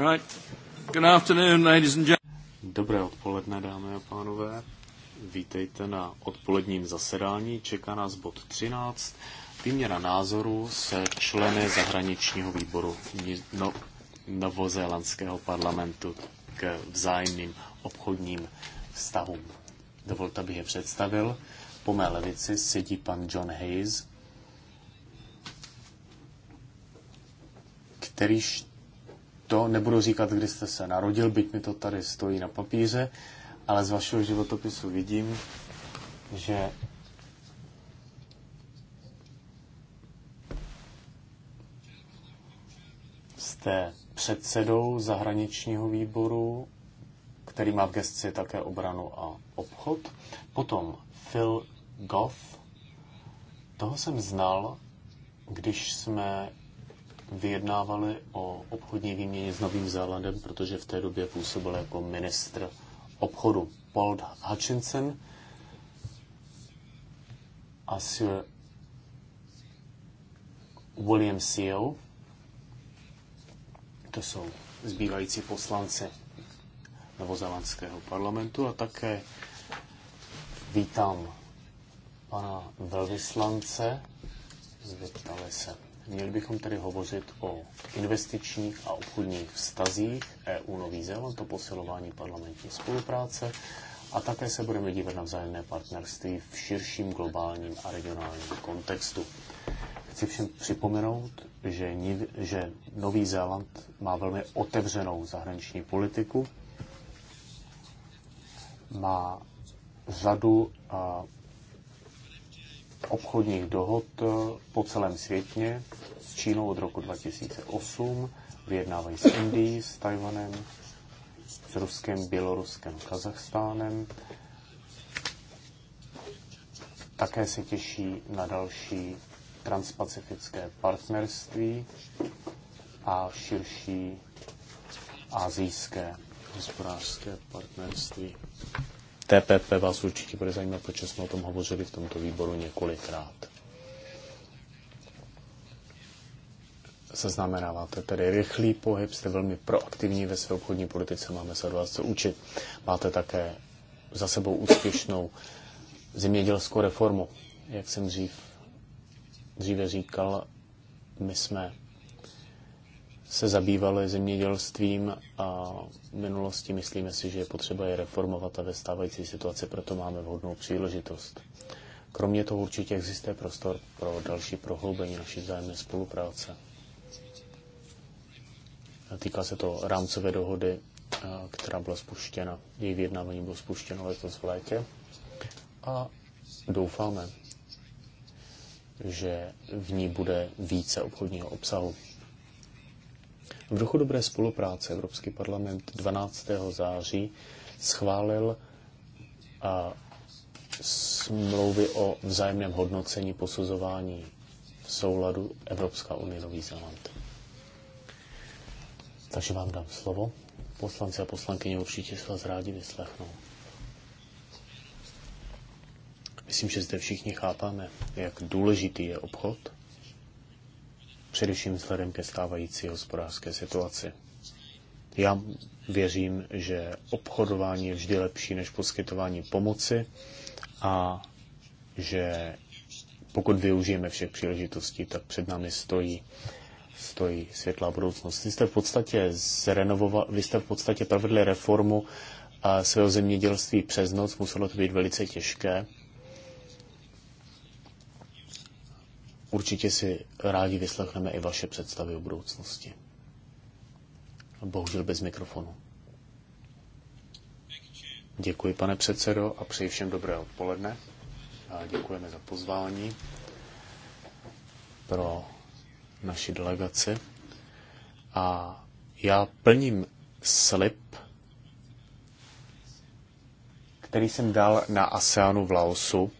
Right. Good afternoon, ladies and gentlemen. Dobré odpoledne, dámy a pánové. Vítejte na odpoledním zasedání. Čeká nás bod 13. Výměna názorů se členy zahraničního výboru no, novozélandského parlamentu k vzájemným obchodním vztahům. Dovolte, abych je představil. Po mé levici sedí pan John Hayes, kterýž to, nebudu říkat, kdy jste se narodil, byť mi to tady stojí na papíře, ale z vašeho životopisu vidím, že jste předsedou zahraničního výboru, který má v gestci také obranu a obchod. Potom Phil Goff, toho jsem znal, když jsme vyjednávali o obchodní výměně s Novým Zélandem, protože v té době působil jako ministr obchodu Paul Hutchinson a Sir eh, William Seale. To jsou zbývající poslanci novozelandského parlamentu a také vítám pana velvyslance. Zvětali se Měli bychom tedy hovořit o investičních a obchodních vztazích EU Nový Zéland, o posilování parlamentní spolupráce a také se budeme dívat na vzájemné partnerství v širším globálním a regionálním kontextu. Chci všem připomenout, že, že Nový Zéland má velmi otevřenou zahraniční politiku, má řadu obchodních dohod po celém světě, s Čínou od roku 2008, vyjednávají s Indií, s Tajvanem, s Ruskem, Běloruskem, Kazachstánem. Také se těší na další transpacifické partnerství a širší azijské hospodářské partnerství. TPP vás určitě bude zajímat, protože jsme o tom hovořili v tomto výboru několikrát. zaznamenáváte tedy rychlý pohyb, jste velmi proaktivní ve své obchodní politice, máme se od vás co učit. Máte také za sebou úspěšnou zemědělskou reformu. Jak jsem dřív, dříve říkal, my jsme se zabývali zemědělstvím a minulosti myslíme si, že je potřeba je reformovat a ve stávající situaci proto máme vhodnou příležitost. Kromě toho určitě existuje prostor pro další prohloubení naší vzájemné spolupráce. Týká se to rámcové dohody, eh, která byla spuštěna, její vyjednávání bylo spuštěno letos v létě. A doufáme, že v ní bude více obchodního obsahu. V duchu dobré spolupráce Evropský parlament 12. září schválil a eh, smlouvy o vzájemném hodnocení posuzování v souladu Evropská unie Nový Zéland. Takže vám dám slovo. Poslanci a poslankyně určitě se vás rádi vyslechnou. Myslím, že zde všichni chápáme, jak důležitý je obchod, především vzhledem ke stávající hospodářské situaci. Já věřím, že obchodování je vždy lepší než poskytování pomoci a že pokud využijeme všech příležitostí, tak před námi stojí stojí světlá budoucnost. Vy jste v podstatě, zrenovoval, vy jste v podstatě provedli reformu a svého zemědělství přes noc, muselo to být velice těžké. Určitě si rádi vyslechneme i vaše představy o budoucnosti. Bohužel bez mikrofonu. Děkuji, pane předsedo, a přeji všem dobré odpoledne. A děkujeme za pozvání pro naší delegaci. A já plním slib, který jsem dal na ASEANu v Laosu.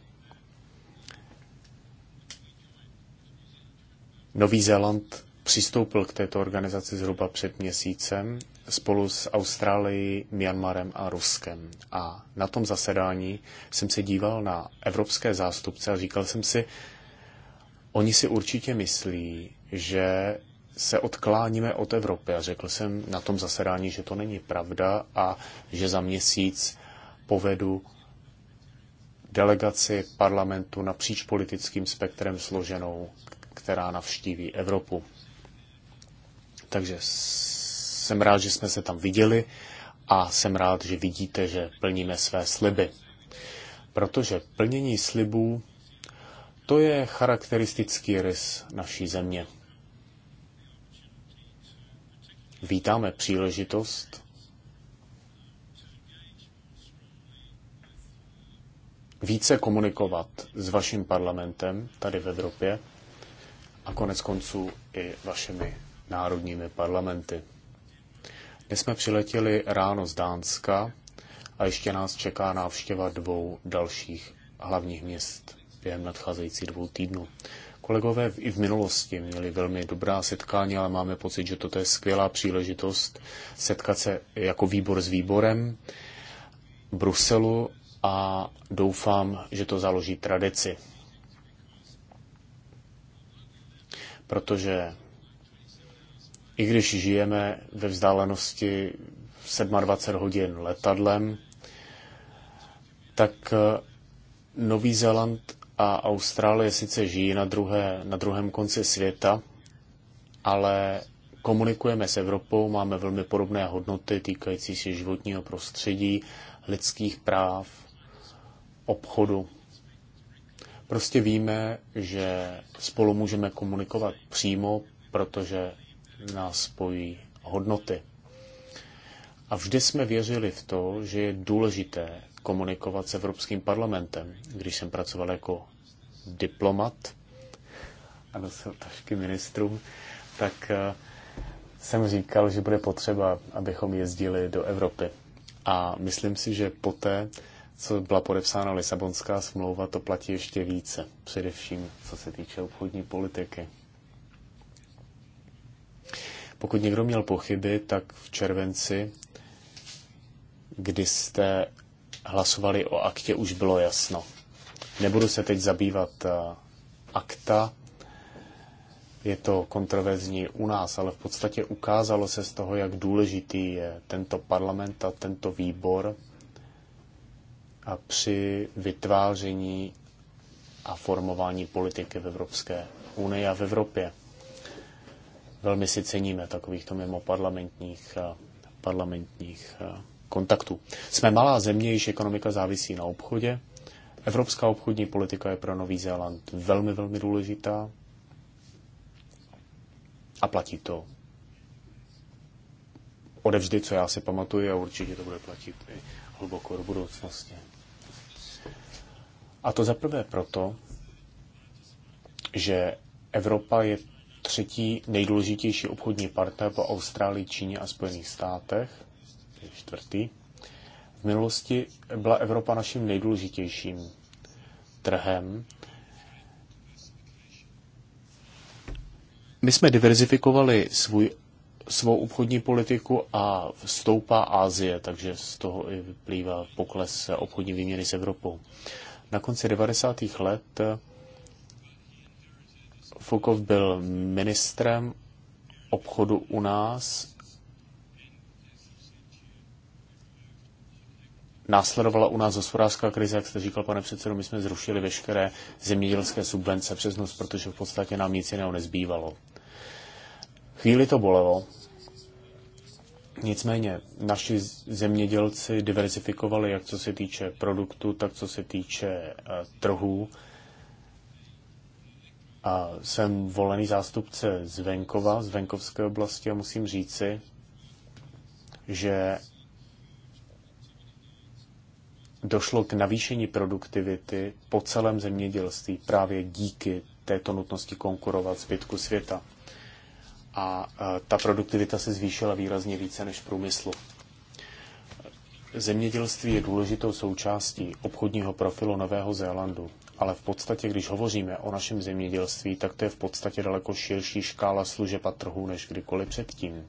Nový Zéland přistoupil k této organizaci zhruba před měsícem spolu s Austrálií, Myanmarem a Ruskem. A na tom zasedání jsem se díval na evropské zástupce a říkal jsem si, oni si určitě myslí, že se odkláníme od Evropy. A řekl jsem na tom zasedání, že to není pravda a že za měsíc povedu delegaci parlamentu napříč politickým spektrem složenou, která navštíví Evropu. Takže jsem rád, že jsme se tam viděli a jsem rád, že vidíte, že plníme své sliby. Protože plnění slibů to je charakteristický rys naší země. Vítáme příležitost více komunikovat s vaším parlamentem tady v Evropě a konec konců i vašimi národními parlamenty. Dnes jsme přiletěli ráno z Dánska a ještě nás čeká návštěva dvou dalších hlavních měst během nadcházející dvou týdnů. Kolegové i v minulosti měli velmi dobrá setkání, ale máme pocit, že toto je skvělá příležitost setkat se jako výbor s výborem v Bruselu a doufám, že to založí tradici. Protože i když žijeme ve vzdálenosti 27 hodin letadlem, tak eh, Nový Zéland a Austrálie sice žijí na, druhé, na druhém konci světa, ale komunikujeme s Evropou, máme velmi podobné hodnoty týkající se životního prostředí, lidských práv, obchodu. Prostě víme, že spolu můžeme komunikovat přímo, protože nás spojí hodnoty. A vždy jsme věřili v to, že je důležité komunikovat s Evropským parlamentem. Když jsem pracoval jako diplomat a nosil tašky ministrům, tak eh, jsem říkal, že bude potřeba, abychom jezdili do Evropy. A myslím si, že poté, co byla podepsána Lisabonská smlouva, to platí ještě více, především co se týče obchodní politiky. Pokud někdo měl pochyby, tak v červenci, kdy jste hlasovali o aktě, už bylo jasno. Nebudu se teď zabývat eh, akta, je to kontroverzní u nás, ale v podstatě ukázalo se z toho, jak důležitý je tento parlament a tento výbor a při vytváření a formování politiky v Evropské unii a v Evropě. Velmi si ceníme takovýchto mimo parlamentních, eh, parlamentních eh, kontaktů. Jsme malá země, již ekonomika závisí na obchodě Evropská obchodní politika je pro Nový Zéland velmi, velmi důležitá a platí to odevždy, co já si pamatuju a určitě to bude platit i hluboko do budoucnosti. A to zaprvé proto, že Evropa je třetí nejdůležitější obchodní partner po Austrálii, Číně a Spojených státech, je čtvrtý. V minulosti byla Evropa naším nejdůležitějším trhem. My jsme diverzifikovali svůj, svou obchodní politiku a stoupá Ázie, takže z toho i vyplývá pokles obchodní výměny s Evropou. Na konci 90. let Fukov byl ministrem obchodu u nás následovala u nás hospodářská krize, jak jste říkal, pane předsedo, my jsme zrušili veškeré zemědělské subvence přes noc, protože v podstatě nám nic jiného nezbývalo. Chvíli to bolelo, Nicméně naši zemědělci diversifikovali jak co se týče produktu, tak co se týče eh, trhů. A jsem volený zástupce z venkova, z venkovské oblasti a musím říci, že došlo k navýšení produktivity po celém zemědělství právě díky této nutnosti konkurovat zbytku světa. A e, ta produktivita se zvýšila výrazně více než v průmyslu. Zemědělství je důležitou součástí obchodního profilu Nového Zélandu, ale v podstatě, když hovoříme o našem zemědělství, tak to je v podstatě daleko širší škála služeb a trhů než kdykoliv předtím.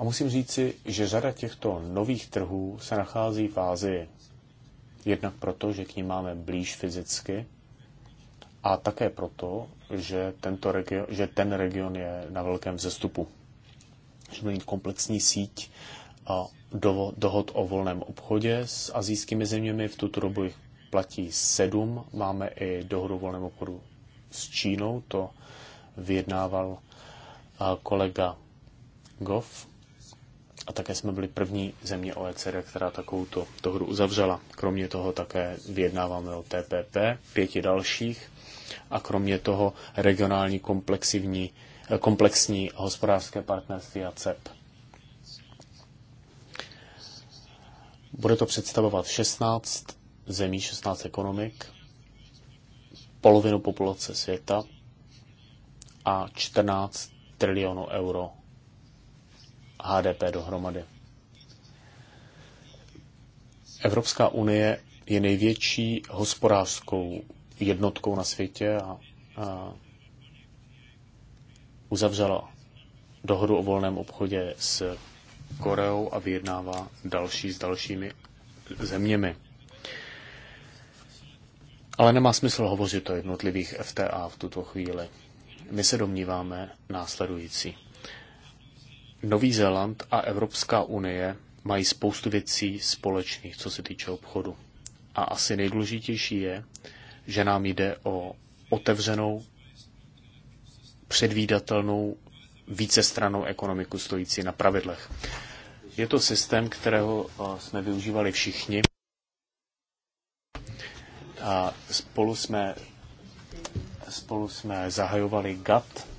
A musím říci, že řada těchto nových trhů se nachází v Ázii. Jednak proto, že k ní máme blíž fyzicky a také proto, že, tento region, že ten region je na velkém vzestupu. Že mít komplexní síť a do, dohod o volném obchodě s azijskými zeměmi. V tuto dobu jich platí sedm. Máme i dohodu o volném obchodu s Čínou. To vyjednával kolega Goff. A také jsme byli první země OECD, která takovou to hru uzavřela. Kromě toho také vyjednáváme o TPP, pěti dalších. A kromě toho regionální komplexivní, eh, komplexní hospodářské partnerství a CEP. Bude to představovat 16 zemí, 16 ekonomik, polovinu populace světa a 14 trilionů euro HDP dohromady. Evropská unie je největší hospodářskou jednotkou na světě a, a uzavřela dohodu o volném obchodě s Koreou a vyjednává další s dalšími zeměmi. Ale nemá smysl hovořit o jednotlivých FTA v tuto chvíli. My se domníváme následující. Nový Zéland a Evropská unie mají spoustu věcí společných, co se týče obchodu. A asi nejdůležitější je, že nám jde o otevřenou, předvídatelnou, vícestranou ekonomiku stojící na pravidlech. Je to systém, kterého eh, jsme využívali všichni. A spolu jsme, spolu jsme zahajovali GATT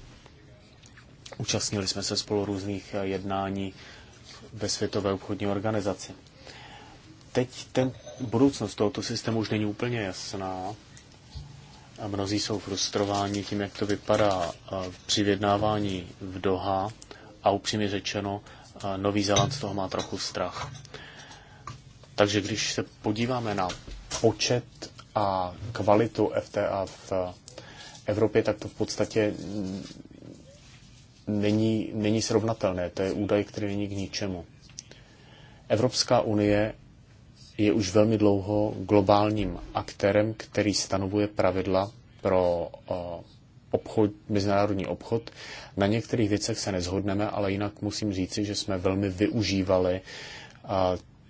Účastnili jsme se spolu různých eh, jednání ve Světové obchodní organizaci. Teď ten, budoucnost tohoto systému už není úplně jasná. A mnozí jsou frustrováni tím, jak to vypadá eh, při vědnávání v Doha a upřímně řečeno, eh, Nový Zéland z toho má trochu strach. Takže když se podíváme na počet a kvalitu FTA v Evropě, tak to v podstatě není, není srovnatelné. To je údaj, který není k ničemu. Evropská unie je už velmi dlouho globálním aktérem, který stanovuje pravidla pro eh, obchod, mezinárodní obchod. Na některých věcech se nezhodneme, ale jinak musím říci, že jsme velmi využívali eh,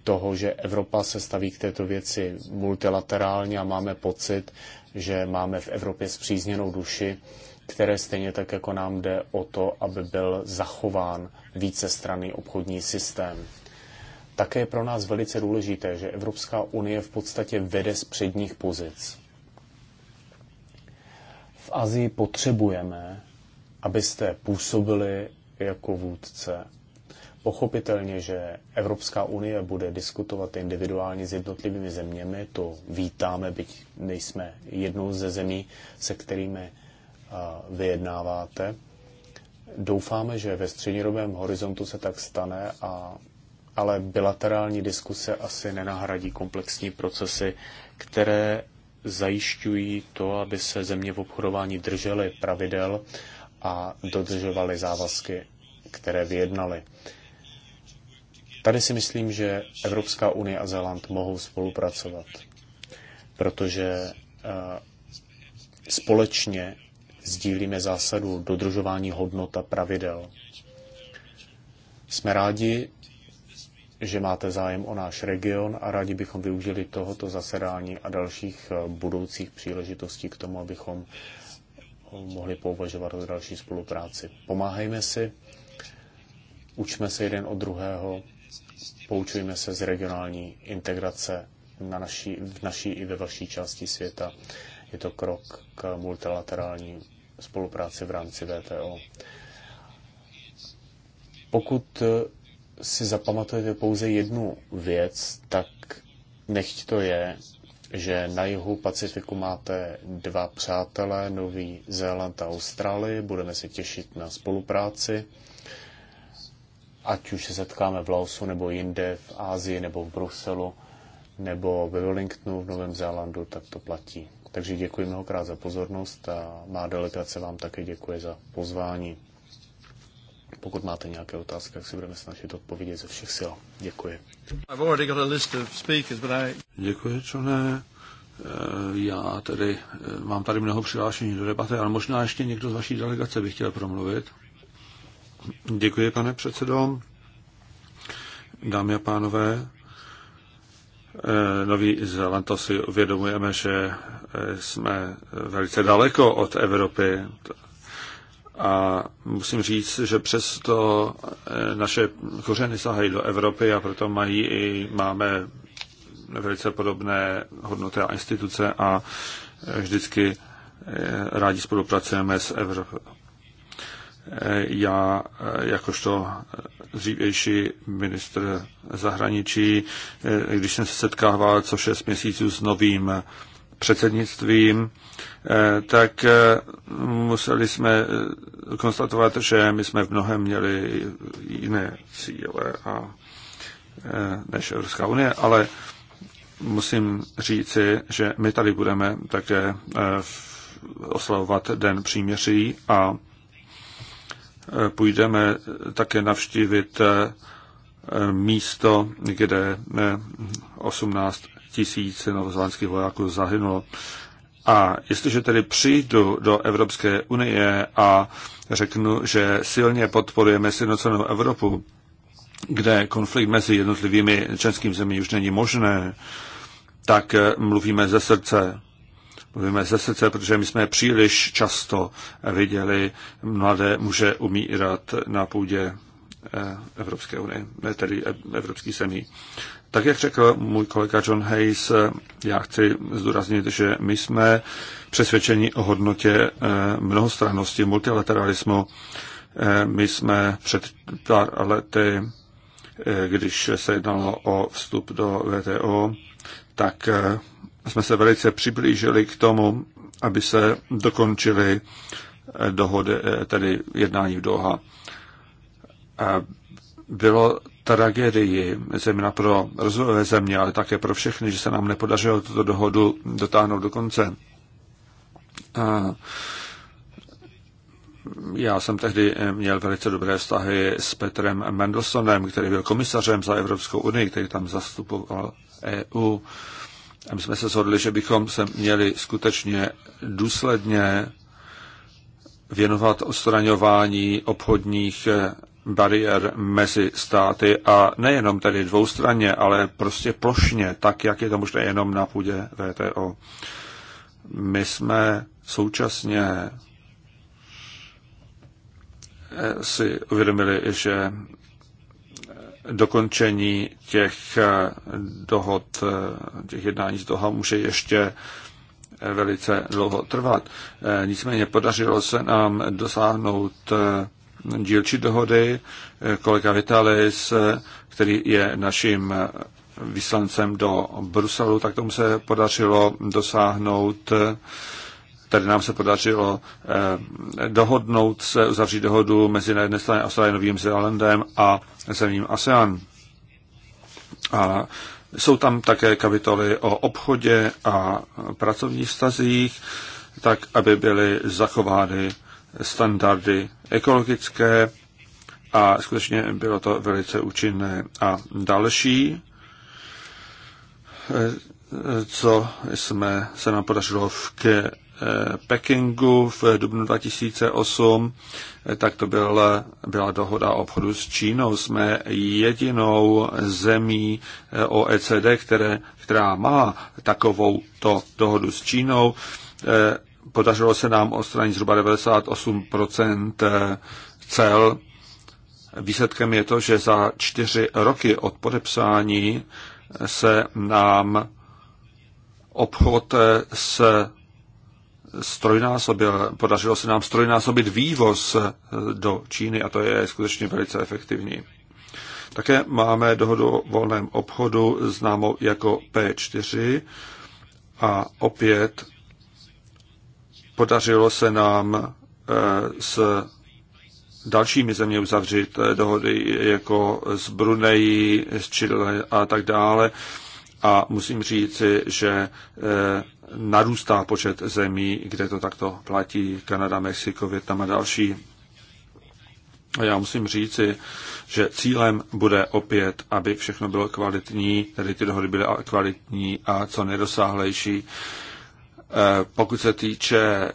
toho, že Evropa se staví k této věci multilaterálně a máme pocit, že máme v Evropě zpřízněnou duši které stejně tak jako nám jde o to, aby byl zachován vícestranný obchodní systém. Také je pro nás velice důležité, že Evropská unie v podstatě vede z předních pozic. V Azii potřebujeme, abyste působili jako vůdce. Pochopitelně, že Evropská unie bude diskutovat individuálně s jednotlivými zeměmi, to vítáme, byť nejsme jednou ze zemí, se kterými vyjednáváte. Doufáme, že ve střednědobém horizontu se tak stane, a, ale bilaterální diskuse asi nenahradí komplexní procesy, které zajišťují to, aby se země v obchodování držely pravidel a dodržovaly závazky, které vyjednaly. Tady si myslím, že Evropská unie a Zéland mohou spolupracovat, protože eh, společně sdílíme zásadu dodržování hodnot a pravidel. Jsme rádi, že máte zájem o náš region a rádi bychom využili tohoto zasedání a dalších eh, budoucích příležitostí k tomu, abychom mohli pouvažovat o další spolupráci. Pomáhejme si, učme se jeden od druhého, poučujme se z regionální integrace na naší, v naší i ve vaší části světa. Je to krok k multilaterální spolupráci v rámci VTO. Pokud si zapamatujete pouze jednu věc, tak nechť to je, že na jihu Pacifiku máte dva přátelé, Nový Zéland a Austrálii. Budeme se těšit na spolupráci, ať už se setkáme v Laosu nebo jinde, v Ázii nebo v Bruselu, nebo ve Wellingtonu v Novém Zélandu, tak to platí. Takže děkuji mnohokrát za pozornost a má delegace vám také děkuje za pozvání. Pokud máte nějaké otázky, tak si budeme snažit odpovědět ze všech sil. Děkuji. Děkuji, ne. Eh, já tedy eh, mám tady mnoho přihlášení do debaty, ale možná ještě někdo z vaší delegace by chtěl promluvit. Děkuji, pane předsedo. Dámy a pánové, Eh, Nový Zéland, to si uvědomujeme, že eh, jsme velice daleko od Evropy. A musím říct, že přesto eh, naše kořeny sahají do Evropy a proto mají i, máme velice podobné hodnoty a instituce a vždycky rádi spolupracujeme s Evropou já jakožto dřívější ministr zahraničí, když jsem se setkával co šest měsíců s novým předsednictvím, tak museli jsme konstatovat, že my jsme v mnohem měli jiné cíle a, než Evropská unie, ale musím říci, že my tady budeme také eh, oslavovat Den příměří a půjdeme také navštívit eh, místo, kde 18 eh, tisíc novozélandských vojáků zahynulo. A jestliže tedy přijdu do Evropské unie a řeknu, že silně podporujeme sjednocenou Evropu, kde konflikt mezi jednotlivými členskými zemí už není možné, tak eh, mluvíme ze srdce mluvíme ze srdce, protože my jsme příliš často viděli mladé muže umírat na půdě eh, Evropské unie, tedy eh, evropský zemí. Tak, jak řekl můj kolega John Hayes, eh, já chci zdůraznit, že my jsme přesvědčeni o hodnotě mnohostrannosti, multilateralismu. My jsme před pár lety, když se jednalo o vstup do VTO, tak jsme se velice přiblížili k tomu, aby se dokončily dohody, eh, tedy jednání v Doha. Eh, bylo tragédii, zejména pro rozvojové země, ale také pro všechny, že se nám nepodařilo tuto dohodu dotáhnout do konce. A eh, já jsem tehdy měl velice dobré vztahy s Petrem Mendelsonem, který byl komisařem za Evropskou unii, který tam zastupoval EU. A my jsme se shodli, že bychom se měli skutečně důsledně věnovat odstraňování obchodních eh, bariér mezi státy a nejenom tedy dvoustranně, ale prostě plošně, tak jak je to možné jenom na půdě VTO. My jsme současně eh, si uvědomili, že dokončení těch eh, dohod, eh, těch jednání z Doha může ještě eh, velice dlouho trvat. Nicméně podařilo se nám dosáhnout dílčí dohody. Kolega Vitalis, který je naším vyslancem do Bruselu, tak tomu se podařilo dosáhnout tady nám se podařilo eh, dohodnout se, uzavřít dohodu mezi na jedné straně Australie Novým Zélandem a zemím ASEAN. A jsou tam také kapitoly o obchodě a pracovních vztazích, tak aby byly zachovány standardy ekologické a skutečně bylo to velice účinné. A další, eh, co jsme se nám podařilo v Eh, Pekingu v dubnu 2008, eh, tak to byl, eh, byla dohoda o obchodu s Čínou. Jsme jedinou zemí OECD, které, která má takovou to dohodu s Čínou. Podařilo se nám odstranit zhruba 98 cel. Výsledkem je to, že za čtyři roky od podepsání se nám obchod s strojnásobil, podařilo se nám strojnásobit vývoz eh, do Číny a to je skutečně velice efektivní. Také máme dohodu o volném obchodu známou jako P4 a opět podařilo se nám eh, s dalšími země uzavřít eh, dohody jako s Brunei, s Chile a tak dále. A musím říci, že narůstá počet zemí, kde to takto platí, Kanada, Mexiko, Větnam a další. A já musím říci, že cílem bude opět, aby všechno bylo kvalitní, tedy ty dohody byly kvalitní a co nejdosáhlejší. Eh, pokud se týče eh,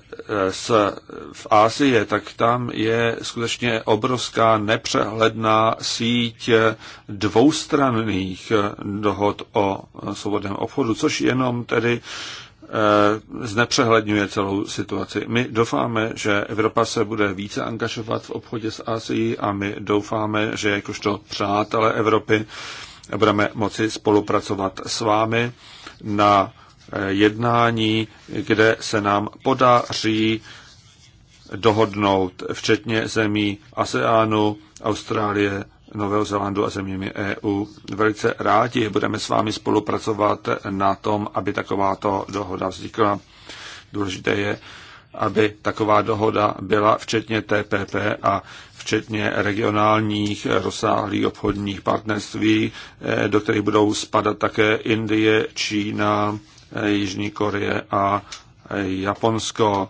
s, v Asii, tak tam je skutečně obrovská nepřehledná síť dvoustranných dohod o svobodném obchodu, což jenom tedy Eh, znepřehledňuje celou situaci. My doufáme, že Evropa se bude více angažovat v obchodě s Asií a my doufáme, že jakožto přátelé Evropy budeme moci spolupracovat s vámi na eh, jednání, kde se nám podaří dohodnout, včetně zemí ASEANu, Austrálie, Nového Zelandu a zeměmi EU. Velice rádi budeme s vámi spolupracovat na tom, aby takováto dohoda vznikla. Důležité je, aby taková dohoda byla včetně TPP a včetně regionálních rozsáhlých obchodních partnerství, eh, do kterých budou spadat také Indie, Čína, eh, Jižní Koreje a eh, Japonsko.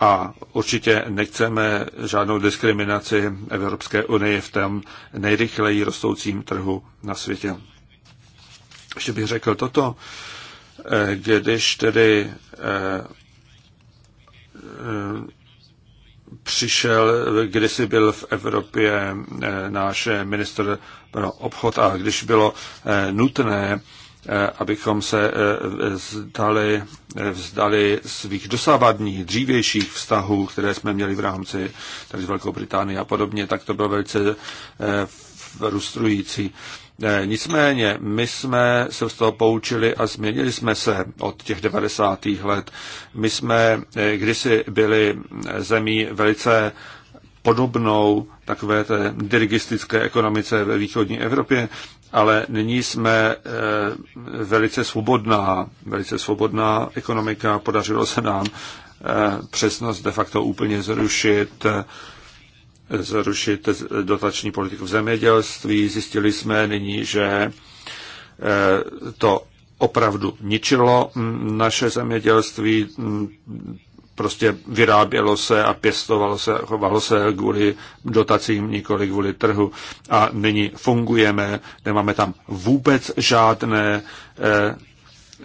A určitě nechceme žádnou diskriminaci Evropské unie v tom nejrychleji rostoucím trhu na světě. Ještě bych řekl toto, eh, když tedy eh, eh, přišel, kdysi byl v Evropě náš minister pro obchod a když bylo nutné Eh, abychom se eh, vzdali, eh, vzdali svých dosávadních, dřívějších vztahů, které jsme měli v rámci tak s Velkou Británii a podobně, tak to bylo velice frustrující. Nicméně, my jsme se z toho poučili a změnili jsme se od těch 90. let. My jsme kdysi byli zemí velice podobnou takové té dirigistické ekonomice ve východní Evropě ale nyní jsme eh, velice svobodná, velice svobodná ekonomika. Podařilo se nám eh, přesnost de facto úplně zrušit, eh, zrušit dotační politiku v zemědělství. Zjistili jsme nyní, že to opravdu ničilo mm, naše zemědělství, mm, prostě vyrábělo se a pěstovalo se, chovalo se kvůli dotacím, nikoli kvůli trhu. A nyní fungujeme, nemáme tam vůbec žádné eh,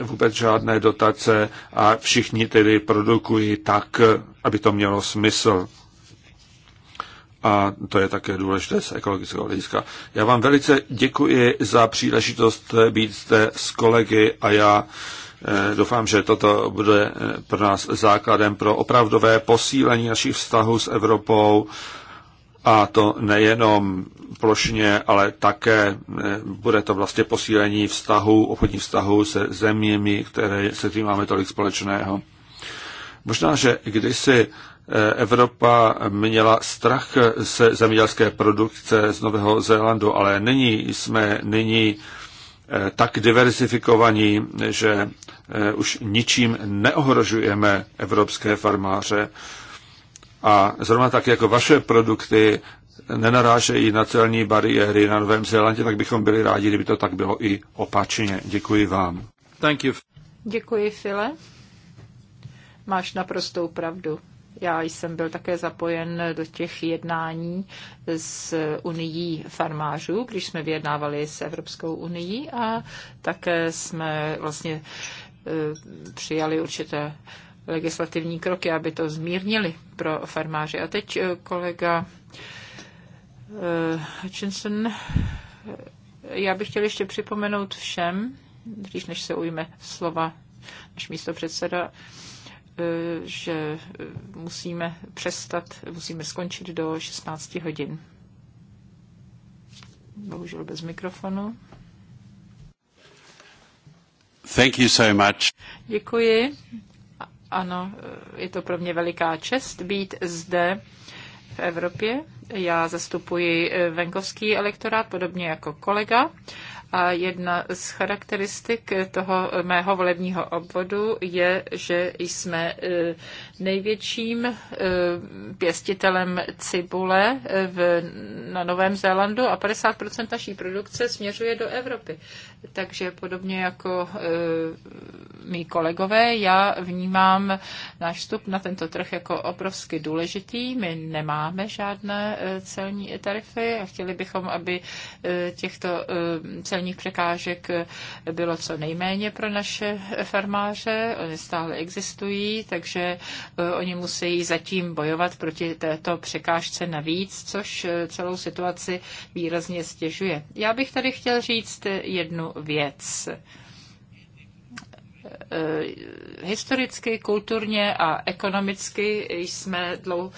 vůbec žádné dotace a všichni tedy produkují tak, aby to mělo smysl. A to je také důležité z ekologického hlediska. Já vám velice děkuji za příležitost být zde s kolegy a já Eh, doufám, že toto bude eh, pro nás základem pro opravdové posílení našich vztahů s Evropou a to nejenom plošně, ale také eh, bude to vlastně posílení vztahu, obchodních vztahů se zeměmi, které, se kterými máme tolik společného. Možná, že kdysi Evropa měla strach ze zemědělské produkce z Nového Zélandu, ale nyní jsme nyní Eh, tak diversifikovaní, že eh, už ničím neohrožujeme evropské farmáře. A zrovna tak jako vaše produkty nenarážejí na celní bariéry na Novém Zélandě, tak bychom byli rádi, kdyby to tak bylo i opačně. Děkuji vám. Thank you. Děkuji, File. Máš naprostou pravdu. Já jsem byl také zapojen do těch jednání s Unií farmářů, když jsme vyjednávali s Evropskou unii a také jsme vlastně e, přijali určité legislativní kroky, aby to zmírnili pro farmáře. A teď e, kolega e, Hutchinson, já bych chtěl ještě připomenout všem, když než se ujme slova než místo předseda, E, že e, musíme přestat, musíme skončit do 16 hodin. Bohužel bez mikrofonu. Thank you so much. Děkuji. Ano, e, je to pro mě veliká čest být zde v Evropě. Já zastupuji venkovský elektorát, podobně jako kolega. A jedna z charakteristik toho mého volebního obvodu je, že jsme eh, největším eh, pěstitelem cibule eh, v, na Novém Zélandu a 50% naší produkce směřuje do Evropy. Takže podobně jako eh, mý kolegové, já vnímám náš vstup na tento trh jako obrovsky důležitý. My nemáme žádné celní tarify a chtěli bychom, aby těchto celních překážek bylo co nejméně pro naše farmáře. Oni stále existují, takže Eh, oni musí zatím bojovat proti této překážce navíc, což eh, celou situaci výrazně stěžuje. Já bych tady chtěl říct eh, jednu věc. Eh, historicky, kulturně a ekonomicky jsme dlou,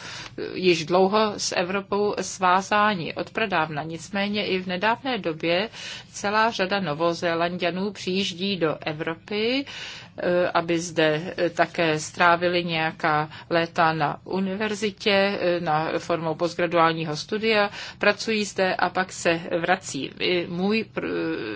již dlouho s Evropou svázáni od pradávna. Nicméně i v nedávné době celá řada novozélandianů přijíždí do Evropy, eh, aby zde eh, také strávili nějaká léta na univerzitě, na formou postgraduálního studia, pracují zde a pak se vrací. I můj,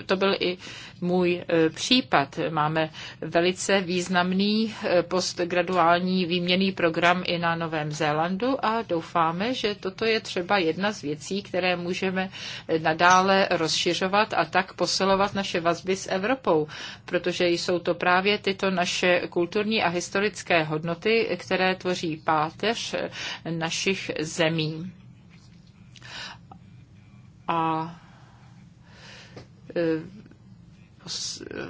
to byl i můj případ. Máme velice významný eh, postgraduální výměný program i na Novém Zélandu a doufáme, že toto je třeba jedna z věcí, které můžeme eh, nadále rozšiřovat a tak posilovat naše vazby s Evropou, protože jsou to právě tyto naše kulturní a historické hodnoty, které tvoří páteř eh, našich zemí. A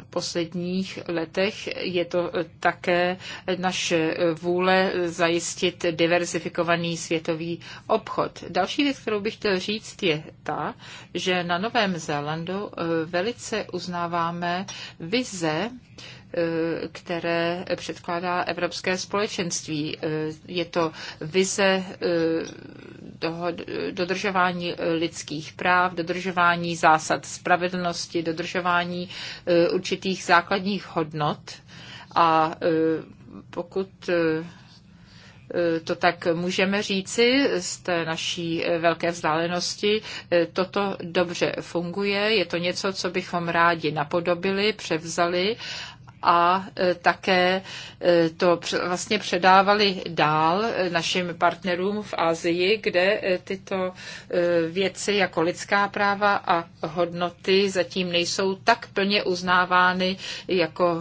posledních letech je to eh, také naše vůle zajistit diverzifikovaný světový obchod. Další věc, kterou bych chtěl říct, je ta, že na Novém Zélandu eh, velice uznáváme vize, Eh, které předkládá Evropské společenství. Eh, je to vize eh, dodržování lidských práv, dodržování zásad spravedlnosti, dodržování určitých základních hodnot. A pokud to tak můžeme říci z té naší velké vzdálenosti. Toto dobře funguje, je to něco, co bychom rádi napodobili, převzali a e, také e, to vlastně předávali dál e, našim partnerům v Asii, kde tyto věci jako lidská práva a hodnoty zatím nejsou tak plně uznávány jako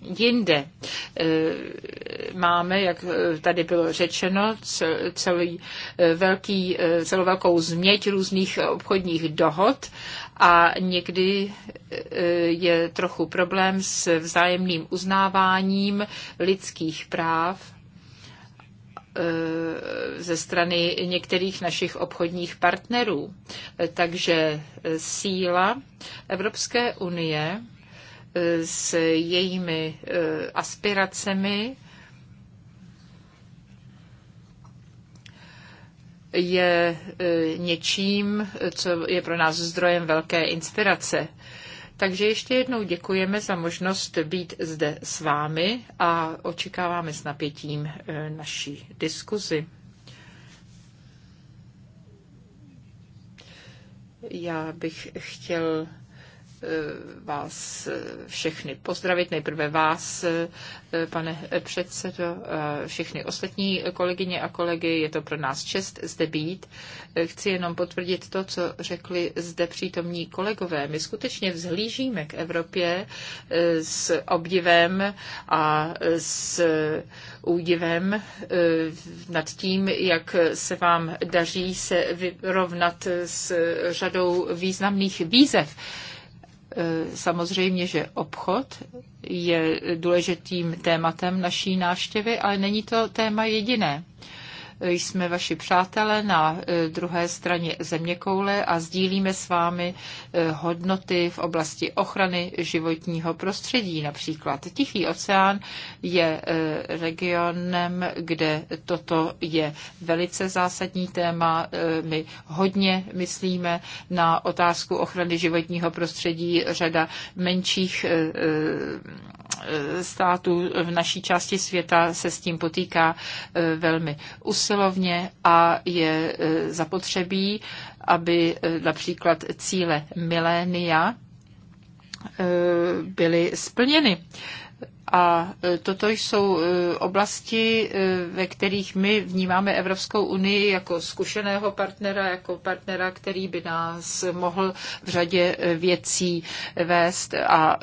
jinde. Máme, jak tady bylo řečeno, celý velký, celou velkou změť různých obchodních dohod a někdy e, je trochu problém s vzájemným uznáváním lidských práv e, ze strany některých našich obchodních partnerů. E, takže síla Evropské unie s jejími aspiracemi je e, něčím, co je pro nás zdrojem velké inspirace. Takže ještě jednou děkujeme za možnost být zde s vámi a očekáváme s napětím e, naší diskuzi. Já bych chtěl Eh, vás eh, všechny pozdravit. Nejprve vás, eh, pane předsedo, všechny ostatní kolegyně a kolegy. Je to pro nás čest zde být. Chci jenom potvrdit to, co řekli zde přítomní kolegové. My skutečně vzhlížíme k Evropě s obdivem a s údivem nad tím, jak se vám daří se vyrovnat s řadou významných výzev Eh, samozřejmě, že obchod je důležitým tématem naší návštěvy, ale není to téma jediné jsme vaši přátelé na eh, druhé straně zeměkoule a sdílíme s vámi eh, hodnoty v oblasti ochrany životního prostředí například. Tichý oceán je eh, regionem, kde toto je velice zásadní téma. My hodně myslíme na otázku ochrany životního prostředí. Řada menších Eh, států v naší části světa se s tím potýká eh, velmi usilovně a je eh, zapotřebí, aby například cíle milénia byly splněny. A e, toto jsou e, oblasti, e, ve kterých my vnímáme Evropskou unii jako zkušeného partnera, jako partnera, který by nás mohl v řadě věcí vést a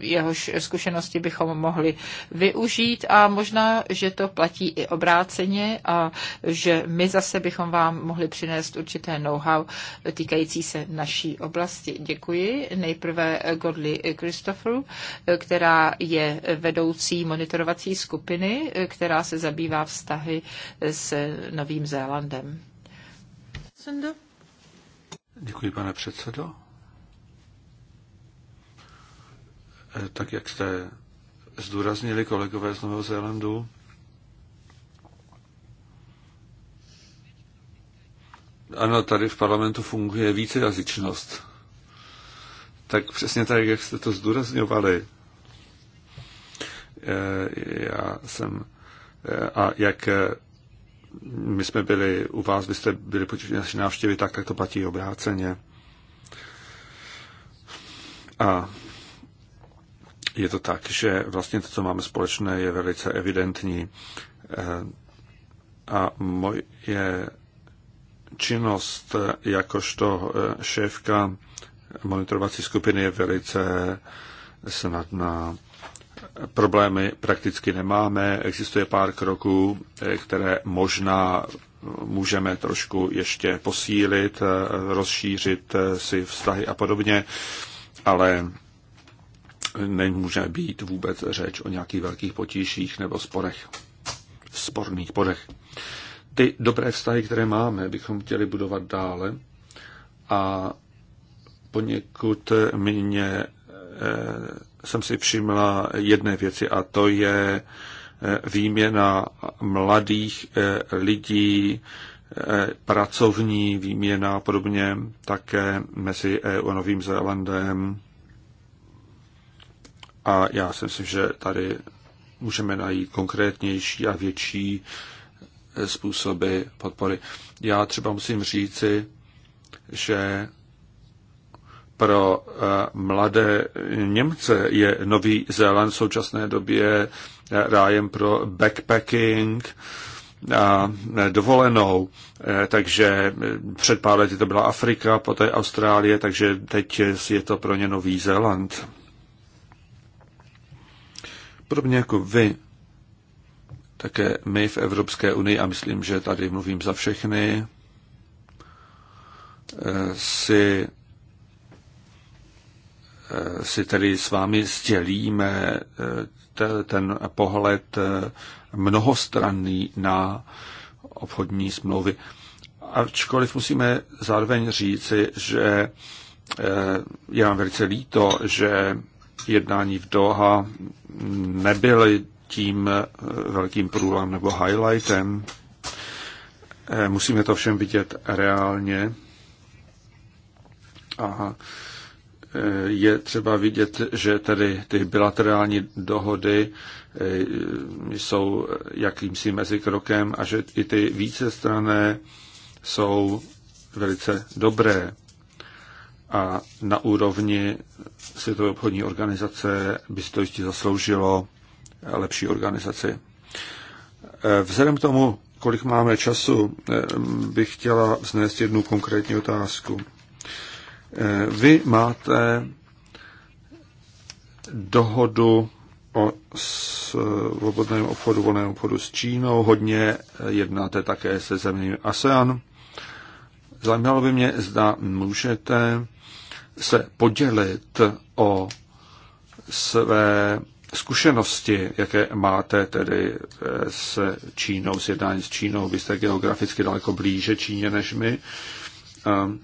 jehož zkušenosti bychom mohli využít. A možná, že to platí i obráceně a že my zase bychom vám mohli přinést určité know-how týkající se naší oblasti. Děkuji nejprve Godly Christopheru, která je vedoucí monitorovací skupiny, která se zabývá vztahy s Novým Zélandem. Děkuji, pane předsedo. Eh, tak jak jste zdůraznili kolegové z Nového Zélandu, ano, tady v parlamentu funguje jazyčnost. Tak přesně tak, jak jste to zdůrazňovali. Eh, já jsem eh, a jak eh, my jsme byli u vás, vy jste byli počítat naší návštěvy, tak, tak to platí obráceně. A je to tak, že vlastně to, co máme společné, je velice evidentní. A moje činnost jakožto šéfka monitorovací skupiny je velice snadná. Problémy prakticky nemáme, existuje pár kroků, eh, které možná můžeme trošku ještě posílit, eh, rozšířit eh, si vztahy a podobně, ale nemůže být vůbec řeč o nějakých velkých potížích nebo sporech, sporných podech. Ty dobré vztahy, které máme, bychom chtěli budovat dále a poněkud mě jsem si všimla jedné věci a to je eh, výměna mladých eh, lidí, eh, pracovní výměna a podobně také mezi EU a Novým Zélandem. A já si myslím, že tady můžeme najít konkrétnější a větší způsoby podpory. Já třeba musím říci, že pro eh, mladé Němce je Nový Zéland v současné době eh, rájem pro backpacking a eh, dovolenou. Takže před pár lety to byla Afrika, poté Austrálie, takže teď je to pro ně Nový Zéland. Podobně jako vy, také my v Evropské unii, a myslím, že tady mluvím za všechny, si Eh, si tedy s vámi sdělíme eh, ten pohled eh, mnohostranný na obchodní smlouvy. Ačkoliv musíme zároveň říci, že je nám velice líto, že jednání v Doha nebyly tím velkým průlem nebo highlightem. Musíme to všem vidět reálně. Aha je třeba vidět, že tedy ty bilaterální dohody eh, jsou jakýmsi mezikrokem a že i ty vícestrané jsou velice dobré. A na úrovni Světové obchodní organizace by si to jistě zasloužilo lepší organizaci. Eh, vzhledem k tomu, kolik máme času, eh, bych chtěla vznést jednu konkrétní otázku. Eh, vy máte dohodu o svobodném obchodu, volném obchodu s Čínou. Hodně jednáte také se zeměmi ASEAN. Zajímalo by mě, zda můžete se podělit o své zkušenosti, jaké máte tedy eh, s Čínou, s jednání s Čínou. Vy jste geograficky daleko blíže Číně než my. Ehm,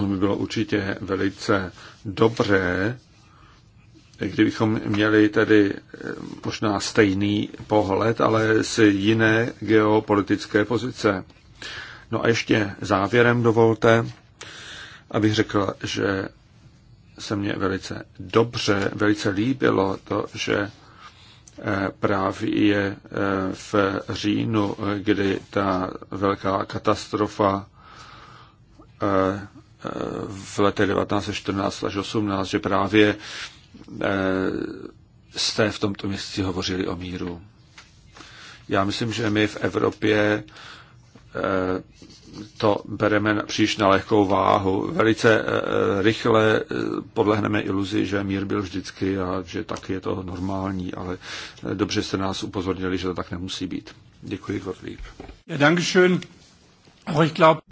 by bylo určitě velice dobře, kdybychom měli tedy eh, možná stejný pohled, ale z jiné geopolitické pozice. No a ještě závěrem dovolte, abych řekl, že se mně velice dobře, velice líbilo to, že eh, právě je eh, v říjnu, kdy ta velká katastrofa v letech 1914 až 18, že právě eh, jste v tomto měsíci hovořili o míru. Já myslím, že my v Evropě eh, to bereme příliš na lehkou váhu. Velice eh, rychle podlehneme iluzi, že mír byl vždycky a že tak je to normální, ale dobře jste nás upozornili, že to tak nemusí být. Děkuji, Gottlieb. Ja, Aber ich glaube,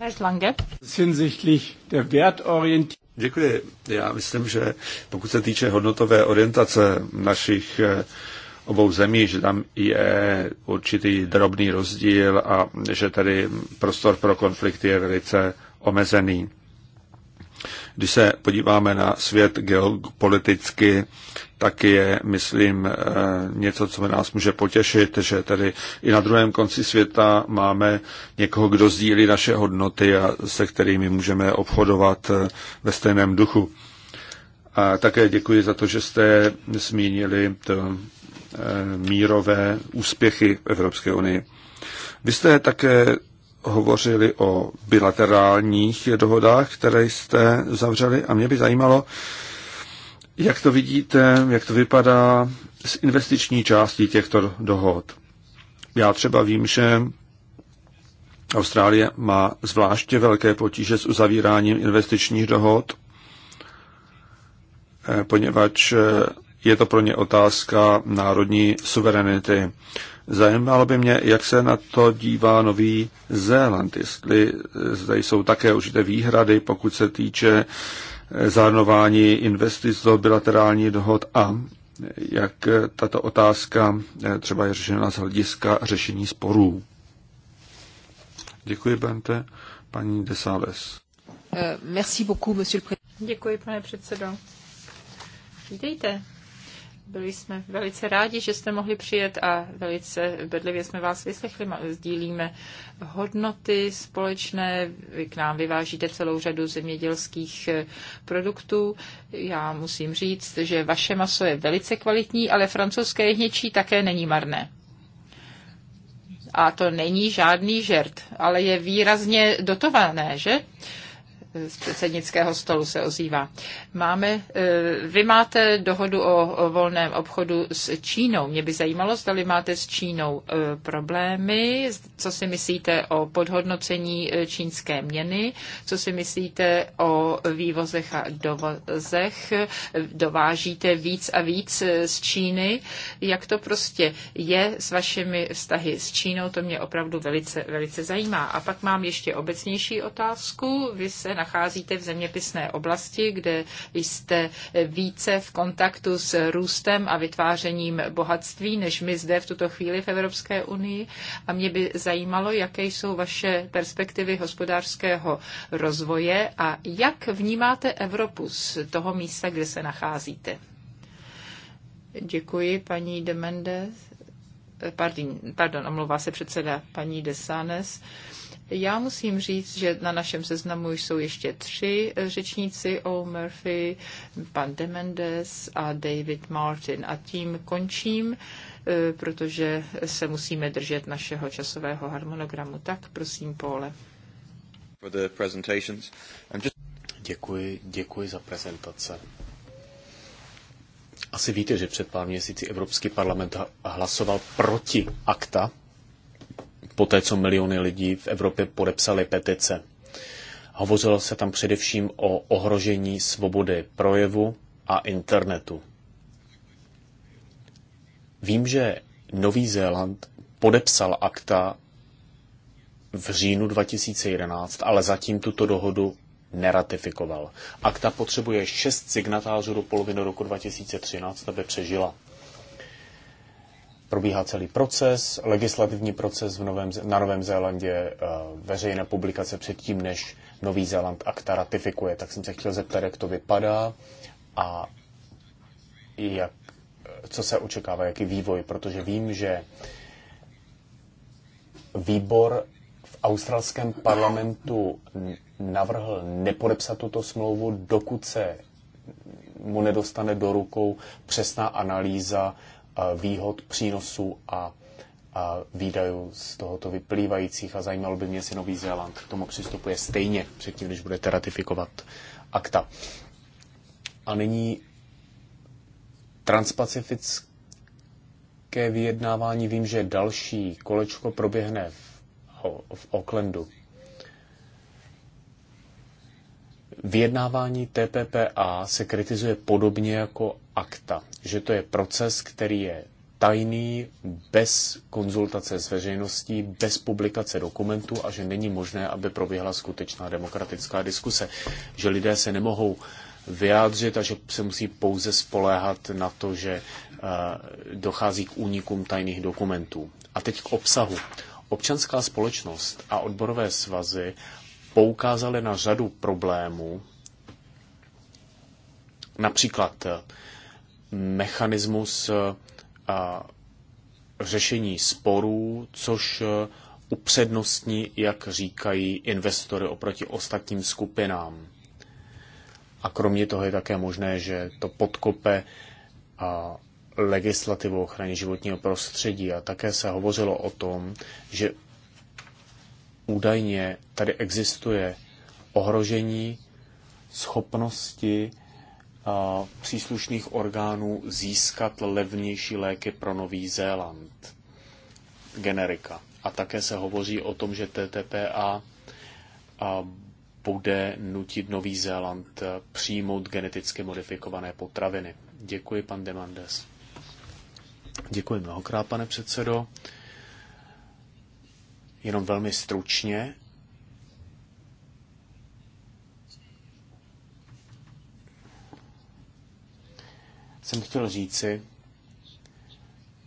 hinsichtlich der Wertorientierung. Děkuji. Já myslím, že pokud se týče hodnotové orientace našich eh, obou zemí, že tam je určitý drobný rozdíl a že tady prostor pro konflikty je velice omezený. Když se podíváme na svět geopoliticky, tak je, myslím, eh, něco, co nás může potěšit, že tedy i na druhém konci světa máme někoho, kdo sdílí naše hodnoty a se kterými můžeme obchodovat eh, ve stejném duchu. A také děkuji za to, že jste zmínili to eh, mírové úspěchy v Evropské unii. Vy jste také hovořili o bilaterálních dohodách, které jste zavřeli a mě by zajímalo, jak to vidíte, jak to vypadá s investiční částí těchto dohod. Já třeba vím, že Austrálie má zvláště velké potíže s uzavíráním investičních dohod, eh, poněvadž eh, je to pro ně otázka národní suverenity. Zajímalo by mě, jak se na to dívá Nový Zéland, jestli zde jsou také určité výhrady, pokud se týče eh, zahrnování investic do bilaterální dohod a jak eh, tato otázka eh, třeba je řešena z hlediska řešení sporů. Děkuji, Bente. Paní Desales. Děkuji, pane předsedo. Vítejte, byli jsme velice rádi, že jste mohli přijet a velice bedlivě jsme vás vyslechli. Sdílíme hodnoty společné, vy k nám vyvážíte celou řadu zemědělských eh, produktů. Já musím říct, že vaše maso je velice kvalitní, ale francouzské hněčí také není marné. A to není žádný žert, ale je výrazně dotované, že? Uh, z předsednického stolu se ozývá. Máme, eh, vy máte dohodu o volném obchodu s Čínou. Mě by zajímalo, zda máte s Čínou eh, problémy, co si myslíte o podhodnocení eh, čínské měny, co si myslíte o vývozech a dovozech, dovážíte víc a víc z Číny, jak to prostě je s vašimi vztahy s Čínou, to mě opravdu velice, velice zajímá. A pak mám ještě obecnější otázku. Vy se nacházíte v zeměpisné oblasti, kde jste více v kontaktu s růstem a vytvářením bohatství, než my zde v tuto chvíli v Evropské unii. A mě by zajímalo, jaké jsou vaše perspektivy hospodářského rozvoje a jak vnímáte Evropu z toho místa, kde se nacházíte. Děkuji, paní Demende. Pardon, pardon omlouvá se předseda paní Desanes. Já musím říct, že na našem seznamu jsou ještě tři eh, řečníci, O. Murphy, pan Demendes a David Martin. A tím končím, eh, protože se musíme držet našeho časového harmonogramu. Tak prosím, Pole. Děkuji, děkuji za prezentace. Asi víte, že před pár měsíci Evropský parlament hlasoval proti akta, po té, co miliony lidí v Evropě podepsali petice. Hovořilo se tam především o ohrožení svobody projevu a internetu. Vím, že Nový Zéland podepsal akta v říjnu 2011, ale zatím tuto dohodu neratifikoval. Akta potřebuje šest signatářů do poloviny roku 2013, aby přežila probíhá celý proces, legislativní proces v Novém, na Novém Zélandě, eh, veřejné publikace předtím, než Nový Zéland akta ratifikuje. Tak jsem se chtěl zeptat, jak to vypadá a jak, eh, co se očekává, jaký vývoj, protože vím, že výbor v australském parlamentu navrhl nepodepsat tuto smlouvu, dokud se mu nedostane do rukou přesná analýza výhod, přínosů a, a výdajů z tohoto vyplývajících a zajímalo by mě, jestli Nový Zéland k tomu přistupuje stejně předtím, než budete ratifikovat akta. A nyní transpacifické vyjednávání. Vím, že další kolečko proběhne v, v Aucklandu. Vyjednávání TPPA se kritizuje podobně jako akta, že to je proces, který je tajný, bez konzultace s veřejností, bez publikace dokumentů a že není možné, aby proběhla skutečná demokratická diskuse, že lidé se nemohou vyjádřit a že se musí pouze spoléhat na to, že eh, dochází k únikům tajných dokumentů. A teď k obsahu. Občanská společnost a odborové svazy poukázaly na řadu problémů, například eh, mechanismus eh, řešení sporů, což eh, upřednostní, jak říkají investory, oproti ostatním skupinám. A kromě toho je také možné, že to podkope a legislativu ochrany životního prostředí. A také se hovořilo o tom, že údajně tady existuje ohrožení schopnosti příslušných orgánů získat levnější léky pro Nový Zéland. Generika. A také se hovoří o tom, že TTPA bude nutit Nový Zéland přijmout geneticky modifikované potraviny. Děkuji, pan Demandes. Děkuji mnohokrát, pane předsedo. Jenom velmi stručně jsem chtěl říci,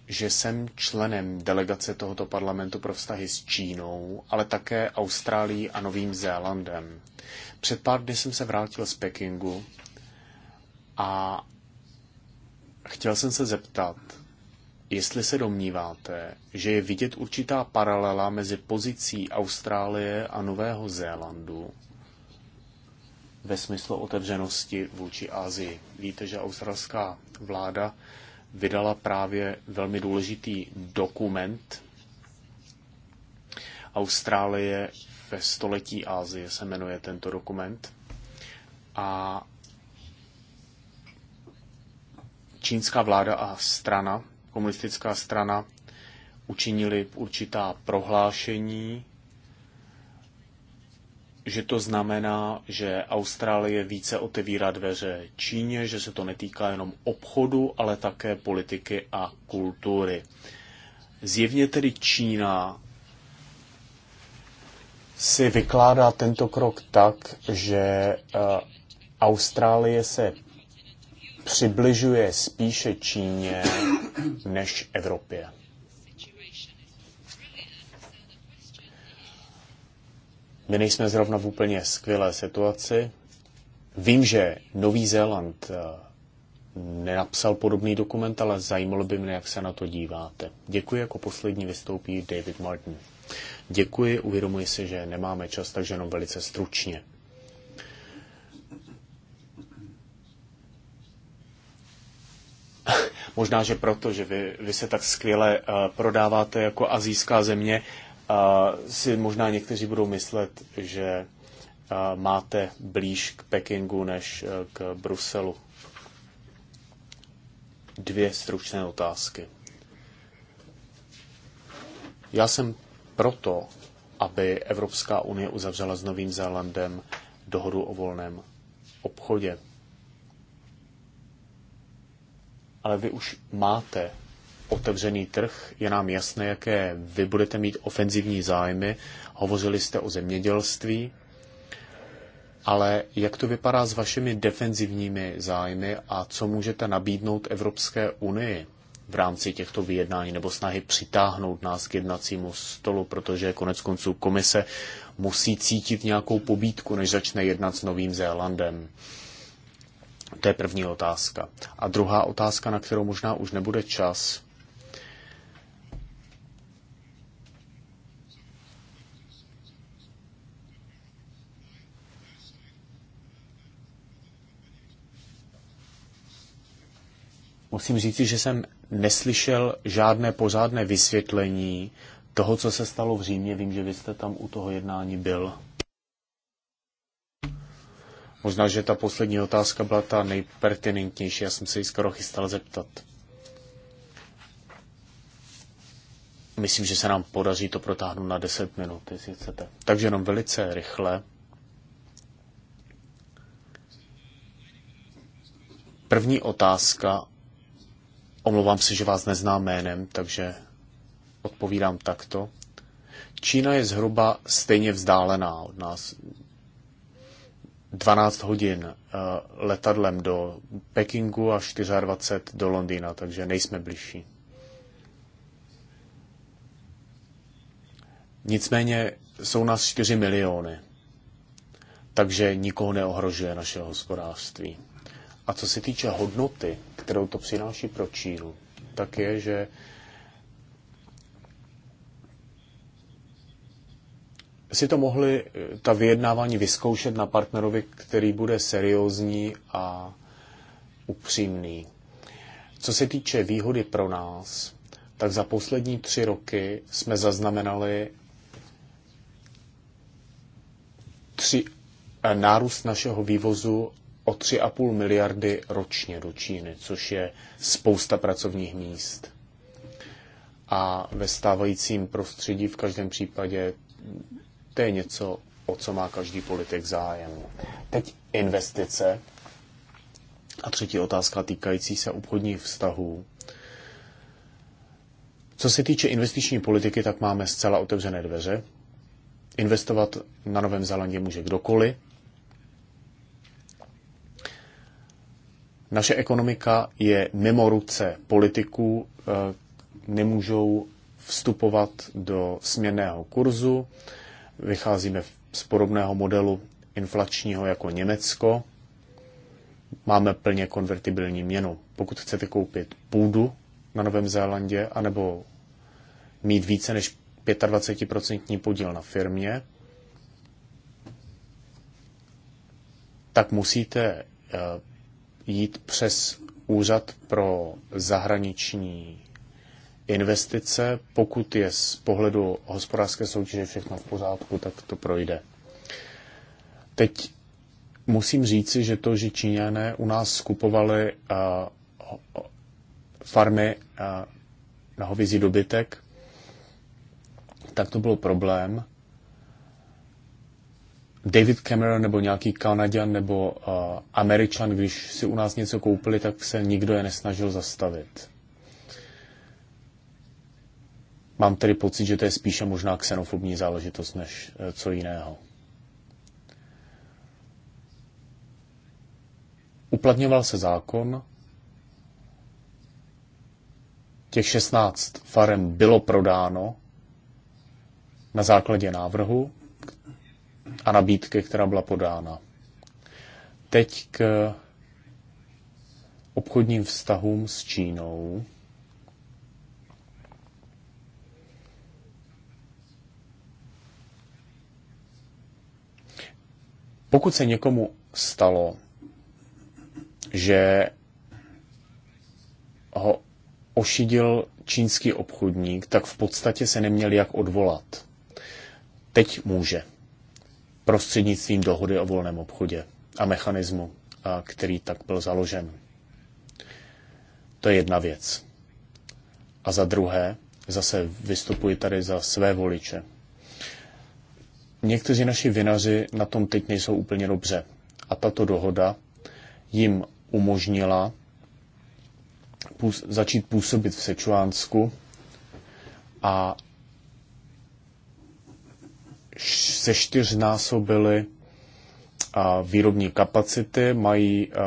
že jsem členem delegace tohoto parlamentu pro vztahy s Čínou, ale také Austrálií a Novým Zélandem. Před pár dny jsem se vrátil z Pekingu a chtěl jsem se zeptat, jestli se domníváte, že je vidět určitá paralela mezi pozicí Austrálie a Nového Zélandu ve smyslu otevřenosti vůči Asii. Víte, že australská vláda vydala právě velmi důležitý dokument. Austrálie ve století Ázie se jmenuje tento dokument. A čínská vláda a strana, komunistická strana, učinili určitá prohlášení, že to znamená, že Austrálie více otevírá dveře Číně, že se to netýká jenom obchodu, ale také politiky a kultury. Zjevně tedy Čína si vykládá tento krok tak, že eh, Austrálie se přibližuje spíše Číně než Evropě. My nejsme zrovna v úplně skvělé situaci. Vím, že Nový Zéland eh, nenapsal podobný dokument, ale zajímalo by mě, jak se na to díváte. Děkuji, jako poslední vystoupí David Martin. Děkuji, uvědomuji si, že nemáme čas, takže jenom velice stručně. Možná, že proto, že vy, vy se tak skvěle uh, prodáváte jako azijská země, si možná někteří budou myslet, že máte blíž k Pekingu než e, k Bruselu. Dvě stručné otázky. Já jsem proto, aby Evropská unie uzavřela s Novým Zélandem dohodu o volném obchodě. Ale vy už máte otevřený trh, je nám jasné, jaké vy budete mít ofenzivní zájmy. Hovořili jste o zemědělství, ale jak to vypadá s vašimi defenzivními zájmy a co můžete nabídnout Evropské unii v rámci těchto vyjednání nebo snahy přitáhnout nás k jednacímu stolu, protože konec konců komise musí cítit nějakou pobídku, než začne jednat s Novým Zélandem. To je první otázka. A druhá otázka, na kterou možná už nebude čas, musím říci, že jsem neslyšel žádné pořádné vysvětlení toho, co se stalo v Římě. Vím, že vy jste tam u toho jednání byl. Možná, že ta poslední otázka byla ta nejpertinentnější. Já jsem se ji skoro chystal zeptat. Myslím, že se nám podaří to protáhnout na 10 minut, jestli chcete. Takže jenom velice rychle. První otázka Omlouvám se, že vás neznám jménem, takže odpovídám takto. Čína je zhruba stejně vzdálená od nás. 12 hodin eh, letadlem do Pekingu a 24 do Londýna, takže nejsme bližší. Nicméně jsou nás 4 miliony, takže nikoho neohrožuje naše hospodářství. A co se týče hodnoty, kterou to přináší pro Čínu, tak je, že si to mohli ta vyjednávání vyzkoušet na partnerovi, který bude seriózní a upřímný. Co se týče výhody pro nás, tak za poslední tři roky jsme zaznamenali tři, eh, nárůst našeho vývozu o 3,5 miliardy ročně do Číny, což je spousta pracovních míst. A ve stávajícím prostředí v každém případě to je něco, o co má každý politik zájem. Teď investice. A třetí otázka týkající se obchodních vztahů. Co se týče investiční politiky, tak máme zcela otevřené dveře. Investovat na Novém Zelandě může kdokoliv, Naše ekonomika je mimo ruce politiků, eh, nemůžou vstupovat do směrného kurzu. Vycházíme z podobného modelu inflačního jako Německo. Máme plně konvertibilní měnu. Pokud chcete koupit půdu na Novém Zélandě anebo mít více než 25% podíl na firmě, tak musíte eh, jít přes úřad pro zahraniční investice. Pokud je z pohledu hospodářské soutěže všechno v pořádku, tak to projde. Teď musím říci, že to, že Číňané u nás skupovali uh, farmy uh, na hovězí dobytek, tak to byl problém. David Cameron nebo nějaký Kanaděn nebo uh, Američan, když si u nás něco koupili, tak se nikdo je nesnažil zastavit. Mám tedy pocit, že to je spíše možná xenofobní záležitost než uh, co jiného. Uplatňoval se zákon, těch 16 farem bylo prodáno na základě návrhu, a nabídky, která byla podána. Teď k obchodním vztahům s Čínou. Pokud se někomu stalo, že ho ošidil čínský obchodník, tak v podstatě se neměl jak odvolat. Teď může prostřednictvím dohody o volném obchodě a mechanismu, který tak byl založen. To je jedna věc. A za druhé, zase vystupuji tady za své voliče. Někteří naši vinaři na tom teď nejsou úplně dobře. A tato dohoda jim umožnila půs- začít působit v Sečuánsku a se čtyřnásobily výrobní kapacity, mají e,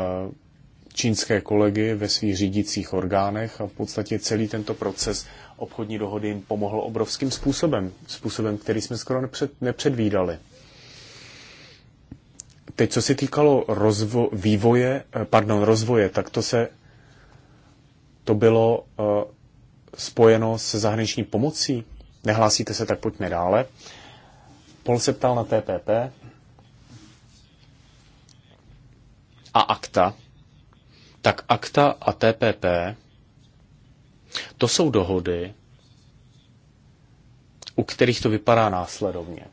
čínské kolegy ve svých řídících orgánech a v podstatě celý tento proces obchodní dohody jim pomohl obrovským způsobem, způsobem, který jsme skoro nepřed, nepředvídali. Teď, co se týkalo rozvo, vývoje, e, pardon, rozvoje, tak to se to bylo uh, spojeno se zahraniční pomocí. Nehlásíte se, tak pojďme dále. Uh, Pol se ptal na TPP a akta. Tak akta a TPP to jsou dohody, u kterých to vypadá následovně.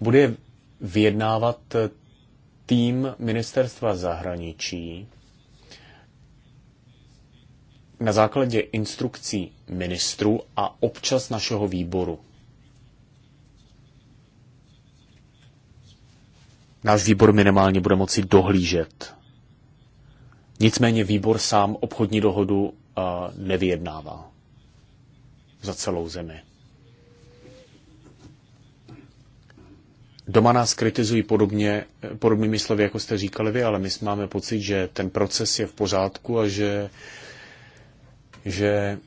Bude vyjednávat tým ministerstva zahraničí na základě instrukcí ministrů a občas našeho výboru. Náš výbor minimálně bude moci dohlížet. Nicméně výbor sám obchodní dohodu uh, nevyjednává za celou zemi. Doma nás kritizují podobně, podobnými slovy, jako jste říkali vy, ale my máme pocit, že ten proces je v pořádku a že že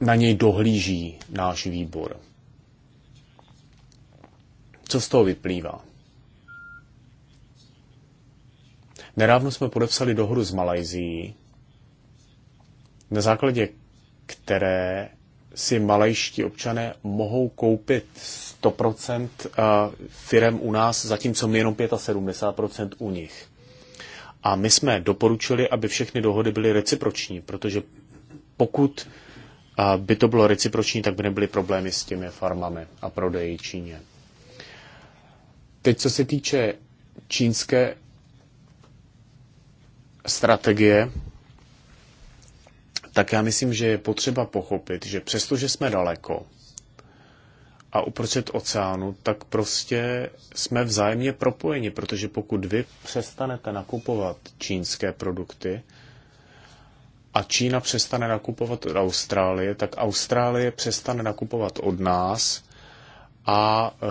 na něj dohlíží náš výbor. Co z toho vyplývá? Nedávno jsme podepsali dohodu s Malajzií, na základě které si malajští občané mohou koupit 100% eh, firem u nás, zatímco my jenom 75% u nich. A my jsme doporučili, aby všechny dohody byly reciproční, protože pokud by to bylo reciproční, tak by nebyly problémy s těmi farmami a prodeji Číně. Teď, co se týče čínské strategie, tak já myslím, že je potřeba pochopit, že přestože jsme daleko a uprostřed oceánu, tak prostě jsme vzájemně propojeni, protože pokud vy přestanete nakupovat čínské produkty, a Čína přestane nakupovat od Austrálie, tak Austrálie přestane nakupovat od nás a e,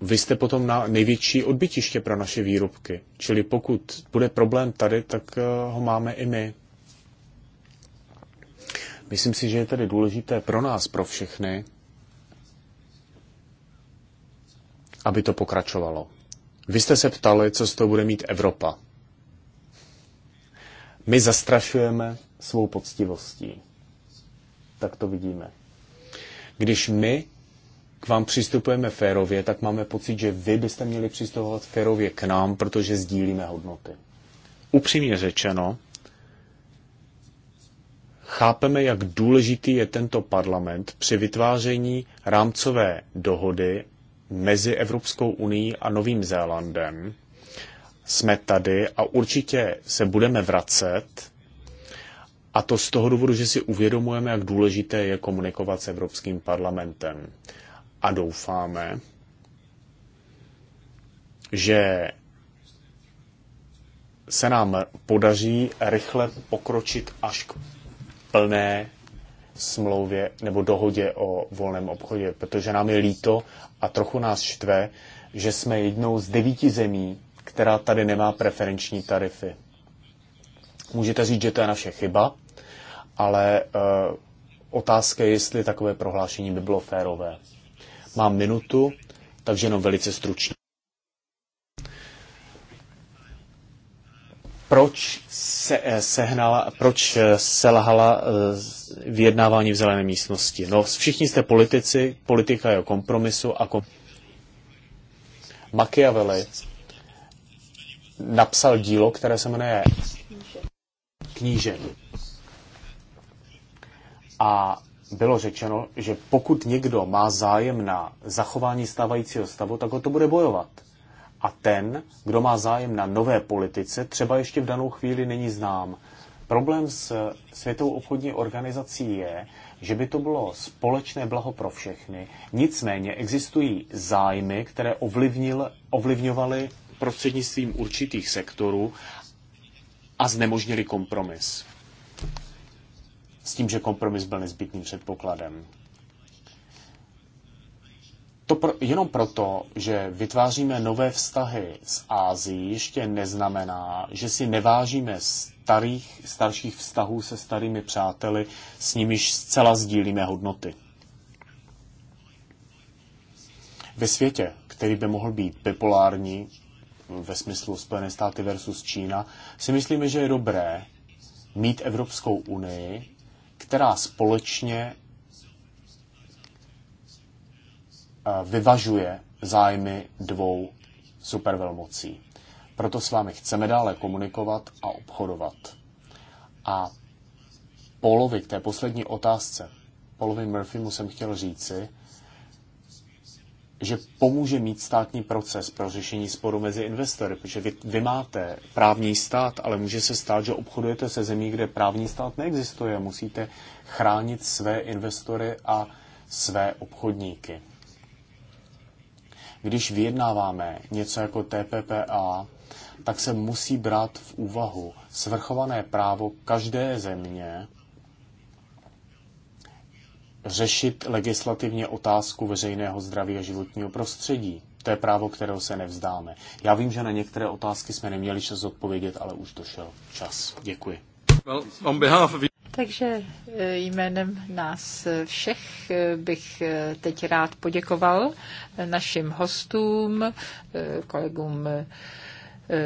vy jste potom na největší odbytiště pro naše výrobky. Čili pokud bude problém tady, tak e, ho máme i my. Myslím si, že je tedy důležité pro nás, pro všechny, aby to pokračovalo. Vy jste se ptali, co z toho bude mít Evropa. My zastrašujeme svou poctivostí. Tak to vidíme. Když my k vám přistupujeme férově, tak máme pocit, že vy byste měli přistupovat férově k nám, protože sdílíme hodnoty. Upřímně řečeno, chápeme, jak důležitý je tento parlament při vytváření rámcové dohody mezi Evropskou unii a Novým Zélandem, jsme tady a určitě se budeme vracet. A to z toho důvodu, že si uvědomujeme, jak důležité je komunikovat s Evropským parlamentem. A doufáme, že se nám podaří rychle pokročit až k plné smlouvě nebo dohodě o volném obchodě, protože nám je líto a trochu nás štve, že jsme jednou z devíti zemí, která tady nemá preferenční tarify. Můžete říct, že to je naše chyba, ale uh, otázka je, jestli takové prohlášení by bylo férové. Mám minutu, takže jenom velice stručně. Proč, se, eh, sehnala, proč eh, selhala vyjednávání v zelené místnosti? No, všichni jste politici, politika je o kompromisu a kom... Machiavelli napsal dílo, které se jmenuje Kníže. A bylo řečeno, že pokud někdo má zájem na zachování stávajícího stavu, tak ho to bude bojovat. A ten, kdo má zájem na nové politice, třeba ještě v danou chvíli není znám. Problém s Světovou obchodní organizací je, že by to bylo společné blaho pro všechny. Nicméně existují zájmy, které ovlivnil, ovlivňovaly prostřednictvím určitých sektorů a znemožnili kompromis. S tím, že kompromis byl nezbytným předpokladem. To pro, jenom proto, že vytváříme nové vztahy s Ázií, ještě neznamená, že si nevážíme starých, starších vztahů se starými přáteli, s nimiž zcela sdílíme hodnoty. Ve světě, který by mohl být bipolární, ve smyslu Spojené státy versus Čína, si myslíme, že je dobré mít Evropskou unii, která společně eh, vyvažuje zájmy dvou supervelmocí. Proto s vámi chceme dále komunikovat a obchodovat. A Polovi k té poslední otázce, Polovi Murphymu jsem chtěl říci, že pomůže mít státní proces pro řešení sporu mezi investory, protože vy, vy máte právní stát, ale může se stát, že obchodujete se zemí, kde právní stát neexistuje. Musíte chránit své investory a své obchodníky. Když vyjednáváme něco jako TPPA, tak se musí brát v úvahu svrchované právo každé země řešit legislativně otázku veřejného zdraví a životního prostředí. To je právo, kterého se nevzdáme. Já vím, že na některé otázky jsme neměli čas odpovědět, ale už došel čas. Děkuji. Well, on behalf of... Takže e, jménem nás všech e, bych e, teď rád poděkoval našim hostům, kolegům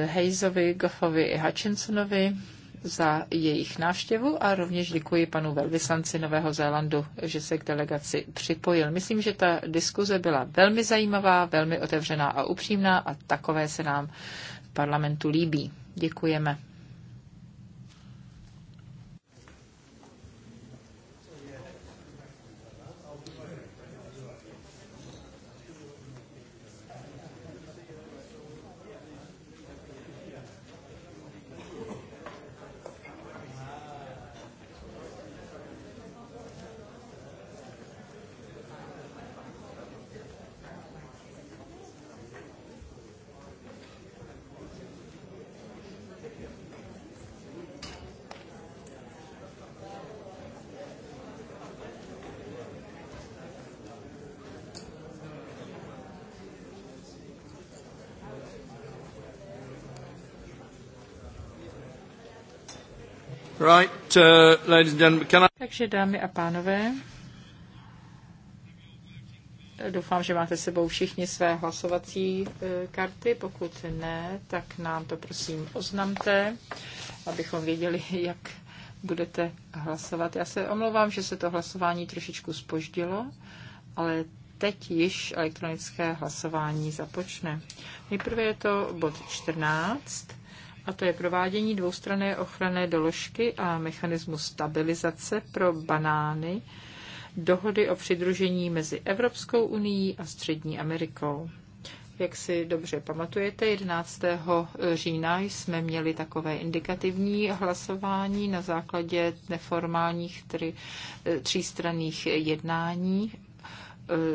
Hejzovi, Goffovi i Hutchinsonovi za jejich návštěvu a rovněž děkuji panu velvyslanci Nového Zélandu, že se k delegaci připojil. Myslím, že ta diskuze byla velmi zajímavá, velmi otevřená a upřímná a takové se nám v parlamentu líbí. Děkujeme. Right, uh, ladies and gentlemen, can I... Takže dámy a pánové, doufám, že máte sebou všichni své hlasovací eh, karty. Pokud ne, tak nám to prosím oznamte, abychom věděli, jak budete hlasovat. Já se omlouvám, že se to hlasování trošičku spoždilo, ale teď již elektronické hlasování započne. Nejprve je to bod 14 a to je provádění dvoustranné ochranné doložky a mechanismu stabilizace pro banány dohody o přidružení mezi Evropskou unii a Střední Amerikou. Jak si dobře pamatujete, 11. října jsme měli takové indikativní hlasování na základě neformálních tři, třístranných jednání e,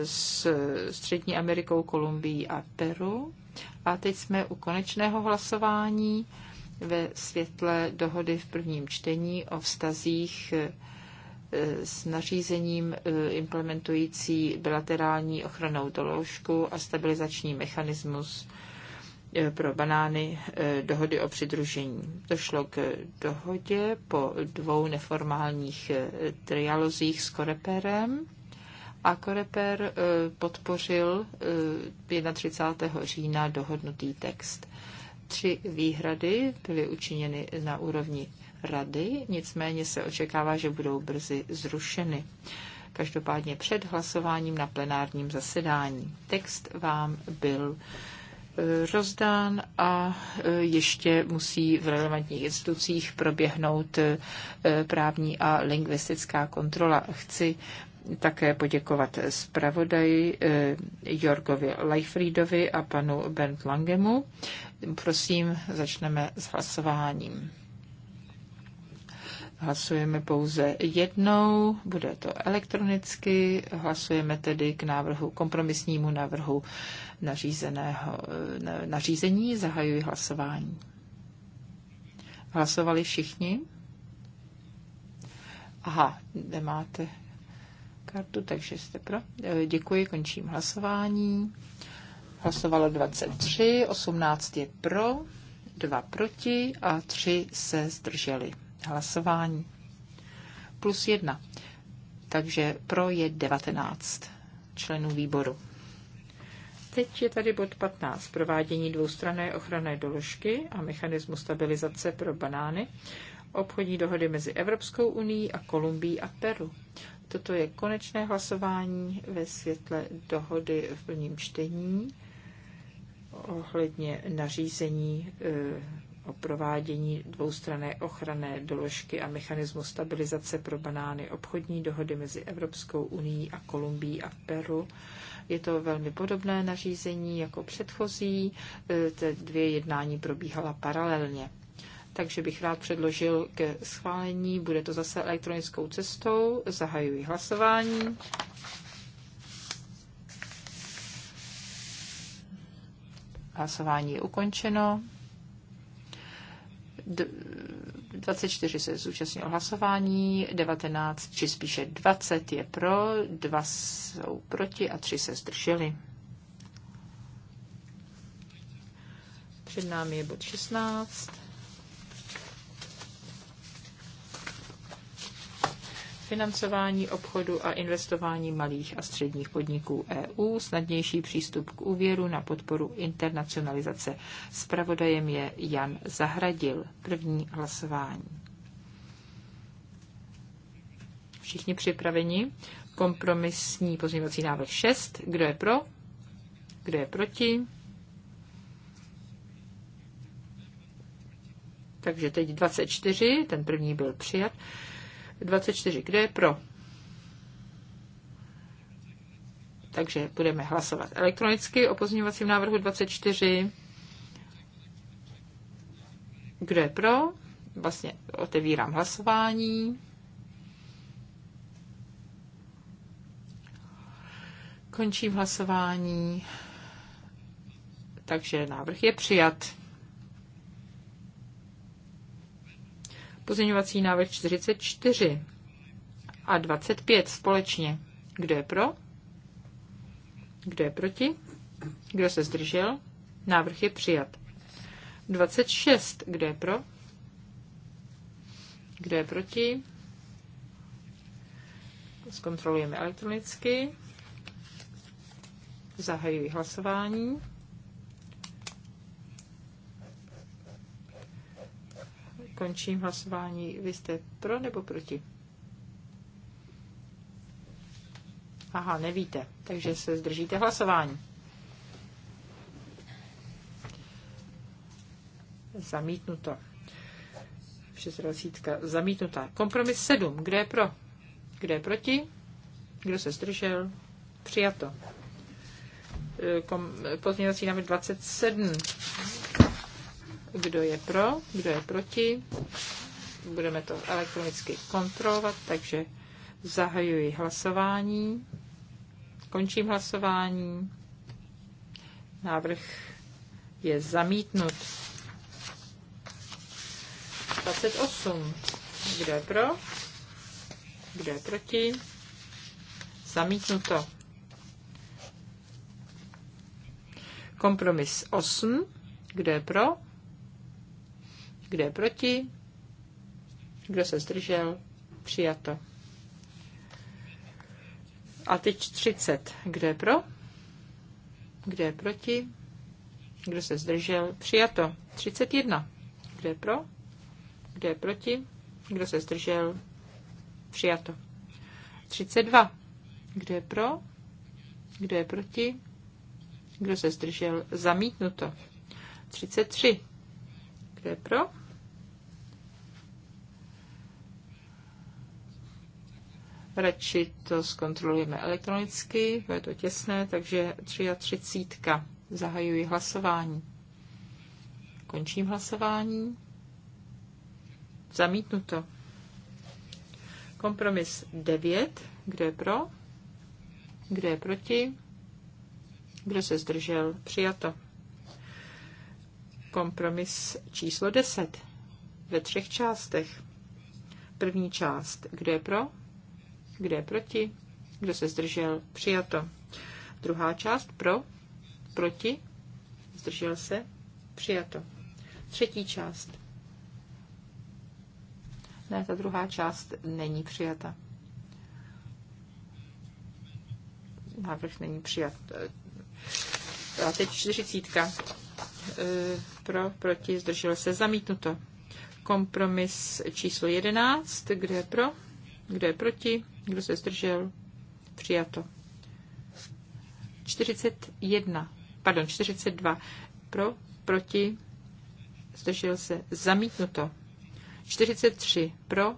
s Střední Amerikou, Kolumbií a Peru. A teď jsme u konečného hlasování ve světle dohody v prvním čtení o vztazích e, s nařízením e, implementující bilaterální ochranou doložku a stabilizační mechanismus e, pro banány dohody o přidružení. Došlo k dohodě po dvou neformálních trialozích s Koreperem a Koreper eh, podpořil 31. Eh, října dohodnutý text. Tři výhrady byly učiněny na úrovni rady, nicméně se očekává, že budou brzy zrušeny. Každopádně před hlasováním na plenárním zasedání. Text vám byl eh, rozdán a ještě musí v relevantních institucích proběhnout právní a lingvistická kontrola. Chci také poděkovat zpravodaji eh, Jorgovi Leifriedovi a panu Bernd Langemu. Prosím, začneme s hlasováním. Hlasujeme pouze jednou, bude to elektronicky. Hlasujeme tedy k návrhu, kompromisnímu návrhu nařízeného, eh, nařízení. Zahajuji hlasování. Hlasovali všichni? Aha, nemáte kartu, takže jste pro. Eh, děkuji, končím hlasování. Hlasovalo 23, 18 je pro, 2 proti a 3 se zdrželi hlasování. Plus 1. Takže pro je 19 členů výboru. Teď je tady bod 15. Provádění dvoustranné ochranné doložky a mechanismu stabilizace pro banány, obchodní dohody mezi Evropskou unii a Kolumbií a Peru. Toto je konečné hlasování ve světle dohody v plním čtení ohledně nařízení eh, o provádění dvoustrané ochranné doložky a mechanismu stabilizace pro banány obchodní dohody mezi Evropskou unii a Kolumbií a Peru. Je to velmi podobné nařízení jako předchozí. Eh, Ty dvě jednání probíhala paralelně takže bych rád předložil ke schválení. Bude to zase elektronickou cestou. Zahajuji hlasování. Hlasování je ukončeno. 24 se zúčastnilo hlasování, 19 či spíše 20 je pro, 2 jsou proti a 3 se zdrželi. Před námi je bod 16. financování obchodu a investování malých a středních podniků EU, snadnější přístup k úvěru na podporu internacionalizace. Spravodajem je Jan Zahradil. První hlasování. Všichni připraveni? Kompromisní pozměňovací návrh 6. Kdo je pro? Kdo je proti? Takže teď 24, ten první byl přijat. 24. Kdo je pro? Takže budeme hlasovat elektronicky o pozměňovacím návrhu 24. Kdo je pro? Vlastně otevírám hlasování. Končím hlasování. Takže návrh je přijat. Pozměňovací návrh 44 a 25 společně. Kdo je pro? Kdo je proti? Kdo se zdržel? Návrh je přijat. 26. Kdo je pro? Kdo je proti? Zkontrolujeme elektronicky. Zahajuji hlasování. Končím hlasování. Vy jste pro nebo proti? Aha, nevíte, takže se zdržíte hlasování. Zamítnuto. Přesrazítka Zamítnutá. Kompromis 7. Kdo je pro? Kdo je proti? Kdo se zdržel? Přijato. E, kom, pozměňovací návrh 27 kdo je pro, kdo je proti? Budeme to elektronicky kontrolovat, takže zahajuji hlasování. Končím hlasování. Návrh je zamítnut. 28. Kdo je pro? Kdo je proti? Zamítnuto. Kompromis 8. Kdo je pro? Kdo je proti? Kdo se zdržel? Přijato. A teď 30. Kdo je pro? Kdo je proti? Kdo se zdržel? Přijato. 31. Kdo je pro? Kdo je proti? Kdo se zdržel? Přijato. 32. Kdo je pro? Kdo je proti? Kdo se zdržel? Zamítnuto. 33. Kdo je pro? Radši to zkontrolujeme elektronicky, je to těsné, takže 33. Zahajuji hlasování. Končím hlasování. Zamítnuto. Kompromis 9. Kdo je pro? Kdo je proti? Kdo se zdržel? Přijato. Kompromis číslo 10 ve třech částech. První část, kdo je pro, kdo je proti? Kdo se zdržel? Přijato. Druhá část pro, proti, zdržel se, přijato. Třetí část. Ne, ta druhá část není přijata. Návrh není přijat. A teď čtyřicítka. E, pro, proti, zdržel se, zamítnuto. Kompromis číslo jedenáct. Kde je pro? Kdo je proti? Kdo se zdržel? Přijato. 41, pardon, 42 pro, proti, zdržel se, zamítnuto. 43 pro,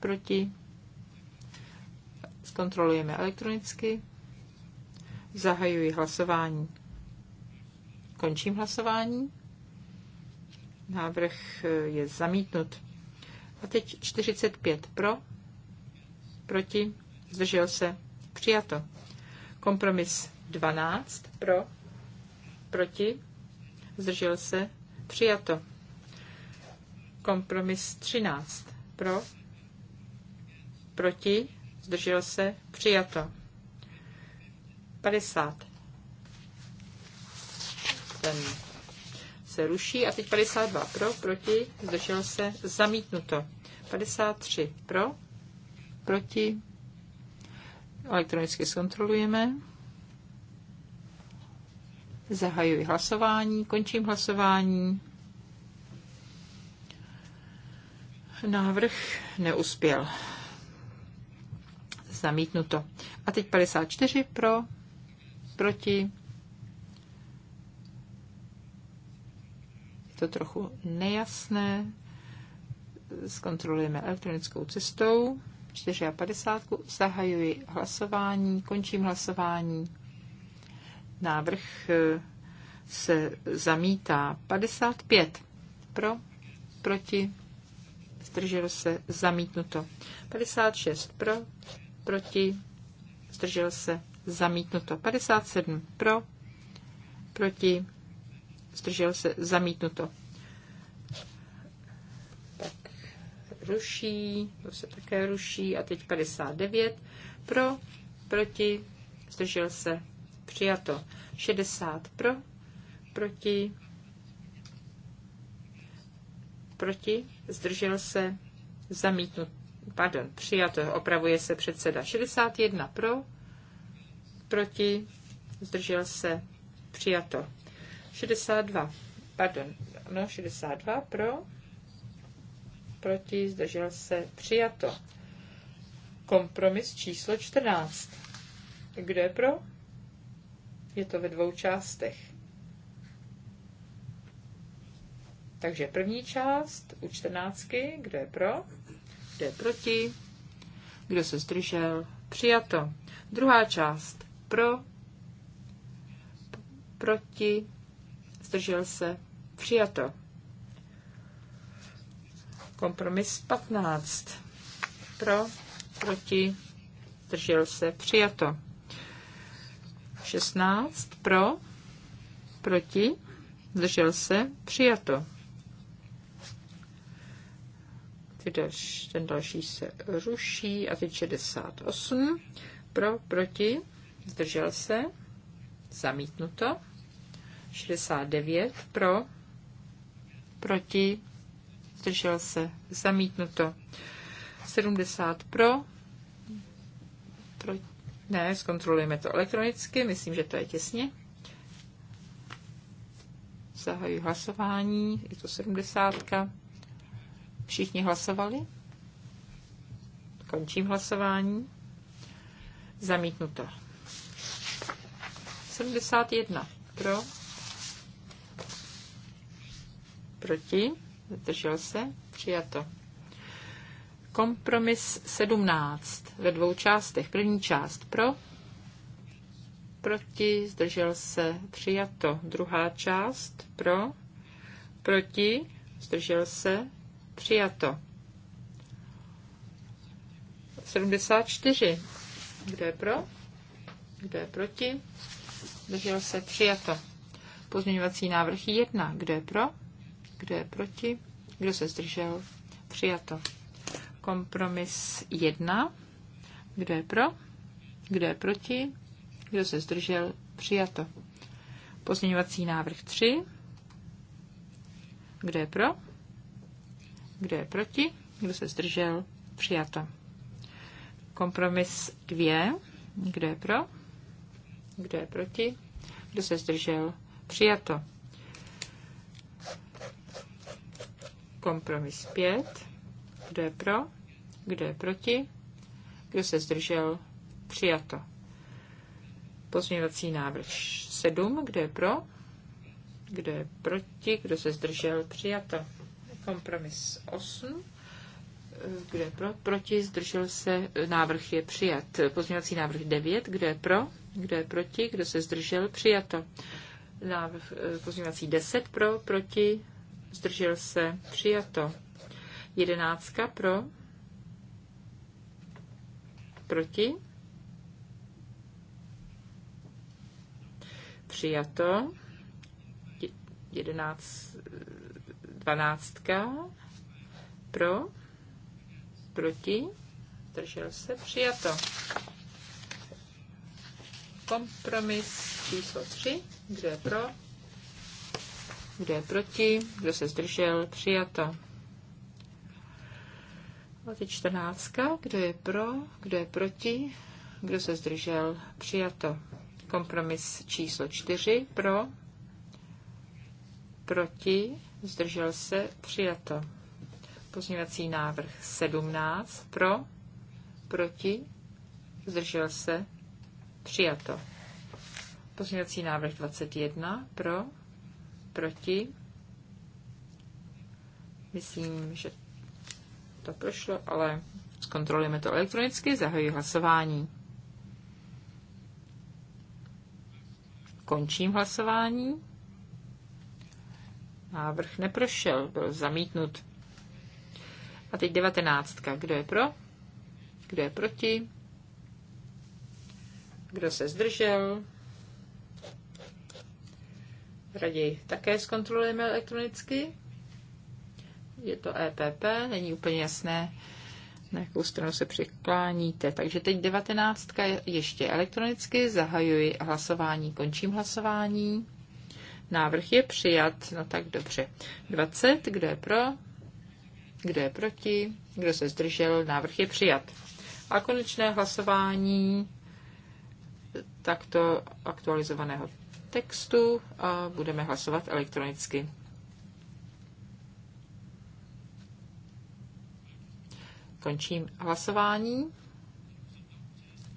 proti, zkontrolujeme elektronicky, zahajuji hlasování. Končím hlasování. Návrh eh, je zamítnut. A teď 45 pro, proti, zdržel se, přijato. Kompromis 12 pro, proti, zdržel se, přijato. Kompromis 13 pro, proti, zdržel se, přijato. 50. Ten se ruší a teď 52 pro, proti, zdržel se, zamítnuto. 53 pro, proti, elektronicky zkontrolujeme. Zahajuji hlasování, končím hlasování. Návrh neuspěl. Zamítnuto. A teď 54 pro, proti. Je to trochu nejasné zkontrolujeme elektronickou cestou. 54. Zahajuji hlasování, končím hlasování. Návrh eh, se zamítá. 55. Pro, proti, zdrželo se, zamítnuto. 56. Pro, proti, zdrželo se, zamítnuto. 57. Pro, proti, zdrželo se, zamítnuto. ruší, to se také ruší a teď 59 pro, proti, zdržel se, přijato 60 pro, proti, proti, zdržel se, zamítnut, pardon, přijato, opravuje se předseda 61 pro, proti, zdržel se, přijato 62, pardon, no 62 pro, proti, zdržel se, přijato. Kompromis číslo 14. Kdo je pro? Je to ve dvou částech. Takže první část u čtrnáctky, kdo je pro, kdo je proti, kdo se zdržel, přijato. Druhá část pro, proti, zdržel se, přijato. Kompromis 15. Pro, proti, zdržel se, přijato. 16. Pro, proti, zdržel se, přijato. Ten další se ruší a teď 68. Pro, proti, zdržel se, zamítnuto. 69 pro, proti, zdržel se, zamítnuto. 70 pro, pro ne, zkontrolujeme to elektronicky, myslím, že to je těsně. Zahajuji hlasování, je to 70. Všichni hlasovali? Končím hlasování. Zamítnuto. 71 pro, proti, Zdržel se? Přijato. Kompromis 17 ve dvou částech. První část pro, proti, zdržel se, přijato. Druhá část pro, proti, zdržel se, přijato. 74. kde je pro? kde je proti? Zdržel se, přijato. Pozměňovací návrh 1. Kde je pro? Kdo je proti? Kdo se zdržel? Přijato. Kompromis 1. Kdo je pro? Kdo je proti? Kdo se zdržel? Přijato. Pozměňovací návrh 3. Kdo je pro? Kdo je proti? Kdo se zdržel? Přijato. Kompromis 2. Kdo je pro? Kdo je proti? Kdo se zdržel? Přijato. Kompromis 5. Kdo je pro? Kdo je proti? Kdo se zdržel? Přijato. Pozměňovací návrh 7. Kdo je pro? Kdo je proti? Kdo se zdržel? Přijato. Kompromis 8. Kdo je pro? Proti? Zdržel se? Návrh je přijat. Pozměňovací návrh 9. Kdo je pro? Kdo je proti? Kdo se zdržel? Přijato. Návrh eh, pozměňovací 10 pro, proti, zdržel se, přijato. Jedenáctka pro, proti, přijato. Jedenáct, dvanáctka pro, proti, zdržel se, přijato. Kompromis číslo tři, kde je pro, kdo je proti, kdo se zdržel, přijato. A teď čtrnáctka, kdo je pro, kdo je proti, kdo se zdržel, přijato. Kompromis číslo čtyři, pro, proti, zdržel se, přijato. Pozměňovací návrh 17, pro, proti, zdržel se, přijato. Pozměňovací návrh 21, pro, proti. Myslím, že to prošlo, ale zkontrolujeme to elektronicky, zahajuji hlasování. Končím hlasování. Návrh neprošel, byl zamítnut. A teď devatenáctka. Kdo je pro? Kdo je proti? Kdo se zdržel? raději také zkontrolujeme elektronicky. Je to EPP, není úplně jasné, na jakou stranu se přikláníte. Takže teď devatenáctka ještě elektronicky, zahajuji hlasování, končím hlasování. Návrh je přijat, no tak dobře. 20, kdo je pro, kdo je proti, kdo se zdržel, návrh je přijat. A konečné hlasování takto aktualizovaného textu a budeme hlasovat elektronicky. Končím hlasování.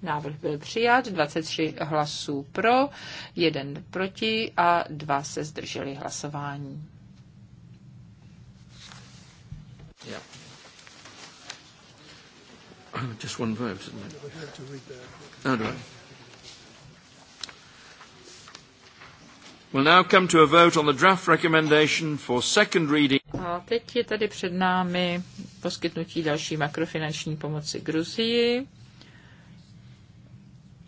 Návrh byl přijat, 23 hlasů pro, 1 proti a 2 se zdrželi hlasování. Yeah. Just one vote, isn't it? No, do I? We'll now come to a vote on the draft recommendation for second reading. A teď je tady před námi poskytnutí další makrofinanční pomoci Gruzii.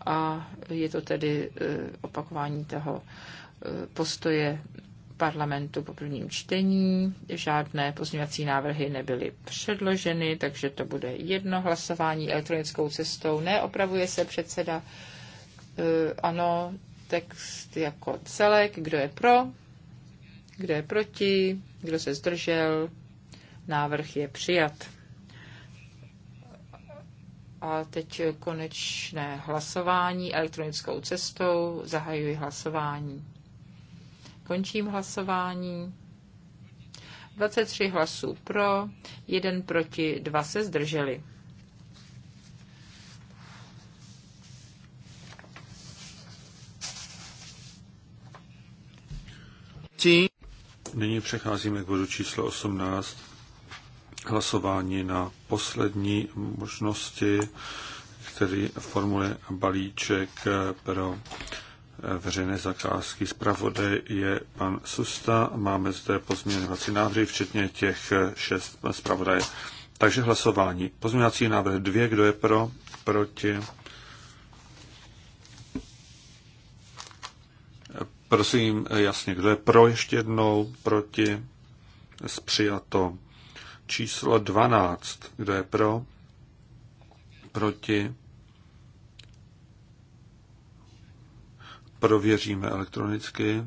A je to tedy e, opakování toho e, postoje parlamentu po prvním čtení. Žádné pozměňovací návrhy nebyly předloženy, takže to bude jedno hlasování elektronickou cestou. Neopravuje se předseda. E, ano, text jako celek, kdo je pro, kdo je proti, kdo se zdržel, návrh je přijat. A teď konečné hlasování elektronickou cestou. Zahajuji hlasování. Končím hlasování. 23 hlasů pro, 1 proti, 2 se zdrželi. Nyní přecházíme k bodu číslo 18. Hlasování na poslední možnosti, který formuluje balíček pro veřejné zakázky. Zpravodaj je pan Susta. Máme zde pozměňovací návrhy, včetně těch šest zpravodaje. Takže hlasování. Pozměňovací návrh dvě, kdo je pro, proti, Prosím, eh, jasně, kdo je pro ještě jednou, proti, zpřijato. Číslo 12, kdo je pro, proti, prověříme elektronicky.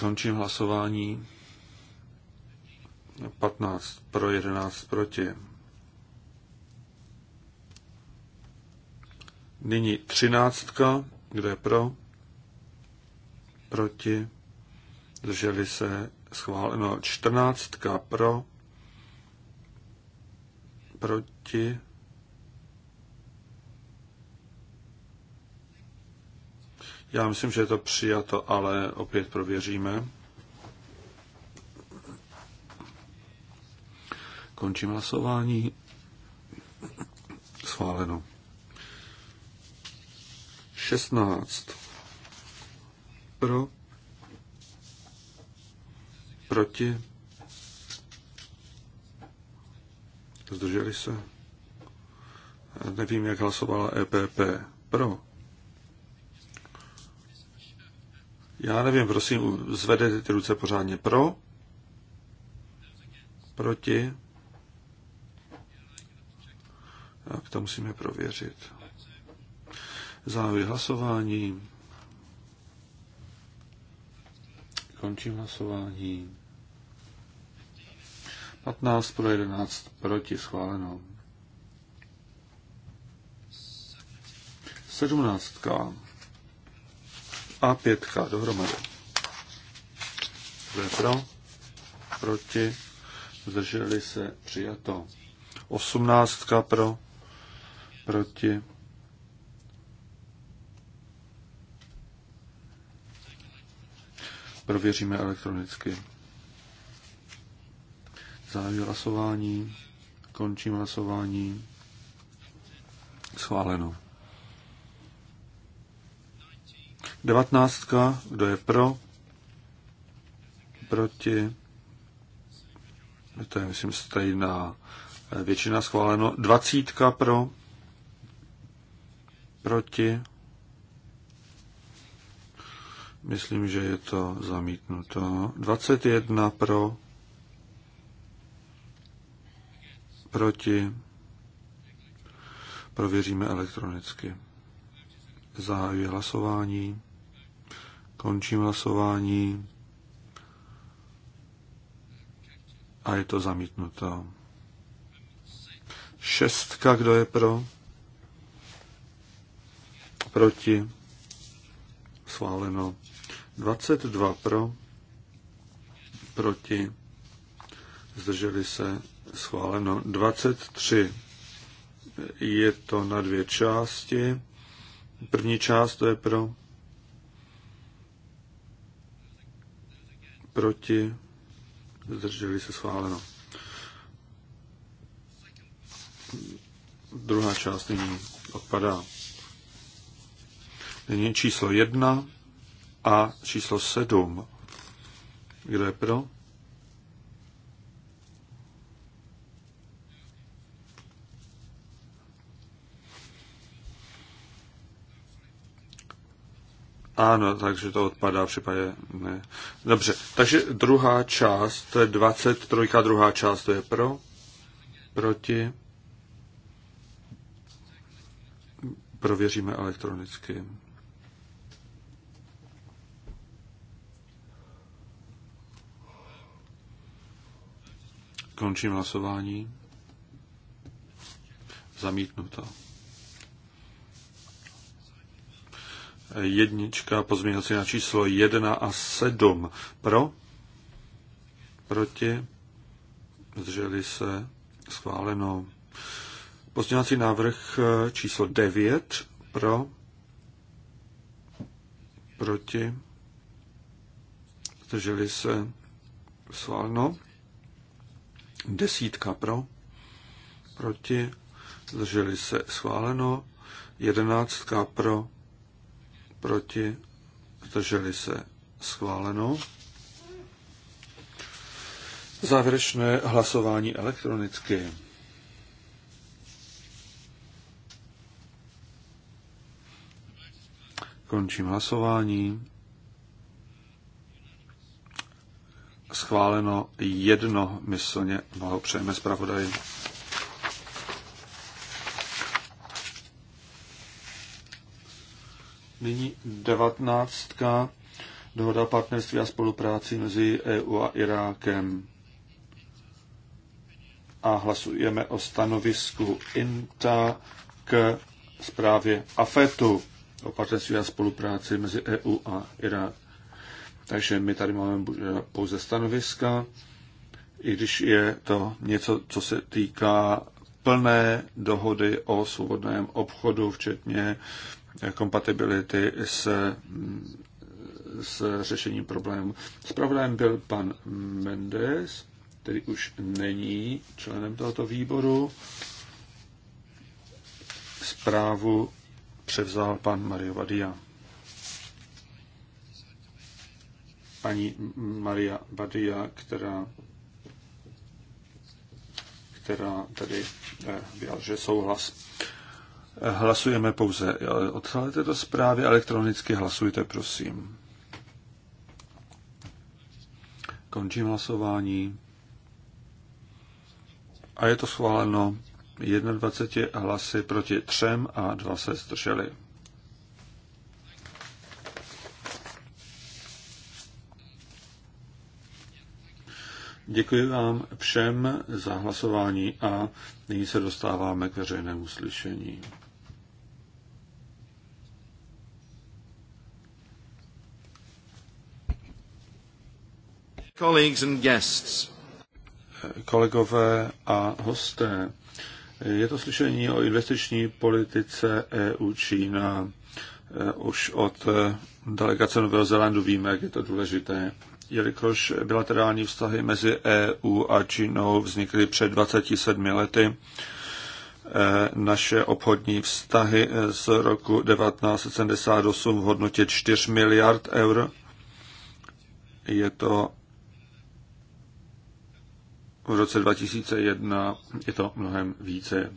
Končím hlasování. 15 pro, 11 proti. Nyní třináctka, kdo je pro, proti, Drželi se, schváleno. Čtrnáctka pro, proti, Já myslím, že je to přijato, ale opět prověříme. Končím hlasování. Schváleno. 16. Pro. Proti. Zdrželi se. Nevím, jak hlasovala EPP. Pro. Já nevím, prosím, zvedete ty ruce pořádně. Pro. Proti. Tak to musíme prověřit. Zahajuji hlasování. Končím hlasování. 15 pro 11 proti schváleno. 17 a 5 dohromady. Kdo je pro? Proti? Zdrželi se přijato. 18 pro? Proti? Prověříme elektronicky. Zahajuji hlasování. Končím hlasování. Schváleno. Devatnáctka. Kdo je pro? Proti? To je, myslím, stejná většina schváleno. Dvacítka pro? Proti? Myslím, že je to zamítnuto. 21 pro, proti, prověříme elektronicky. Zahajuji hlasování, končím hlasování a je to zamítnuto. Šestka, kdo je pro? Proti? Sváleno. 22 pro, proti, zdrželi se, schváleno. 23 je to na dvě části. První část to je pro, proti, zdrželi se, schváleno. Druhá část nyní odpadá. Nyní číslo jedna a číslo 7. Kdo je pro? Ano, takže to odpadá v případě ne. Dobře, takže druhá část, to je 23, druhá část, to je pro, proti, prověříme elektronicky. Končím hlasování. Zamítnu to. Jednička, pozměňovací na číslo 1 a 7. Pro? Proti? Zdrželi se? Schváleno. Pozměňovací návrh číslo 9. Pro? Proti? Zdrželi se? Schváleno. Desítka pro, proti, zdrželi se schváleno. Jedenáctka pro, proti, zdrželi se schváleno. Závěrečné hlasování elektronicky. Končím hlasování. schváleno jedno myslně. Blahopřejeme zpravodaji. Nyní devatnáctka. Dohoda o partnerství a spolupráci mezi EU a Irákem. A hlasujeme o stanovisku INTA k zprávě AFETu o partnerství a spolupráci mezi EU a Irákem. Takže my tady máme eh, pouze stanoviska, i když je to něco, co se týká plné dohody o svobodném obchodu, včetně eh, kompatibility s, mm, s řešením problémů. Spravodajem byl pan Mendes, který už není členem tohoto výboru. Zprávu převzal pan Mario Vadia. paní Maria Badia, která, která tedy eh, vyjádřuje souhlas. Hlasujeme pouze. Eh, odsalete to zprávy, elektronicky hlasujte, prosím. Končím hlasování. A je to schváleno 21 hlasy proti třem a dva se zdrželi. Děkuji vám všem za hlasování a nyní se dostáváme k veřejnému slyšení. Kolegové a hosté, je to slyšení o investiční politice EU Čína. E, už od delegace Nového Zélandu víme, jak je to důležité jelikož bilaterální vztahy mezi EU a Čínou vznikly před 27 lety. Eh, naše obchodní vztahy eh, z roku 1978 v hodnotě 4 miliard eur. Je to v roce 2001 je to mnohem více.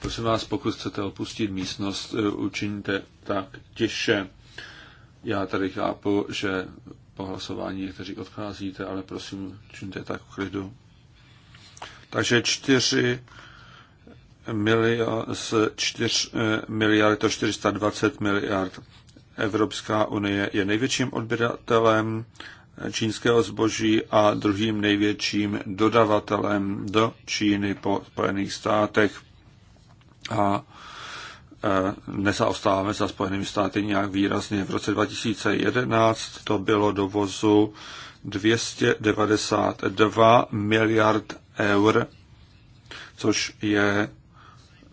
Prosím vás, pokud chcete opustit místnost, eh, učiňte tak těše. Já tady chápu, že po hlasování někteří odcházíte, ale prosím, čiňte tak v klidu. Takže 4 z 4 eh, miliard to 420 miliard. Evropská unie je největším odběratelem čínského zboží a druhým největším dodavatelem do Číny po Spojených státech. A Eh, nezaostáváme za Spojenými státy nějak výrazně. V roce 2011 to bylo dovozu 292 miliard eur, což je,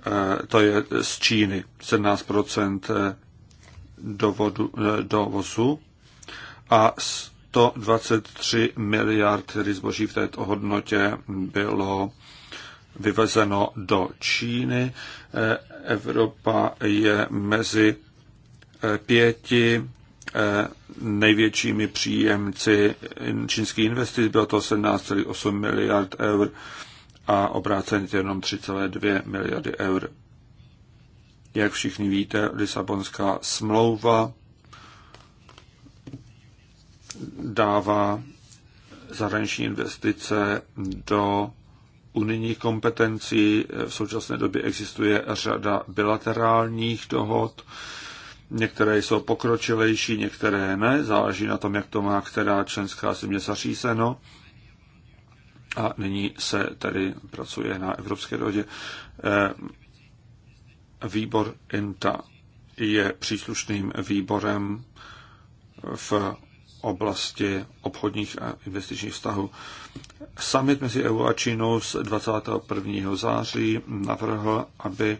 eh, to je z Číny, 17 dovodu, dovozu a 123 miliard tedy zboží v této hodnotě bylo vyvezeno do Číny. Eh, Evropa je mezi eh, pěti eh, největšími příjemci čínských investic, bylo to 17,8 miliard eur a obráceně jenom 3,2 miliardy eur. Jak všichni víte, Lisabonská smlouva dává zahraniční investice do unijních kompetencí. V současné době existuje řada bilaterálních dohod. Některé jsou pokročilejší, některé ne. Záleží na tom, jak to má která členská země zařízeno. A nyní se tedy pracuje na Evropské dohodě. Eh, výbor INTA je příslušným výborem v oblasti obchodních a investičních vztahů. Summit mezi EU a Čínou z 21. září navrhl, aby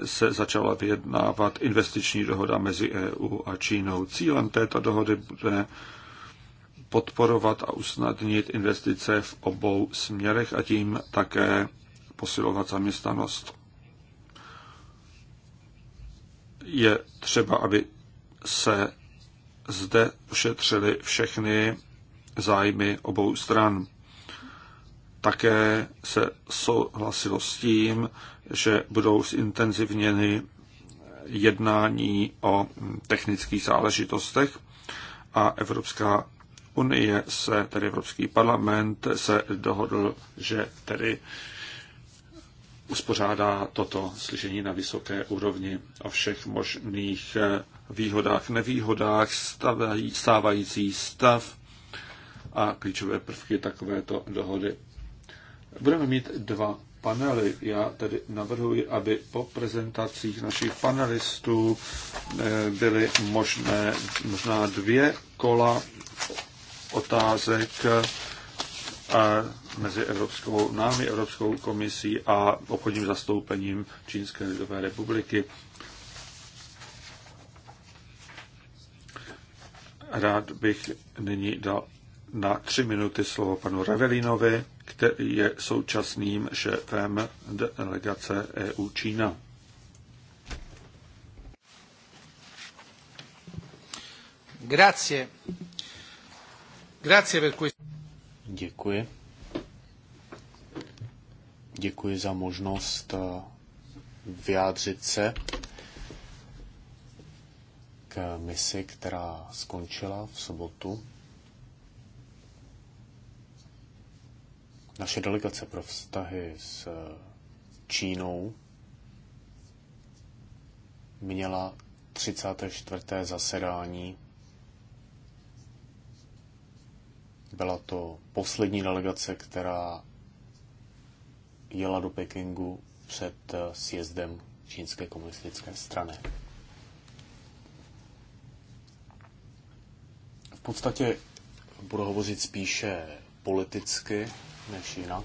e, se začala vyjednávat investiční dohoda mezi EU a Čínou. Cílem této dohody bude podporovat a usnadnit investice v obou směrech a tím také posilovat zaměstnanost. Je třeba, aby se zde ušetřili všechny zájmy obou stran. Také se souhlasilo s tím, že budou zintenzivněny jednání o technických záležitostech a Evropská unie se, tedy Evropský parlament, se dohodl, že tedy uspořádá toto slyšení na vysoké úrovni o všech možných výhodách, nevýhodách, stavají, stávající stav a klíčové prvky takovéto dohody. Budeme mít dva panely. Já tedy navrhuji, aby po prezentacích našich panelistů eh, byly možné možná dvě kola otázek eh, mezi Evropskou, námi Evropskou komisí a obchodním zastoupením Čínské lidové republiky. Rád bych nyní dal na tři minuty slovo panu Revelinovi, který je současným šéfem delegace EU Čína. Grazie. Grazie per questo. Děkuji. Děkuji za možnost eh, vyjádřit se k misi, která skončila v sobotu. Naše delegace pro vztahy s eh, Čínou měla 34. zasedání. Byla to poslední delegace, která jela do Pekingu před eh, sjezdem čínské komunistické strany. podstatě budu hovořit spíše politicky než jinak.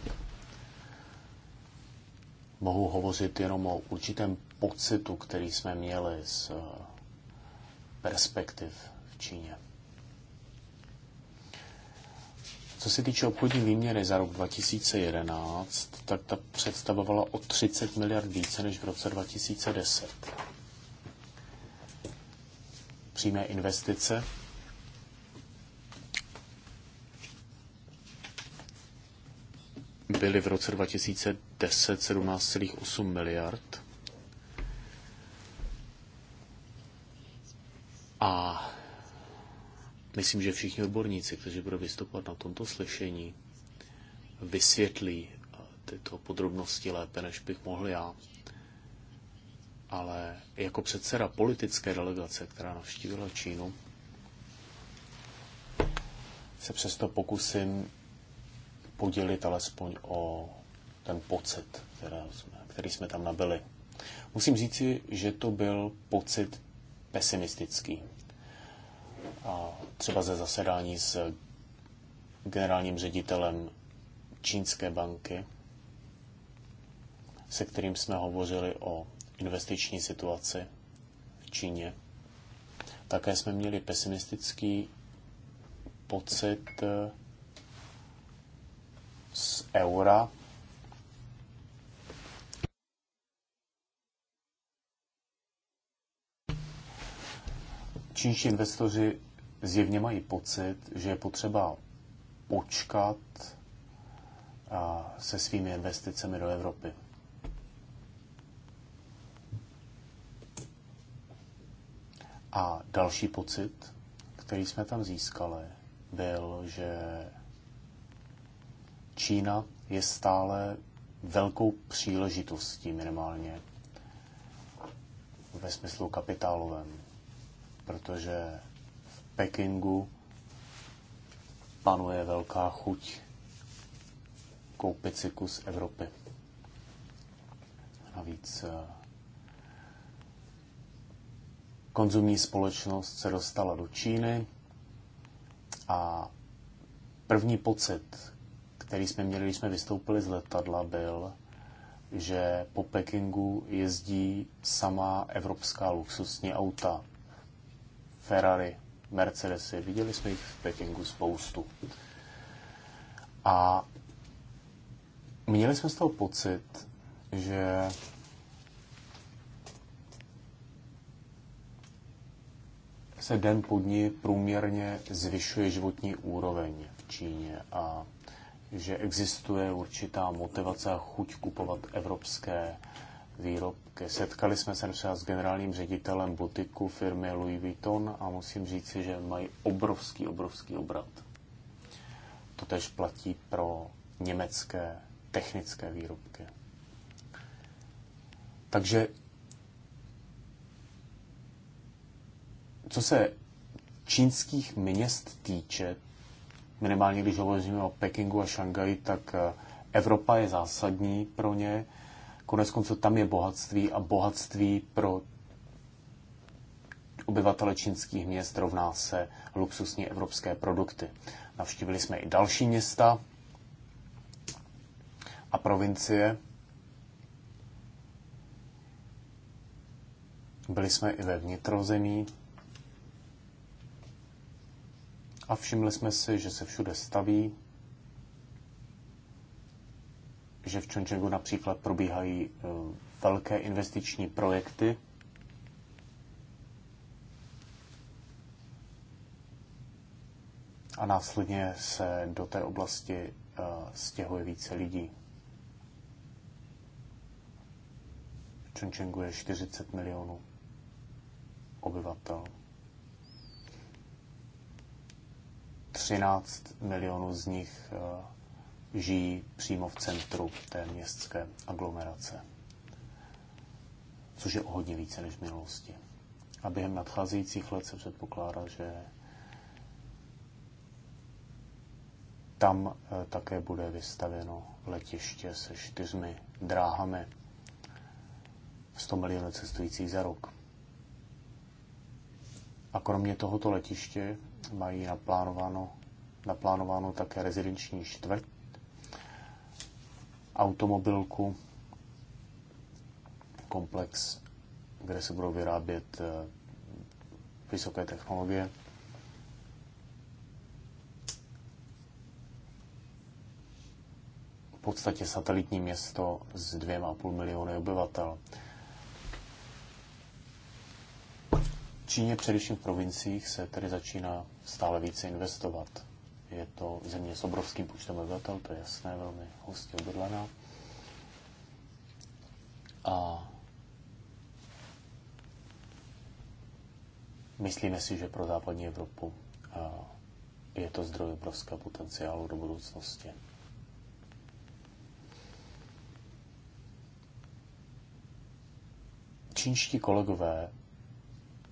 Mohu hovořit jenom o určitém pocitu, který jsme měli z eh, perspektiv v Číně. Co se týče obchodní výměny za rok 2011, tak ta představovala o 30 miliard více než v roce 2010. Přímé investice byly v roce 2010 17,8 miliard. A myslím, že všichni odborníci, kteří budou vystupovat na tomto slyšení, vysvětlí eh, tyto podrobnosti lépe, než bych mohl já. Ale jako předseda politické delegace, která navštívila Čínu, se přesto pokusím podělit alespoň o ten pocit, jsme, který jsme tam nabili. Musím říci, že to byl pocit pesimistický. A třeba ze zasedání s generálním ředitelem čínské banky, se kterým jsme hovořili o investiční situaci v Číně. Také jsme měli pesimistický pocit eh, z eura. Čínští investoři zjevně mají pocit, že je potřeba počkat se svými investicemi do Evropy. A další pocit, který jsme tam získali, byl, že Čína je stále velkou příležitostí minimálně ve smyslu kapitálovém, protože v Pekingu panuje velká chuť koupit si kus Evropy. Navíc eh, konzumní společnost se dostala do Číny a první pocit, který jsme měli, když jsme vystoupili z letadla, byl, že po Pekingu jezdí sama evropská luxusní auta. Ferrari, Mercedesy, viděli jsme jich v Pekingu spoustu. A měli jsme z toho pocit, že se den po dní průměrně zvyšuje životní úroveň v Číně a že existuje určitá motivace a chuť kupovat evropské výrobky. Setkali jsme se třeba s generálním ředitelem butiku firmy Louis Vuitton a musím říci, že mají obrovský, obrovský obrat. To tež platí pro německé technické výrobky. Takže co se čínských měst týče, minimálně když hovoříme o Pekingu a Šangaji, tak eh, Evropa je zásadní pro ně. Konec konců tam je bohatství a bohatství pro obyvatele čínských měst rovná se luxusní evropské produkty. Navštívili jsme i další města a provincie. Byli jsme i ve vnitrozemí, a všimli jsme si, že se všude staví, že v Chongqingu například probíhají eh, velké investiční projekty, a následně se do té oblasti eh, stěhuje více lidí. V Chongqingu je 40 milionů obyvatel. 13 milionů z nich eh, žijí přímo v centru té městské aglomerace, což je o hodně více než v minulosti. A během nadcházejících let se předpokládá, že tam eh, také bude vystavěno letiště se čtyřmi dráhami 100 milionů cestujících za rok. A kromě tohoto letiště mají naplánováno, naplánováno také rezidenční čtvrt, automobilku, komplex, kde se budou vyrábět eh, vysoké technologie. V podstatě satelitní město s dvěma a půl miliony obyvatel. Číně, především v provinciích, se tedy začíná stále více investovat. Je to země s obrovským počtem obyvatel, to je jasné, velmi hustě obydlená. A myslíme si, že pro západní Evropu je to zdroj obrovského potenciálu do budoucnosti. Čínští kolegové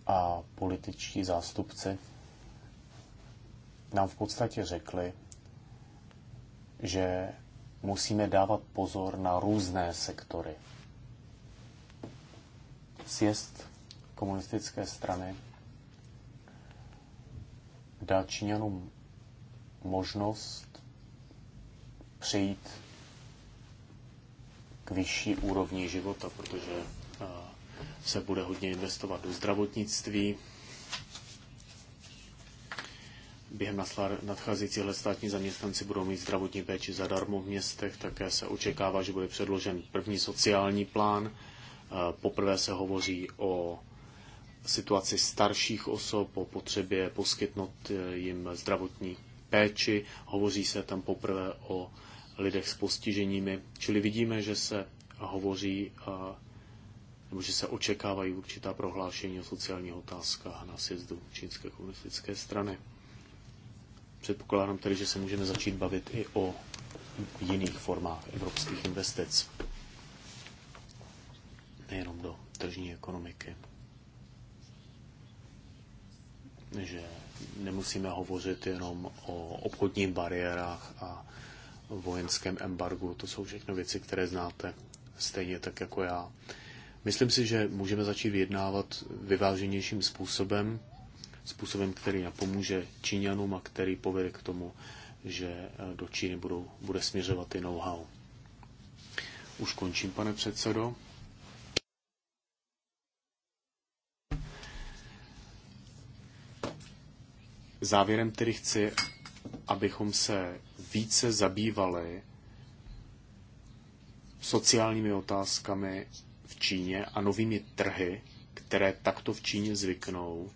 a političtí zástupci nám v podstatě řekli, že musíme dávat pozor na různé sektory. Sjezd komunistické strany dá Číňanům možnost přejít k vyšší úrovni života, protože eh, se bude hodně investovat do zdravotnictví. Během nadcházejících let státní zaměstnanci budou mít zdravotní péči zadarmo v městech. Také se očekává, že bude předložen první sociální plán. Eh, poprvé se hovoří o situaci starších osob, o potřebě poskytnout eh, jim zdravotní péči. Hovoří se tam poprvé o lidech s postiženími. Čili vidíme, že se hovoří eh, nebo že se očekávají určitá prohlášení o sociálních otázkách na sjezdu Čínské komunistické strany. Předpokládám tedy, že se můžeme začít bavit i o jiných formách evropských investic, nejenom do tržní ekonomiky. Že nemusíme hovořit jenom o obchodních bariérách a vojenském embargu. To jsou všechno věci, které znáte stejně tak jako já. Myslím si, že můžeme začít vyjednávat vyváženějším způsobem, způsobem, který napomůže Číňanům a který povede k tomu, že eh, do Číny budou, bude směřovat i know-how. Už končím, pane předsedo. Závěrem tedy chci, abychom se více zabývali sociálními otázkami Číně a novými trhy, které takto v Číně zvyknou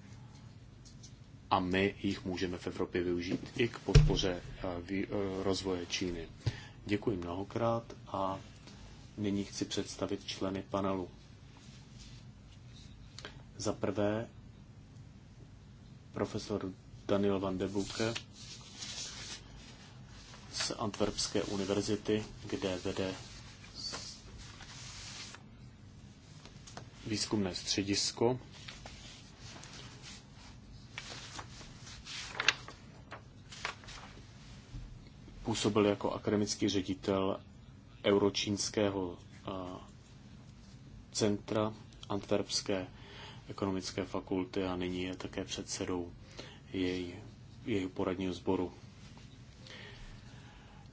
a my jich můžeme v Evropě využít i k podpoře eh, eh, rozvoje Číny. Děkuji mnohokrát a nyní chci představit členy panelu. Za prvé profesor Daniel van de Buke z Antwerpské univerzity, kde vede výzkumné středisko. Působil jako akademický ředitel Euročínského centra Antwerpské ekonomické fakulty a nyní je také předsedou její, jejího poradního sboru.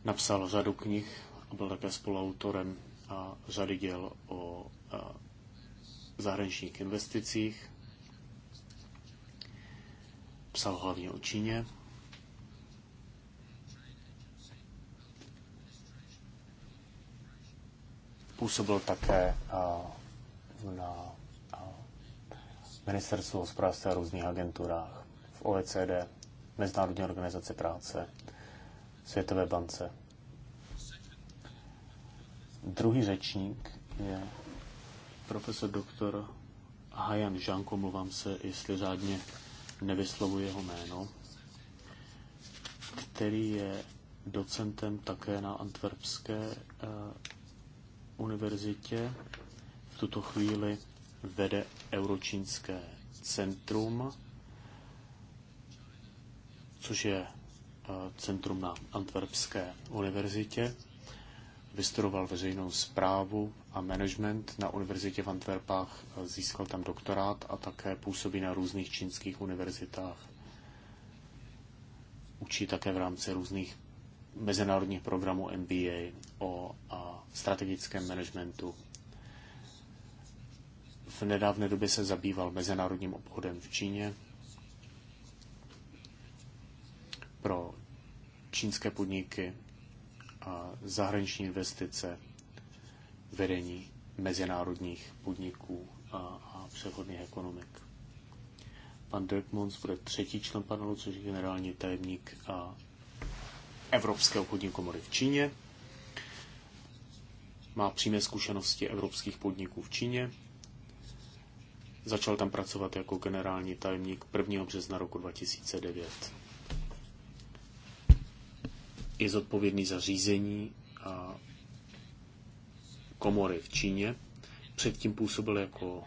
Napsal řadu knih a byl také spoluautorem a řady děl o zahraničních investicích. Psal hlavně o Číně. Působil také na ministerstvu hospodářství a různých agenturách, v OECD, Mezinárodní organizaci práce, Světové bance. Druhý řečník je profesor doktor Hajan Žanko, mluvám se, jestli řádně nevyslovuje jeho jméno, který je docentem také na Antwerpské eh, univerzitě. V tuto chvíli vede Euročínské centrum, což je eh, centrum na Antwerpské univerzitě. Vystudoval veřejnou zprávu a management na univerzitě v Antwerpách, eh, získal tam doktorát a také působí na různých čínských univerzitách. Učí také v rámci různých mezinárodních programů MBA o strategickém managementu. V nedávné době se zabýval mezinárodním obchodem v Číně. Pro čínské podniky a zahraniční investice vedení mezinárodních podniků a, a přechodných ekonomik. Pan Dirk Mons bude třetí člen panelu, což je generální tajemník a evropské obchodní komory v Číně. Má přímé zkušenosti evropských podniků v Číně. Začal tam pracovat jako generální tajemník 1. března roku 2009. Je zodpovědný za řízení a komory v Číně. Předtím působil jako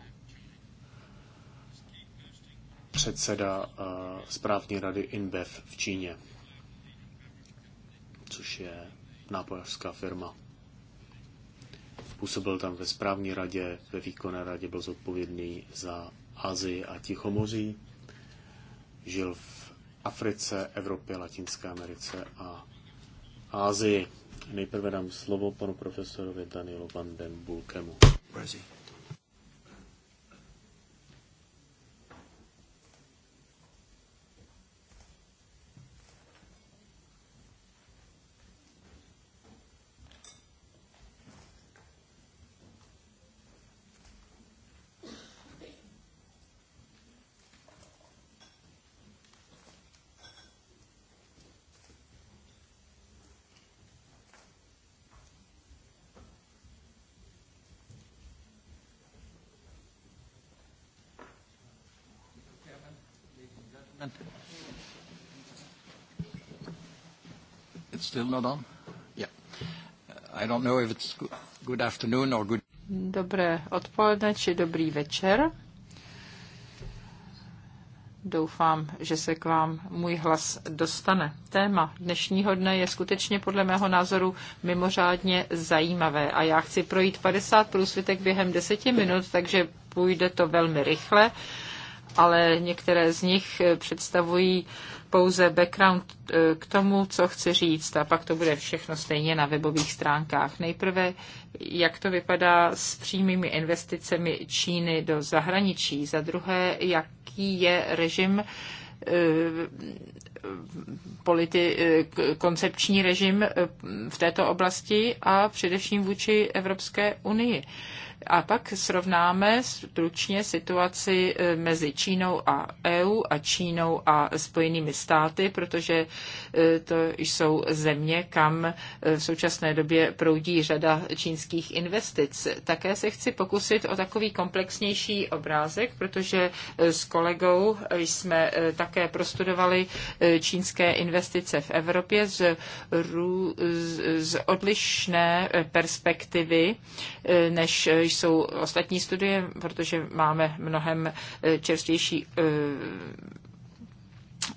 předseda eh, správní rady InBev v Číně, což je nápojovská firma. Působil tam ve správní radě, ve výkonné radě byl zodpovědný za Azii a Tichomoří. Žil v Africe, Evropě, Latinské Americe a Ázii. Nejprve dám slovo panu profesorovi Danielu van den Bulkemu. still not on? Yeah. I don't know if it's good afternoon or good... Dobré odpoledne či dobrý večer. Doufám, že se k vám můj hlas dostane. Téma dnešního dne je skutečně podle mého názoru mimořádně zajímavé a já chci projít 50 průsvitek během 10 minut, takže půjde to velmi rychle ale některé z nich eh, představují pouze background eh, k tomu, co chci říct a pak to bude všechno stejně na webových stránkách. Nejprve, jak to vypadá s přímými investicemi Číny do zahraničí. Za druhé, jaký je režim eh, politi- koncepční režim v této oblasti a především vůči Evropské unii. A pak srovnáme stručně situaci e, mezi Čínou a EU a Čínou a Spojenými státy, protože e, to jsou země, kam e, v současné době proudí řada čínských investic. Také se chci pokusit o takový komplexnější obrázek, protože s kolegou jsme také prostudovali čínské investice v Evropě z, z odlišné perspektivy, než jsou ostatní studie, protože máme mnohem eh, čerstvější eh,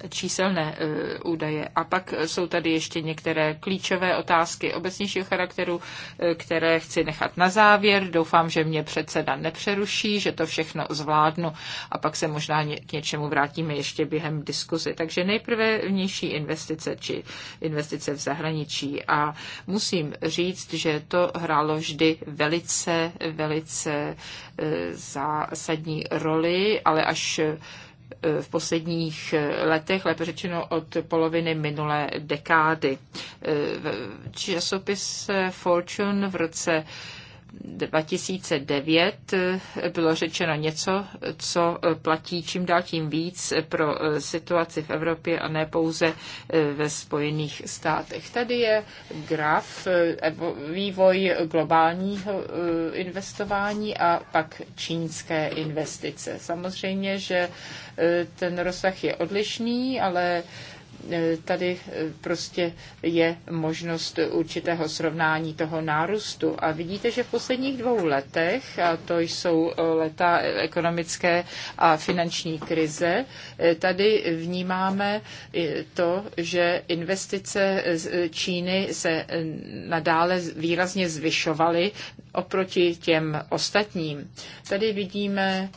číselné e, údaje. A pak jsou tady ještě některé klíčové otázky obecnějšího charakteru, e, které chci nechat na závěr. Doufám, že mě předseda nepřeruší, že to všechno zvládnu a pak se možná k něčemu vrátíme ještě během diskuzi. Takže nejprve vnější investice či investice v zahraničí. A musím říct, že to hrálo vždy velice, velice e, zásadní roli, ale až v posledních eh, letech, lépe řečeno od poloviny minulé dekády. Eh, časopis Fortune v roce 2009 eh, bylo řečeno něco, co eh, platí čím dál tím víc eh, pro situaci v Evropě a ne pouze ve Spojených státech. Tady je graf vývoj globálního investování a pak čínské investice. Samozřejmě, že ten rozsah je odlišný, ale E, tady e, prostě je možnost určitého srovnání toho nárůstu. A vidíte, že v posledních dvou letech, a to jsou e, leta ekonomické a finanční krize, tady vnímáme to, že investice Číny se nadále výrazně zvyšovaly oproti těm ostatním. Tady vidíme,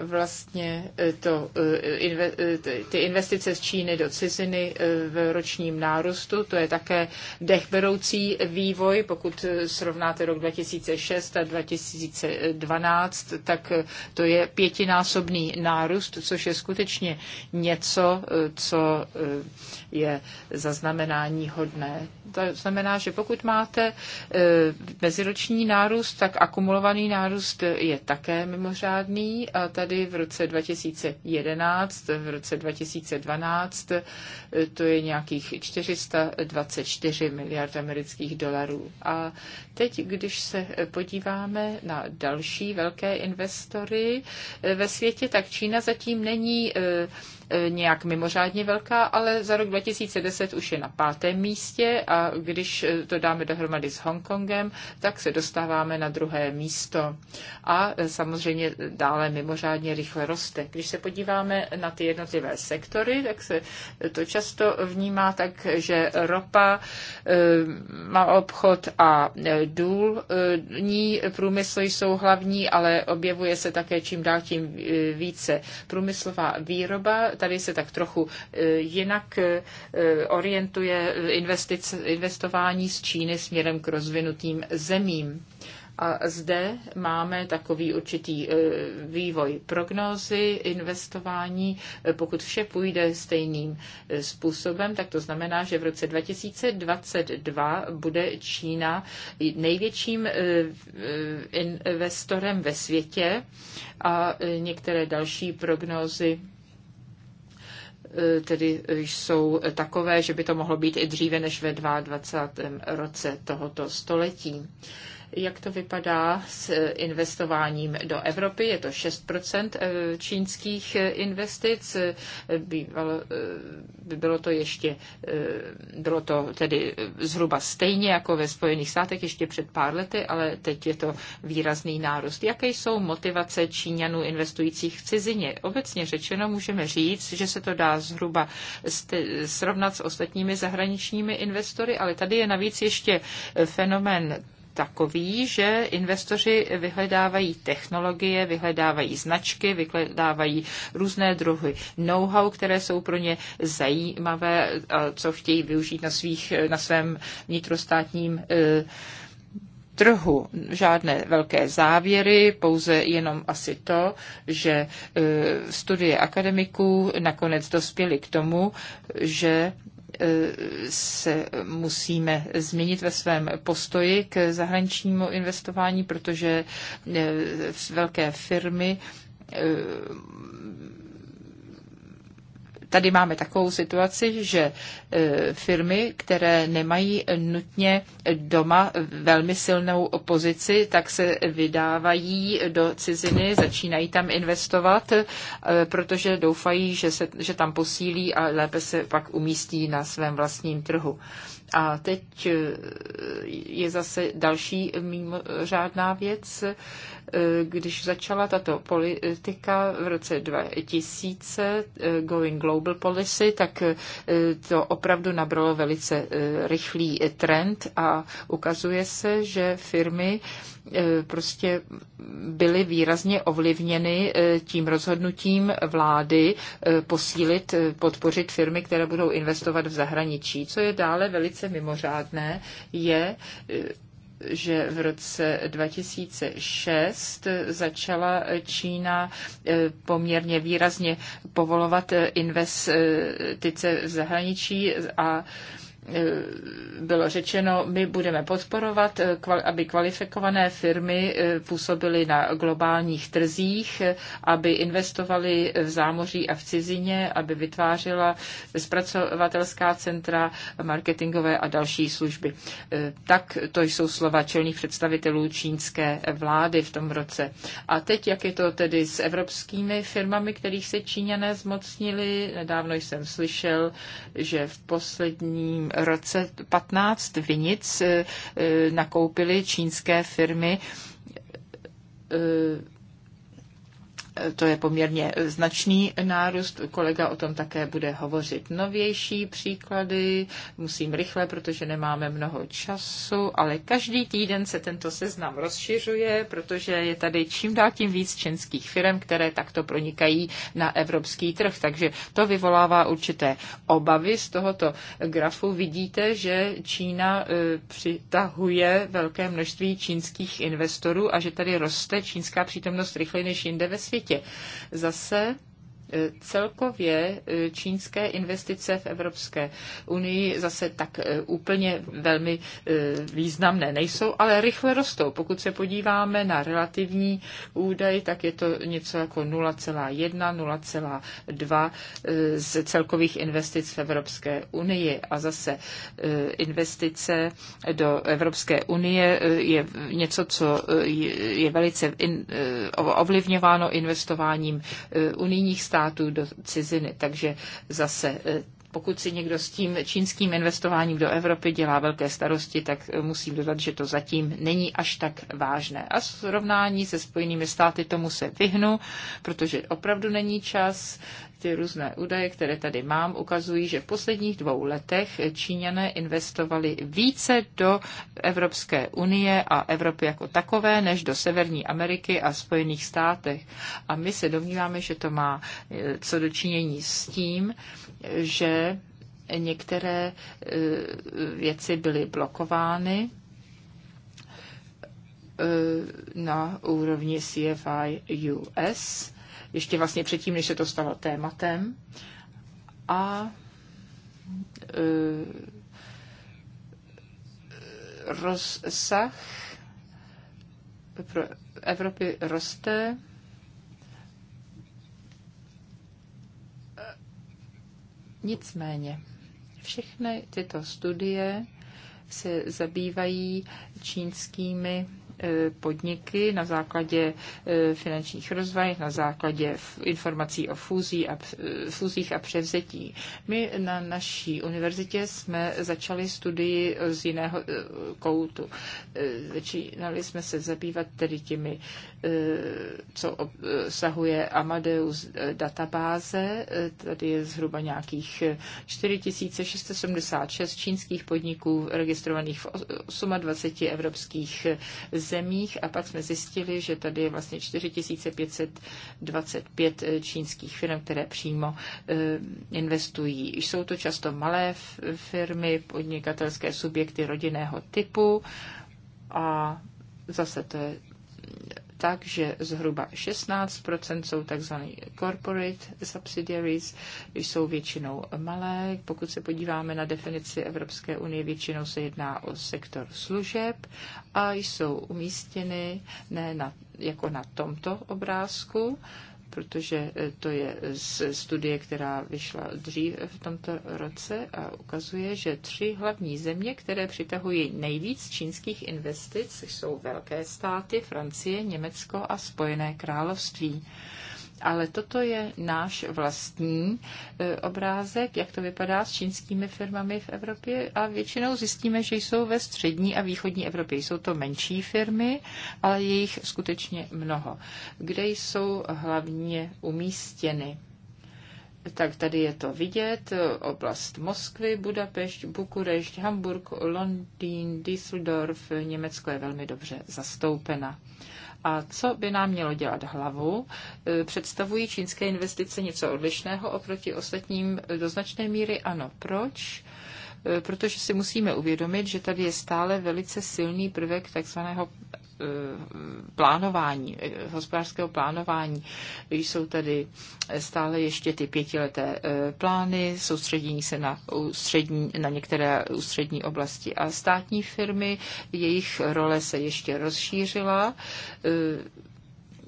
vlastně e, to, e, e, ty investice z Číny do ciziny v ročním nárůstu. To je také dechberoucí vývoj. Pokud srovnáte rok 2006 a 2012, tak to je pětinásobný nárůst, což je skutečně něco, co je zaznamenání hodné. To znamená, že pokud máte meziroční nárůst, tak akumulovaný nárůst je také mimořádný. A tady tady v roce 2011, v roce 2012 to je nějakých 424 miliard amerických dolarů. A teď, když se podíváme na další velké investory eh, ve světě, tak Čína zatím není eh, Eh, nějak mimořádně velká, ale za rok 2010 už je na pátém místě a když eh, to dáme dohromady s Hongkongem, tak se dostáváme na druhé místo. A eh, samozřejmě dále mimořádně rychle roste. Když se podíváme na ty jednotlivé sektory, tak se to často vnímá tak, že ropa, má obchod a důlní průmysl jsou hlavní, ale objevuje se také čím dál tím více průmyslová výroba, tady se tak trochu eh, jinak eh, orientuje eh, investic, investování z Číny směrem k rozvinutým zemím. A zde máme takový určitý vývoj prognózy, investování. Pokud vše půjde stejným způsobem, tak to znamená, že v roce 2022 bude Čína největším investorem ve světě a některé další prognózy Eh, tedy jsou takové, že by to mohlo být i dříve než ve 22. roce tohoto století jak to vypadá s investováním do Evropy. Je to 6% eh, čínských eh, investic. Bývalo, eh, by bylo to ještě, bylo to tedy zhruba stejně jako ve Spojených státech ještě před pár lety, ale teď je to výrazný nárůst. Jaké jsou motivace Číňanů investujících v cizině? Obecně řečeno můžeme říct, že se to dá zhruba srovnat s ostatními zahraničními investory, ale tady je navíc ještě fenomén takový, že investoři vyhledávají technologie, vyhledávají značky, vyhledávají různé druhy know-how, které jsou pro ně zajímavé, a co chtějí využít na, svých, na svém vnitrostátním e, trhu žádné velké závěry, pouze jenom asi to, že e, studie akademiků nakonec dospěly k tomu, že se musíme změnit ve svém postoji k zahraničnímu investování, protože eh, velké firmy eh, tady máme takovou situaci, že e, firmy, které nemají nutně doma velmi silnou opozici, tak se vydávají do ciziny, začínají tam investovat, e, protože doufají, že, se, že tam posílí a lépe se pak umístí na svém vlastním trhu. A teď eh, je zase další mimořádná věc, eh, když začala tato politika v roce 2000, eh, Going Global Policy, tak to opravdu nabralo velice rychlý trend a ukazuje se, že firmy E, prostě byly výrazně ovlivněny e, tím rozhodnutím vlády e, posílit, podpořit firmy, které budou investovat v zahraničí. Co je dále velice mimořádné, je že v roce 2006 začala Čína poměrně výrazně povolovat investice v zahraničí a Eh, bylo řečeno, my budeme podporovat, eh, aby kvalifikované firmy eh, působily na globálních trzích, aby investovaly v zámoří a v cizině, aby vytvářela zpracovatelská centra, marketingové a další služby. Tak to jsou slova čelných představitelů čínské vlády v tom roce. A teď, jak je to tedy s evropskými firmami, kterých se Číňané zmocnili? Nedávno jsem slyšel, že v posledním roce 15 vinic eh, eh, nakoupily čínské firmy eh, to je poměrně značný nárůst, kolega o tom také bude hovořit. Novější příklady, musím rychle, protože nemáme mnoho času, ale každý týden se tento seznam rozšiřuje, protože je tady čím dál tím víc čínských firm, které takto pronikají na evropský trh. Takže to vyvolává určité obavy. Z tohoto grafu vidíte, že Čína e, přitahuje velké množství čínských investorů a že tady roste čínská přítomnost rychleji než jinde ve světě. Zase Celkově e, čínské investice v Evropské unii zase tak e, úplně velmi e, významné nejsou, ale rychle rostou. Pokud se podíváme na relativní údaj, tak je to něco jako 0,1, 0,2 z celkových investic v Evropské unii. A zase investice do Evropské unie je něco, co je velice ovlivňováno investováním unijních států států do ciziny. Takže zase eh, pokud si někdo s tím čínským investováním do Evropy dělá velké starosti, tak eh, musím dodat, že to zatím není až tak vážné. A srovnání se Spojenými státy tomu se vyhnu, protože opravdu není čas ty různé údaje, které tady mám, ukazují, že v posledních dvou letech Číňané investovali více do Evropské unie a Evropy jako takové, než do Severní Ameriky a Spojených státech. A my se domníváme, že to má eh, co dočinění s tím, že některé eh, věci byly blokovány eh, na úrovni CFI US ještě vlastně předtím, než se to stalo tématem. A e, rozsah pro Evropy roste. Nicméně, všechny tyto studie se zabývají čínskými podniky na základě e, finančních rozvah, na základě informací o fúzí a, e, fúzích a převzetí. My na naší univerzitě jsme začali studii z jiného e, koutu. Začínali jsme se zabývat tedy těmi, co obsahuje Amadeus databáze. Tady je zhruba nějakých 4676 čínských podniků registrovaných v 28 evropských zemích zemích a pak jsme zjistili, že tady je vlastně 4525 eh, čínských firm, které přímo eh, investují. Jsou to často malé firmy, podnikatelské subjekty rodinného typu a zase to je tak, že zhruba 16 jsou tzv. corporate subsidiaries, jsou většinou malé. Pokud se podíváme na definici Evropské unie, většinou se jedná o sektor služeb a jsou umístěny ne na, jako na tomto obrázku, protože eh, to je z studie, která vyšla dřív v tomto roce a ukazuje, že tři hlavní země, které přitahují nejvíc čínských investic, jsou velké státy, Francie, Německo a Spojené království. Ale toto je náš vlastní e, obrázek, jak to vypadá s čínskými firmami v Evropě a většinou zjistíme, že jsou ve střední a východní Evropě. Jsou to menší firmy, ale je jich skutečně mnoho. Kde jsou hlavně umístěny? Tak tady je to vidět, oblast Moskvy, Budapešť, Bukurešť, Hamburg, Londýn, Düsseldorf, Německo je velmi dobře zastoupena. A co by nám mělo dělat hlavu? E, představují čínské investice něco odlišného oproti ostatním e, do značné míry? Ano. Proč? Eh, protože si musíme uvědomit, že tady je stále velice silný prvek takzvaného eh, plánování, eh, hospodářského plánování. Jsou tady stále ještě ty pětileté plány, soustředění se na, ústřední, na některé ústřední oblasti a státní firmy, jejich role se ještě rozšířila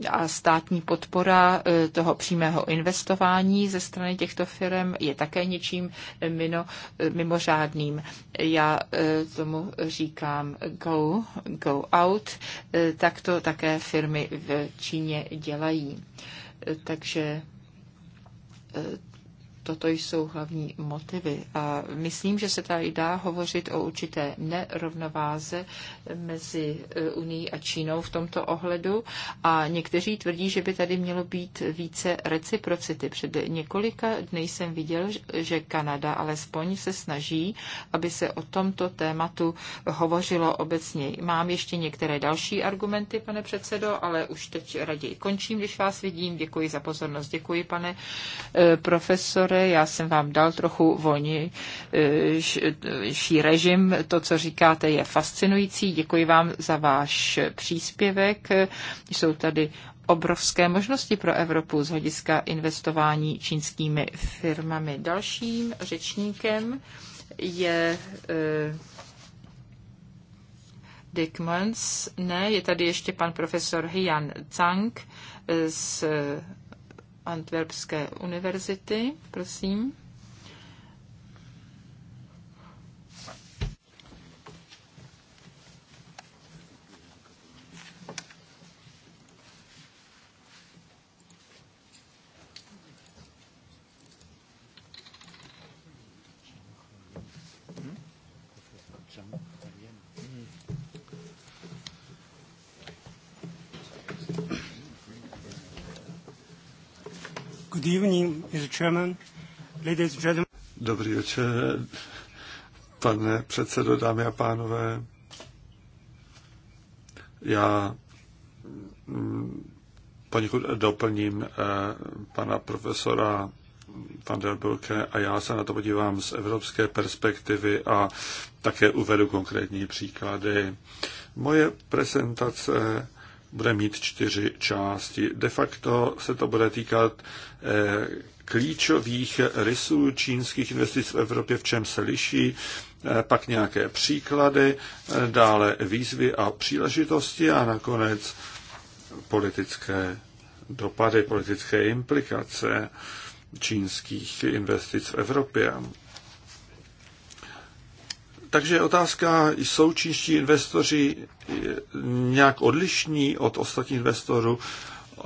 a státní podpora e, toho přímého investování ze strany těchto firm je také něčím e, mino, e, mimořádným. Já tomu říkám go, go out, tak to také firmy v Číně dělají. Takže toto jsou hlavní motivy. A myslím, že se tady dá hovořit o určité nerovnováze mezi e, Unii a Čínou v tomto ohledu. A někteří tvrdí, že by tady mělo být více reciprocity. Před několika dny jsem viděl, že Kanada alespoň se snaží, aby se o tomto tématu hovořilo obecně. Mám ještě některé další argumenty, pane předsedo, ale už teď raději končím, když vás vidím. Děkuji za pozornost. Děkuji, pane e, profesor Salvatore, já jsem vám dal trochu voní eh, ší režim. To, co říkáte, je fascinující. Děkuji vám za váš příspěvek. Jsou tady obrovské možnosti pro Evropu z hlediska investování čínskými firmami. Dalším řečníkem je eh, Dickmans. Ne, je tady ještě pan profesor Hian Zhang z Antwerpské univerzity. Prosím. Good evening, Mr. Chairman, ladies and gentlemen. Dobrý večer, pane předsedo, dámy a pánové. Já mm, poněkud doplním eh, pana profesora van der Bilke a já se na to podívám z evropské perspektivy a také uvedu konkrétní příklady. Moje prezentace bude mít čtyři části. De facto se to bude týkat eh, klíčových rysů čínských investic v Evropě, v čem se liší, eh, pak nějaké příklady, eh, dále výzvy a příležitosti a nakonec politické dopady, politické implikace čínských investic v Evropě. Takže otázka, jsou čínští investoři eh, nějak odlišní od ostatních investorů? Eh,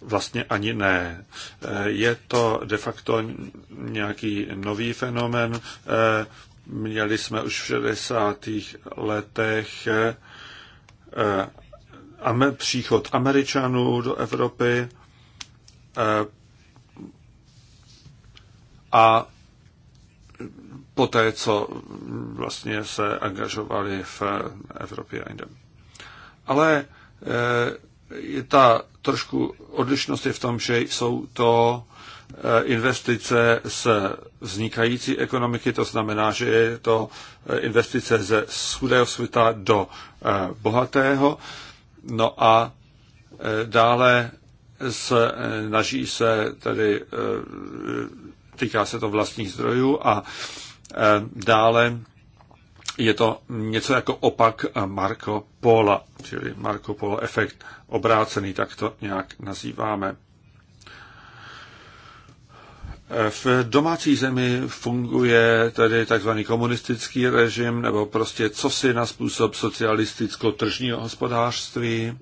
vlastně ani ne. Eh, je to de facto nějaký nový fenomen. Měli jsme už v 60. letech příchod Američanů do Evropy a po té, co vlastně se angažovali v Evropě a jinde. Ale je eh, ta trošku odlišnost je v tom, že jsou to eh, investice z vznikající ekonomiky, to znamená, že je to eh, investice ze schudého světa do bohatého. No a dále se, se tedy, týká se to vlastních zdrojů a Eh, dále je to něco jako opak eh, Marco Pola, čili Marco Polo efekt obrácený, tak to nějak nazýváme. Eh, v domácí zemi funguje tedy takzvaný komunistický režim, nebo prostě cosi na způsob socialisticko-tržního hospodářství.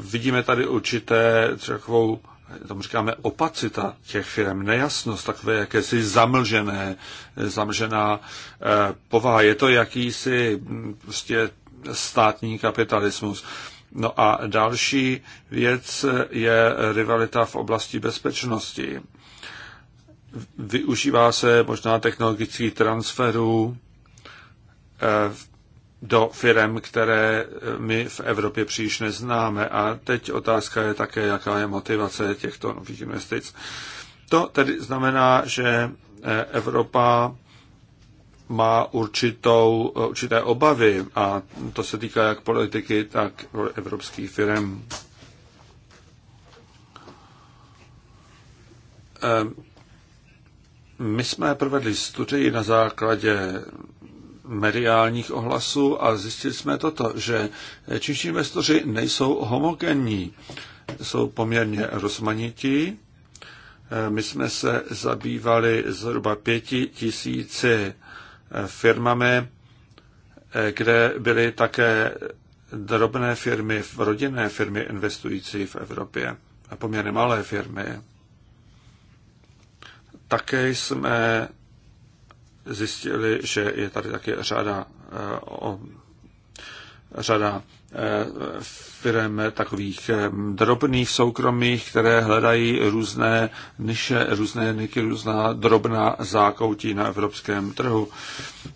Vidíme tady určité takovou tomu říkáme opacita těch firm, nejasnost, takové jakési zamlžené, zamlžená eh, povaha. Je to jakýsi hm, prostě státní kapitalismus. No a další věc je rivalita v oblasti bezpečnosti. Využívá se možná technologických transferů, eh, do firm, které eh, my v Evropě příliš neznáme. A teď otázka je také, jaká je motivace těchto nových investic. To tedy znamená, že eh, Evropa má určitou, určité obavy a to se týká jak politiky, tak evropských firm. Eh, my jsme provedli studii na základě mediálních ohlasů a zjistili jsme toto, že čínští investoři nejsou homogenní, jsou poměrně rozmanití. Eh, my jsme se zabývali zhruba pěti tisíci eh, firmami, eh, kde byly také drobné firmy, rodinné firmy investující v Evropě a poměrně malé firmy. Také jsme zjistili, že je tady taky řada, eh, o, řada eh, firm takových eh, drobných soukromých, které hledají různé niše, různé niky, různá drobná zákoutí na evropském trhu.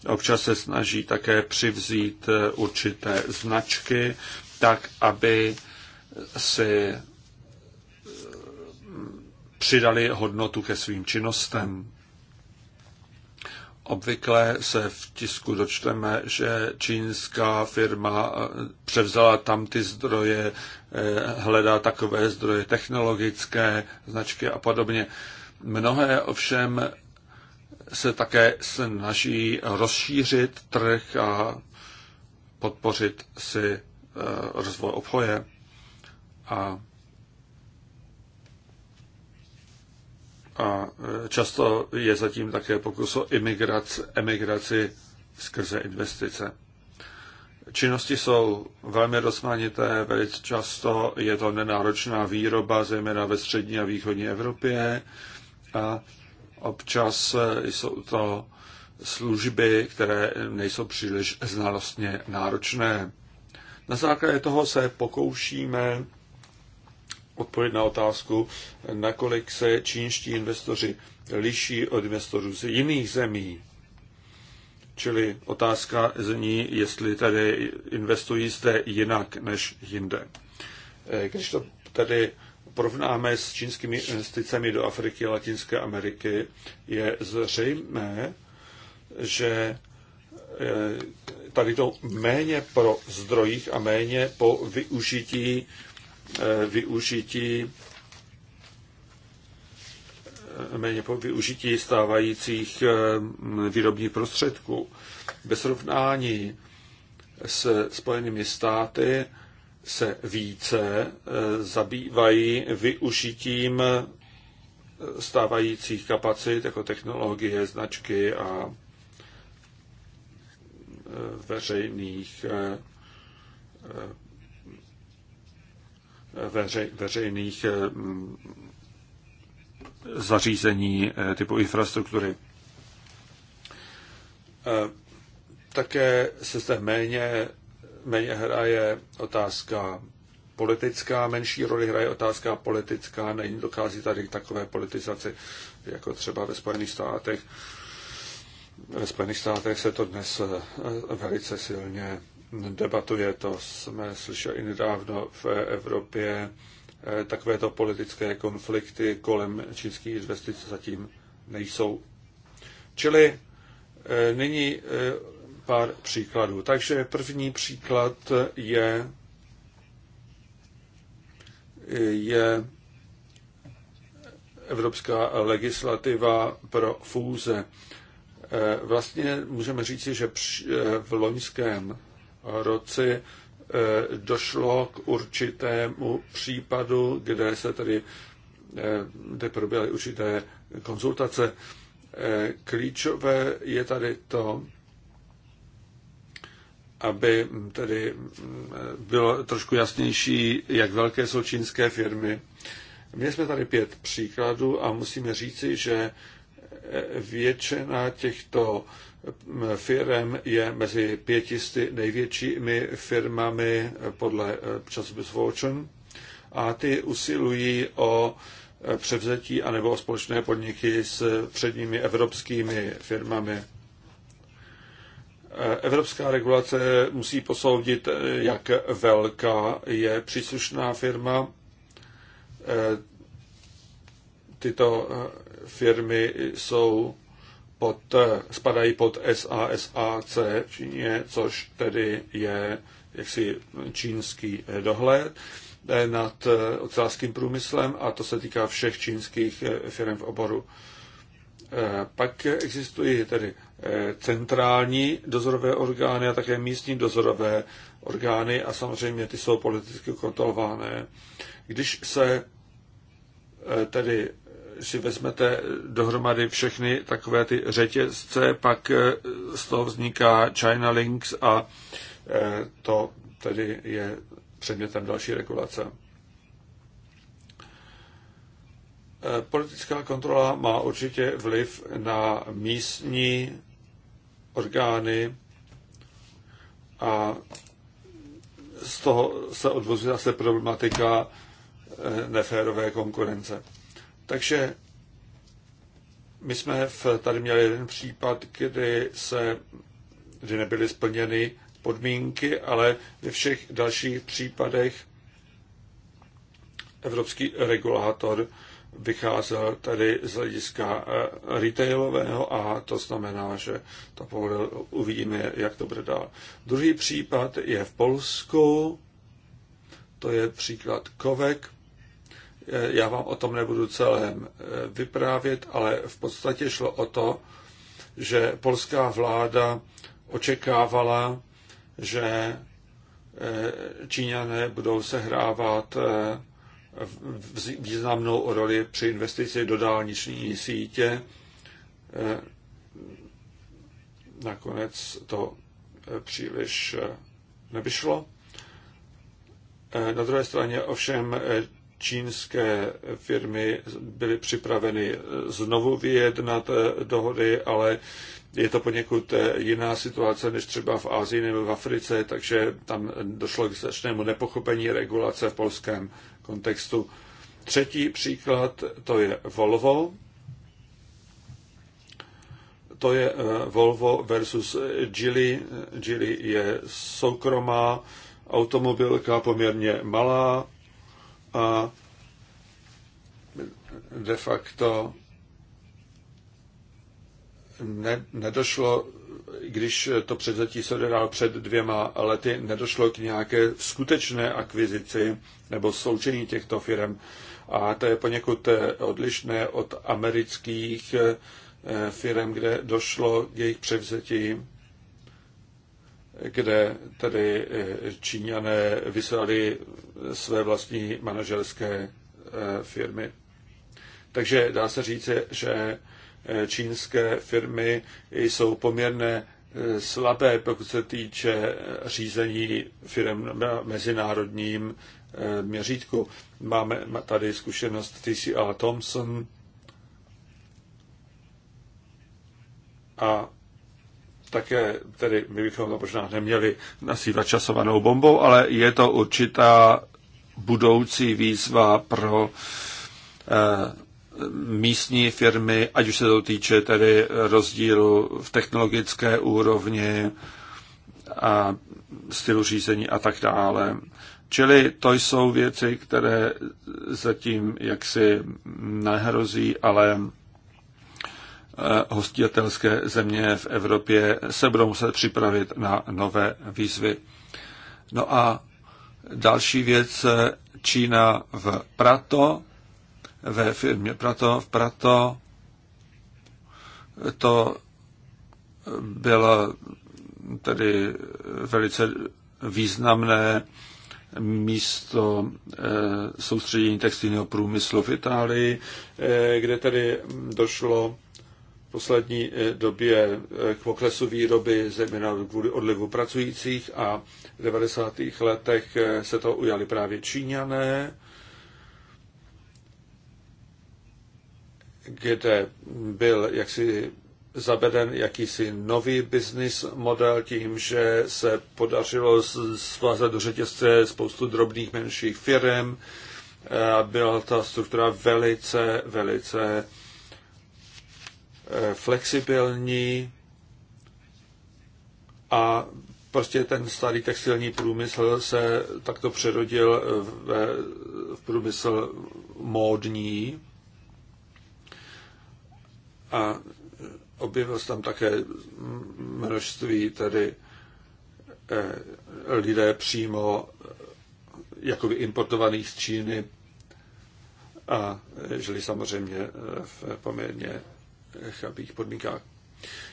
Občas se snaží také přivzít určité značky, tak aby si přidali hodnotu ke svým činnostem. Obvykle se v tisku dočteme, že čínská firma eh, převzala tam ty zdroje, eh, hledá takové zdroje technologické, značky a podobně. Mnohé ovšem se také snaží rozšířit trh a podpořit si eh, rozvoj obchoje. A A e, často je zatím také pokus o imigraci, emigraci skrze investice. Činnosti jsou velmi rozmanité, velice často je to nenáročná výroba, zejména ve střední a východní Evropě a občas e, jsou to služby, které nejsou příliš znalostně náročné. Na základě toho se pokoušíme odpověď na otázku, nakolik se čínští investoři liší od investorů z jiných zemí. Čili otázka zní, jestli tady investují zde jinak než jinde. Eh, když to tady porovnáme s čínskými investicemi do Afriky a Latinské Ameriky, je zřejmé, že eh, tady to méně pro zdrojích a méně po využití Eh, využití eh, méně po využití stávajících eh, výrobních prostředků. Ve srovnání s Spojenými státy se více zabývají využitím stávajících kapacit jako technologie, značky a veřejných veřej, veřejných eh, zařízení eh, typu infrastruktury. Eh, také se zde méně, méně hraje otázka politická, menší roli hraje otázka politická, není dochází tady k takové politizaci, jako třeba ve Spojených státech. Ve Spojených státech se to dnes velice silně debatuje, to jsme slyšeli i nedávno v Evropě, eh, takovéto politické konflikty kolem čínských investic zatím nejsou. Čili eh, nyní eh, pár příkladů. Takže první příklad je, je evropská legislativa pro fúze. Vlastně můžeme říci, že v loňském roce eh, došlo k určitému případu, kde se tedy eh, kde proběhly určité konzultace. Eh, klíčové je tady to, aby tedy mm, bylo trošku jasnější, jak velké jsou čínské firmy. Měli jsme tady pět příkladů a musíme říci, že většina těchto firm je mezi pětisty největšími firmami podle eh, časopisu Fortune a ty usilují o eh, převzetí anebo o společné podniky s předními evropskými firmami. Eh, evropská regulace musí posoudit, jak velká je příslušná firma. Tyto firmy jsou pod, spadají pod SASAC v Číně, což tedy je jaksi čínský dohled nad ocelářským průmyslem a to se týká všech čínských firm v oboru. Pak existují tedy centrální dozorové orgány a také místní dozorové orgány a samozřejmě ty jsou politicky kontrolované. Když se tedy si vezmete dohromady všechny takové ty řetězce, pak eh, z toho vzniká China Links a eh, to tedy je předmětem další regulace. Eh, politická kontrola má určitě vliv na místní orgány a z toho se odvozuje zase problematika neférové konkurence. Takže my jsme v, tady měli jeden případ, kdy se kdy nebyly splněny podmínky, ale ve všech dalších případech evropský regulátor vycházel tady z hlediska eh, retailového a to znamená, že to povolil, uvidíme, jak to bude dál. Druhý případ je v Polsku, to je příklad Kovek, Eh, já vám o tom nebudu celém eh, vyprávět, ale v podstatě šlo o to, že polská vláda očekávala, že eh, Číňané budou sehrávat významnou roli při investici do dálniční sítě. Nakonec to příliš nevyšlo. Na druhé straně ovšem čínské firmy byly připraveny znovu vyjednat eh, dohody, ale je to poněkud eh, jiná situace než třeba v Asii nebo v Africe, takže tam došlo k značnému nepochopení regulace v polském kontextu. Třetí příklad to je Volvo. To je eh, Volvo versus Gili. Gili je soukromá automobilka, poměrně malá, a de facto ne, nedošlo, když to předzatí se odehrál před dvěma lety, nedošlo k nějaké skutečné akvizici nebo sloučení těchto firm. A to je poněkud odlišné od amerických eh, firm, kde došlo k jejich převzetí kde tedy eh, Číňané vyslali své vlastní manažerské eh, firmy. Takže dá se říct, že eh, čínské firmy jsou poměrně slabé, pokud se týče řízení firm na mezinárodním měřítku. Máme tady zkušenost TCL Thompson a také, tedy my bychom to možná neměli nasývat časovanou bombou, ale je to určitá budoucí výzva pro eh, místní firmy, ať už se to týče tedy rozdílu v technologické úrovni a stylu řízení a tak dále. Čili to jsou věci, které zatím jaksi nehrozí, ale Eh, hostitelské země v Evropě se budou muset připravit na nové výzvy. No a další věc, eh, Čína v Prato, ve firmě Prato, v Prato, to bylo tedy velice významné místo eh, soustředění textilního průmyslu v Itálii, kde tedy došlo poslední eh, době eh, k poklesu výroby, zejména kvůli odlivu pracujících a v 90. letech eh, se to ujali právě Číňané, kde byl jaksi zaveden jakýsi nový business model tím, že se podařilo svázat do řetězce spoustu drobných menších firm. Byla ta struktura velice, velice Eh, flexibilní a prostě ten starý textilní průmysl se takto přerodil eh, v, v průmysl módní a objevil se tam také množství tedy eh, lidé přímo jakoby importovaných z Číny a žili samozřejmě v poměrně chabých podmínkách.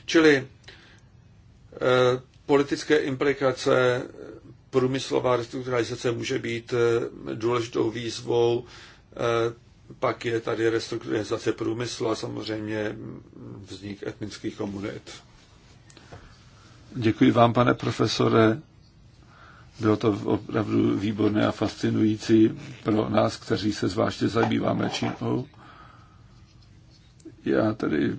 Čili eh, politické implikace průmyslová restrukturalizace může být eh, důležitou výzvou, eh, pak je tady restrukturalizace průmyslu a samozřejmě vznik etnických komunit. Děkuji vám, pane profesore. Bylo to opravdu výborné a fascinující pro nás, kteří se zvláště zabýváme Čínou. Já tedy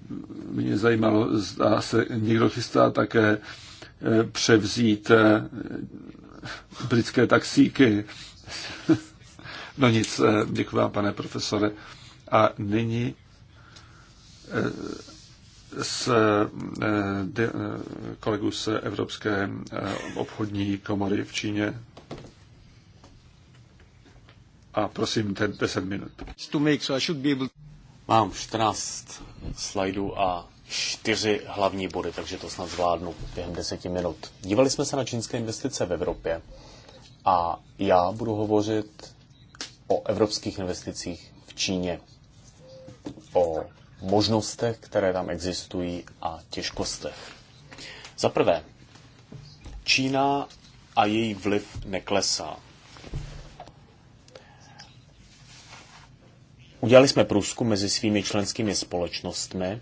mě zajímalo, zda se někdo chystá také eh, převzít eh, britské taxíky. No nic, eh, děkuji vám, pane profesore. A nyní s kolegu z Evropské obchodní komory v Číně. A prosím, ten 10 minut. Mám 14 slajdů a čtyři hlavní body, takže to snad zvládnu během deseti minut. Dívali jsme se na čínské investice v Evropě a já budu hovořit o evropských investicích v Číně, o možnostech, které tam existují a těžkostech. Za prvé, Čína a její vliv neklesá. Udělali jsme průzkum mezi svými členskými společnostmi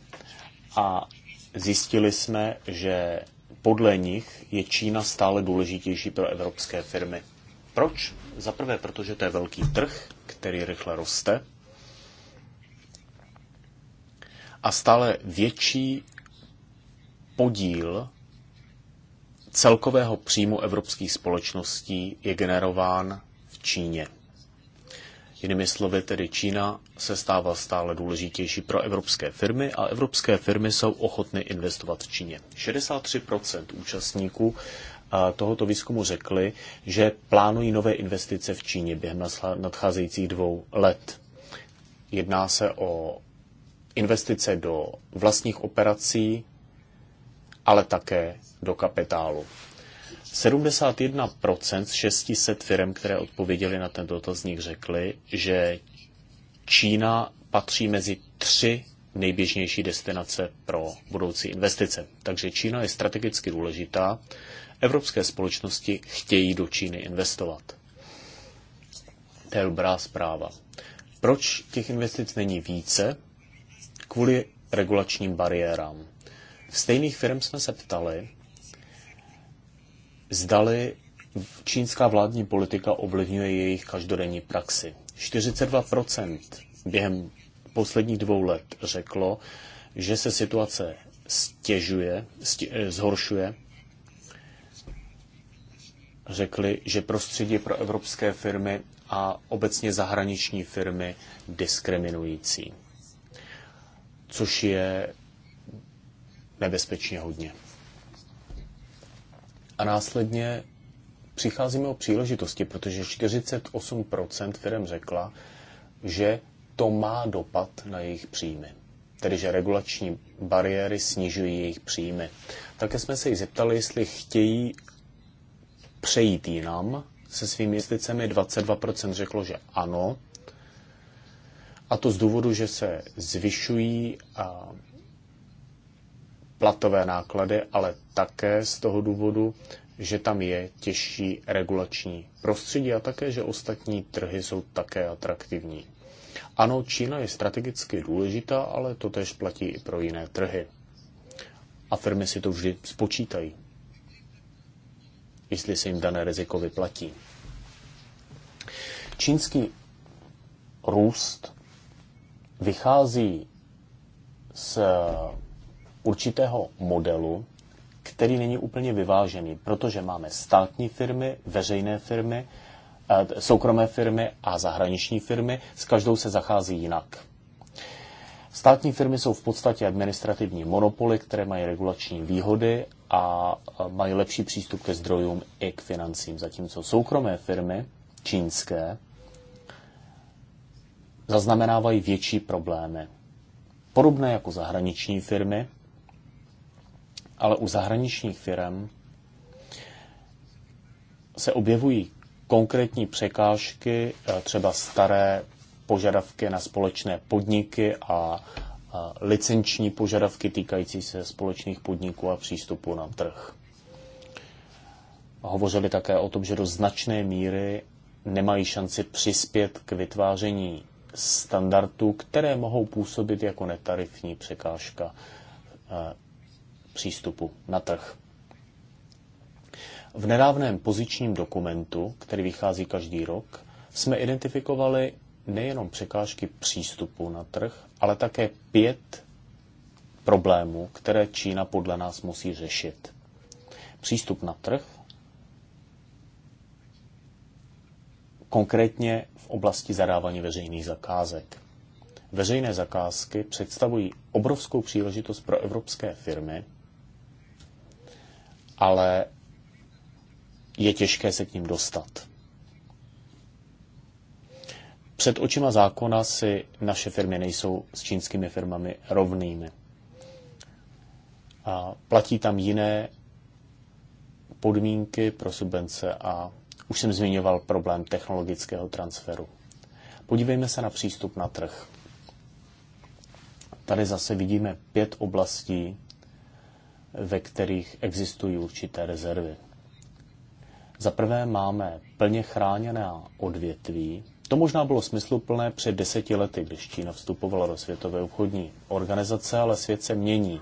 a zjistili jsme, že podle nich je Čína stále důležitější pro evropské firmy. Proč? Za prvé, protože to je velký trh, který rychle roste a stále větší podíl celkového příjmu evropských společností je generován v Číně. Jinými slovy, tedy Čína se stává stále důležitější pro evropské firmy a evropské firmy jsou ochotny investovat v Číně. 63% účastníků tohoto výzkumu řekli, že plánují nové investice v Číně během nadcházejících dvou let. Jedná se o investice do vlastních operací, ale také do kapitálu. 71% z 600 firm, které odpověděly na ten dotazník, řekly, že Čína patří mezi tři nejběžnější destinace pro budoucí investice. Takže Čína je strategicky důležitá. Evropské společnosti chtějí do Číny investovat. To je dobrá zpráva. Proč těch investic není více? Kvůli regulačním bariérám. Stejných firm jsme se ptali, zdali čínská vládní politika ovlivňuje jejich každodenní praxi. 42% během posledních dvou let řeklo, že se situace stěžuje, stě, eh, zhoršuje. Řekli, že prostředí pro evropské firmy a obecně zahraniční firmy diskriminující, což je nebezpečně hodně a následně přicházíme o příležitosti, protože 48% firm řekla, že to má dopad na jejich příjmy. Tedy, že regulační bariéry snižují jejich příjmy. Také jsme se jí zeptali, jestli chtějí přejít jinam se svými investicemi. 22% řeklo, že ano. A to z důvodu, že se zvyšují a platové náklady, ale také z toho důvodu, že tam je těžší regulační prostředí a také, že ostatní trhy jsou také atraktivní. Ano, Čína je strategicky důležitá, ale to tež platí i pro jiné trhy. A firmy si to vždy spočítají, jestli se jim dané riziko vyplatí. Čínský růst vychází z určitého modelu, který není úplně vyvážený, protože máme státní firmy, veřejné firmy, eh, soukromé firmy a zahraniční firmy, s každou se zachází jinak. Státní firmy jsou v podstatě administrativní monopoly, které mají regulační výhody a eh, mají lepší přístup ke zdrojům i k financím, zatímco soukromé firmy, čínské, zaznamenávají větší problémy. Podobné jako zahraniční firmy, ale u zahraničních firm se objevují konkrétní překážky, eh, třeba staré požadavky na společné podniky a licenční požadavky týkající se společných podniků a přístupu na trh. Hovořili také o tom, že do značné míry nemají šanci přispět k vytváření standardů, které mohou působit jako netarifní překážka eh, přístupu na trh. V nedávném pozičním dokumentu, který vychází každý rok, jsme identifikovali nejenom překážky přístupu na trh, ale také pět problémů, které Čína podle nás musí řešit. Přístup na trh, konkrétně v oblasti zadávání veřejných zakázek. Veřejné zakázky představují obrovskou příležitost pro evropské firmy, ale je těžké se k ním dostat. Před očima zákona si naše firmy nejsou s čínskými firmami rovnými. A platí tam jiné podmínky pro subvence a už jsem zmiňoval problém technologického transferu. Podívejme se na přístup na trh. Tady zase vidíme pět oblastí, ve kterých existují určité rezervy. Za prvé máme plně chráněná odvětví. To možná bylo smysluplné před deseti lety, když Čína vstupovala do Světové obchodní organizace, ale svět se mění.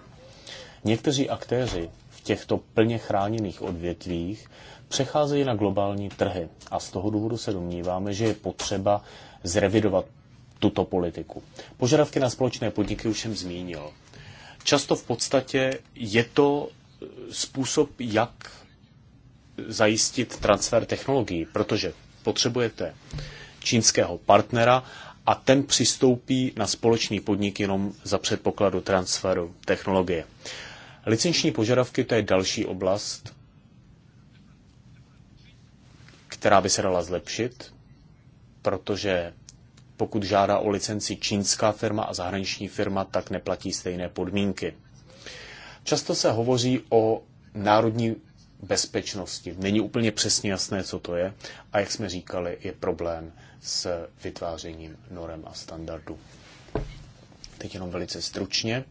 Někteří aktéři v těchto plně chráněných odvětvích přecházejí na globální trhy a z toho důvodu se domníváme, že je potřeba zrevidovat tuto politiku. Požadavky na společné podniky už jsem zmínil. Často v podstatě je to způsob, jak zajistit transfer technologií, protože potřebujete čínského partnera a ten přistoupí na společný podnik jenom za předpokladu transferu technologie. Licenční požadavky to je další oblast, která by se dala zlepšit, protože pokud žádá o licenci čínská firma a zahraniční firma, tak neplatí stejné podmínky. Často se hovoří o národní bezpečnosti. Není úplně přesně jasné, co to je a jak jsme říkali, je problém s vytvářením norem a standardů. Teď jenom velice stručně.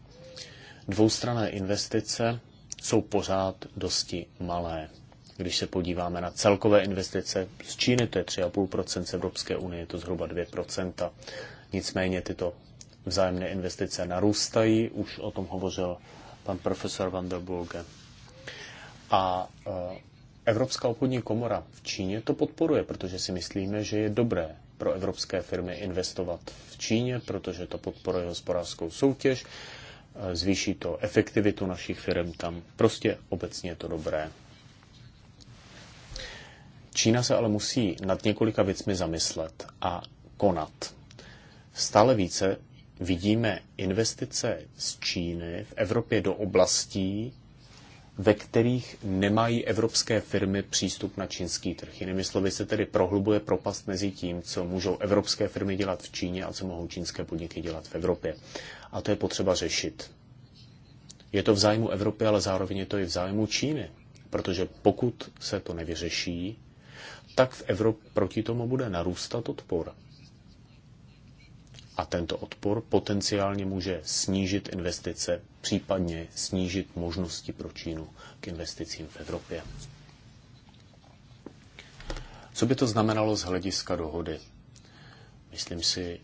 Dvoustrané investice jsou pořád dosti malé. Když se podíváme na celkové investice z Číny, to je 3,5%, z Evropské unie je to zhruba 2%. Nicméně tyto vzájemné investice narůstají, už o tom hovořil pan profesor Van der Bulge. A eh, Evropská obchodní komora v Číně to podporuje, protože si myslíme, že je dobré pro evropské firmy investovat v Číně, protože to podporuje hospodářskou soutěž, eh, zvýší to efektivitu našich firm tam. Prostě obecně je to dobré. Čína se ale musí nad několika věcmi zamyslet a konat. Stále více vidíme investice z Číny v Evropě do oblastí, ve kterých nemají evropské firmy přístup na čínský trh. Jinými slovy se tedy prohlubuje propast mezi tím, co můžou evropské firmy dělat v Číně a co mohou čínské podniky dělat v Evropě. A to je potřeba řešit. Je to v zájmu Evropy, ale zároveň je to i v zájmu Číny, protože pokud se to nevyřeší, tak v Evropě proti tomu bude narůstat odpor. A tento odpor potenciálně může snížit investice, případně snížit možnosti pro Čínu k investicím v Evropě. Co by to znamenalo z hlediska dohody? Myslím si,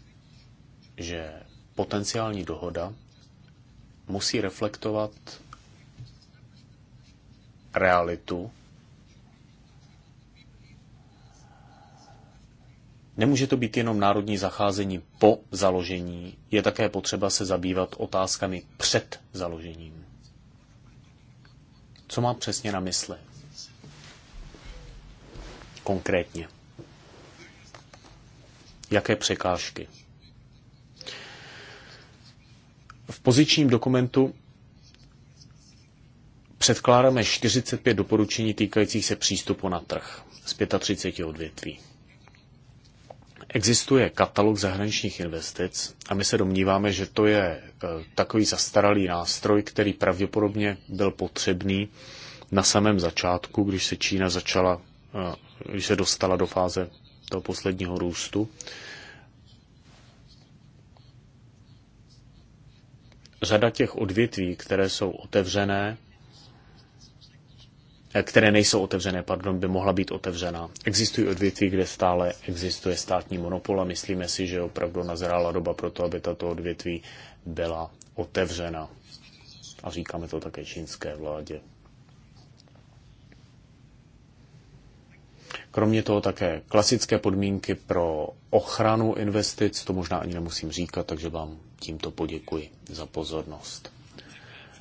že potenciální dohoda musí reflektovat realitu Nemůže to být jenom národní zacházení po založení, je také potřeba se zabývat otázkami před založením. Co má přesně na mysli? Konkrétně. Jaké překážky? V pozičním dokumentu předkládáme 45 doporučení týkajících se přístupu na trh z 35 odvětví. Existuje katalog zahraničních investic a my se domníváme, že to je e, takový zastaralý nástroj, který pravděpodobně byl potřebný na samém začátku, když se Čína začala, e, když se dostala do fáze toho posledního růstu. Řada těch odvětví, které jsou otevřené, které nejsou otevřené, pardon, by mohla být otevřená. Existují odvětví, kde stále existuje státní monopol a myslíme si, že opravdu nazrála doba pro to, aby tato odvětví byla otevřena. A říkáme to také čínské vládě. Kromě toho také klasické podmínky pro ochranu investic, to možná ani nemusím říkat, takže vám tímto poděkuji za pozornost.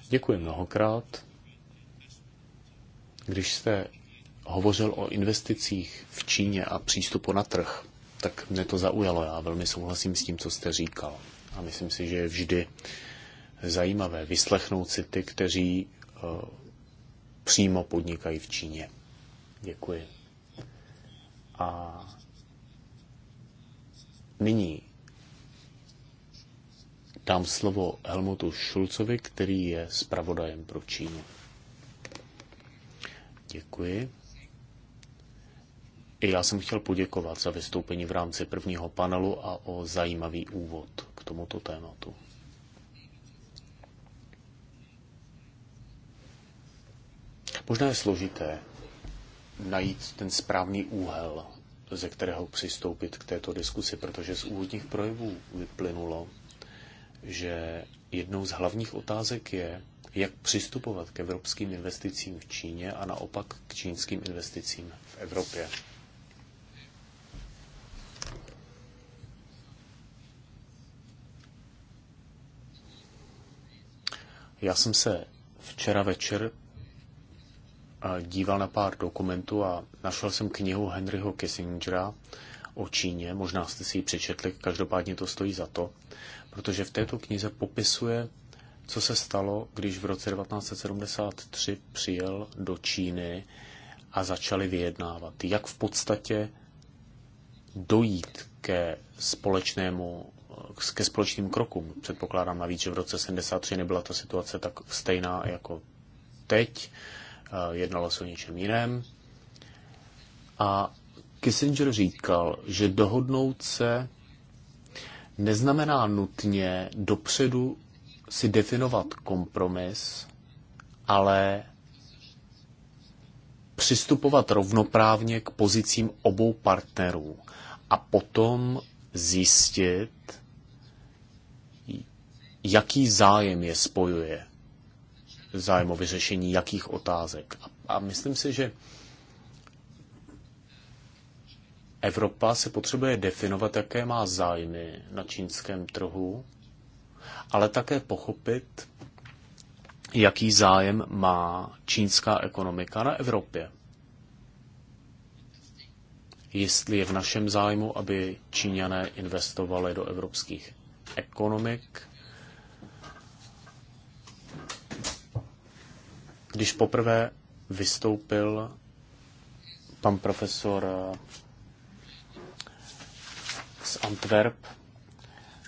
Děkuji mnohokrát. Když jste hovořil o investicích v Číně a přístupu na trh, tak mě to zaujalo. Já velmi souhlasím s tím, co jste říkal. A myslím si, že je vždy zajímavé vyslechnout si ty, kteří eh, přímo podnikají v Číně. Děkuji. A nyní dám slovo Helmutu Šulcovi, který je zpravodajem pro Čínu. Děkuji. I já jsem chtěl poděkovat za vystoupení v rámci prvního panelu a o zajímavý úvod k tomuto tématu. Možná je složité najít ten správný úhel, ze kterého přistoupit k této diskusi, protože z úvodních projevů vyplynulo, že jednou z hlavních otázek je, jak přistupovat k evropským investicím v Číně a naopak k čínským investicím v Evropě. Já jsem se včera večer díval na pár dokumentů a našel jsem knihu Henryho Kissingera o Číně. Možná jste si ji přečetli, každopádně to stojí za to, protože v této knize popisuje co se stalo, když v roce 1973 přijel do Číny a začali vyjednávat. Jak v podstatě dojít ke společnému ke společným krokům. Předpokládám navíc, že v roce 73 nebyla ta situace tak stejná jako teď. Jednalo se o něčem jiném. A Kissinger říkal, že dohodnout se neznamená nutně dopředu si definovat kompromis, ale přistupovat rovnoprávně k pozicím obou partnerů a potom zjistit, jaký zájem je spojuje, zájem o vyřešení jakých otázek. A, a myslím si, že Evropa se potřebuje definovat, jaké má zájmy na čínském trhu ale také pochopit, jaký zájem má čínská ekonomika na Evropě. Jestli je v našem zájmu, aby Číňané investovali do evropských ekonomik. Když poprvé vystoupil pan profesor z Antwerp,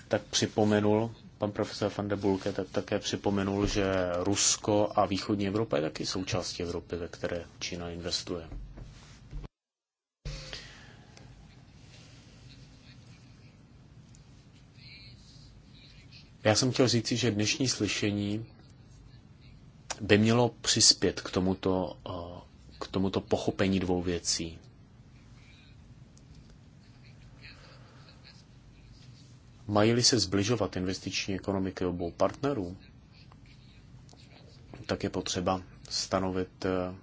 tak připomenul, pan profesor van de Bulke také připomenul, že Rusko a východní Evropa je taky součástí Evropy, ve které Čína investuje. Já jsem chtěl říci, že dnešní slyšení by mělo přispět k tomuto, eh, k tomuto pochopení dvou věcí. Mají-li se zbližovat investiční ekonomiky obou partnerů, tak je potřeba stanovit eh,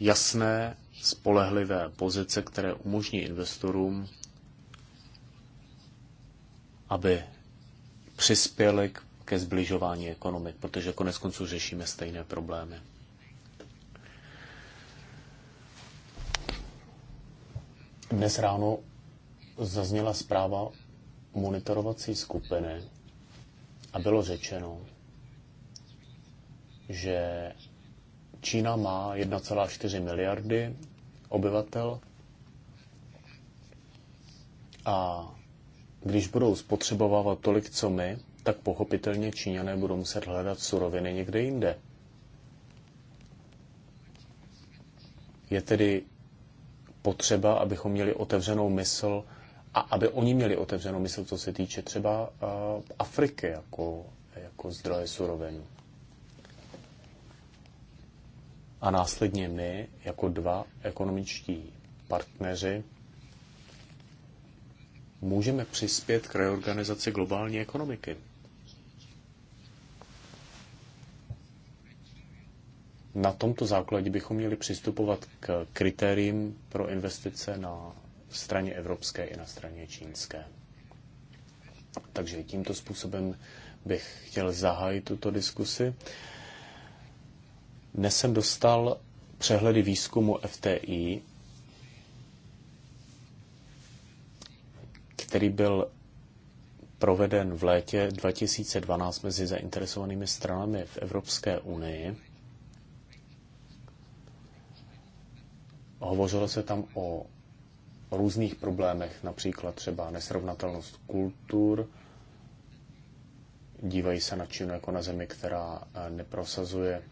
jasné, spolehlivé pozice, které umožní investorům, aby přispěli ke zbližování ekonomik, protože konec konců řešíme stejné problémy. Dnes ráno zazněla zpráva monitorovací skupiny a bylo řečeno, že Čína má 1,4 miliardy obyvatel a když budou spotřebovávat tolik, co my, tak pochopitelně Číňané budou muset hledat suroviny někde jinde. Je tedy potřeba, abychom měli otevřenou mysl a aby oni měli otevřenou mysl, co se týče třeba eh, Afriky jako, jako zdroje surovin. A následně my, jako dva ekonomičtí partneři, můžeme přispět k reorganizaci globální ekonomiky. Na tomto základě bychom měli přistupovat k kritériím pro investice na straně evropské i na straně čínské. Takže tímto způsobem bych chtěl zahájit tuto diskusi. Dnes jsem dostal přehledy výzkumu FTI, který byl proveden v létě 2012 mezi zainteresovanými stranami v Evropské unii. Hovořilo se tam o různých problémech, například třeba nesrovnatelnost kultur, dívají se na Čínu jako na zemi, která eh, neprosazuje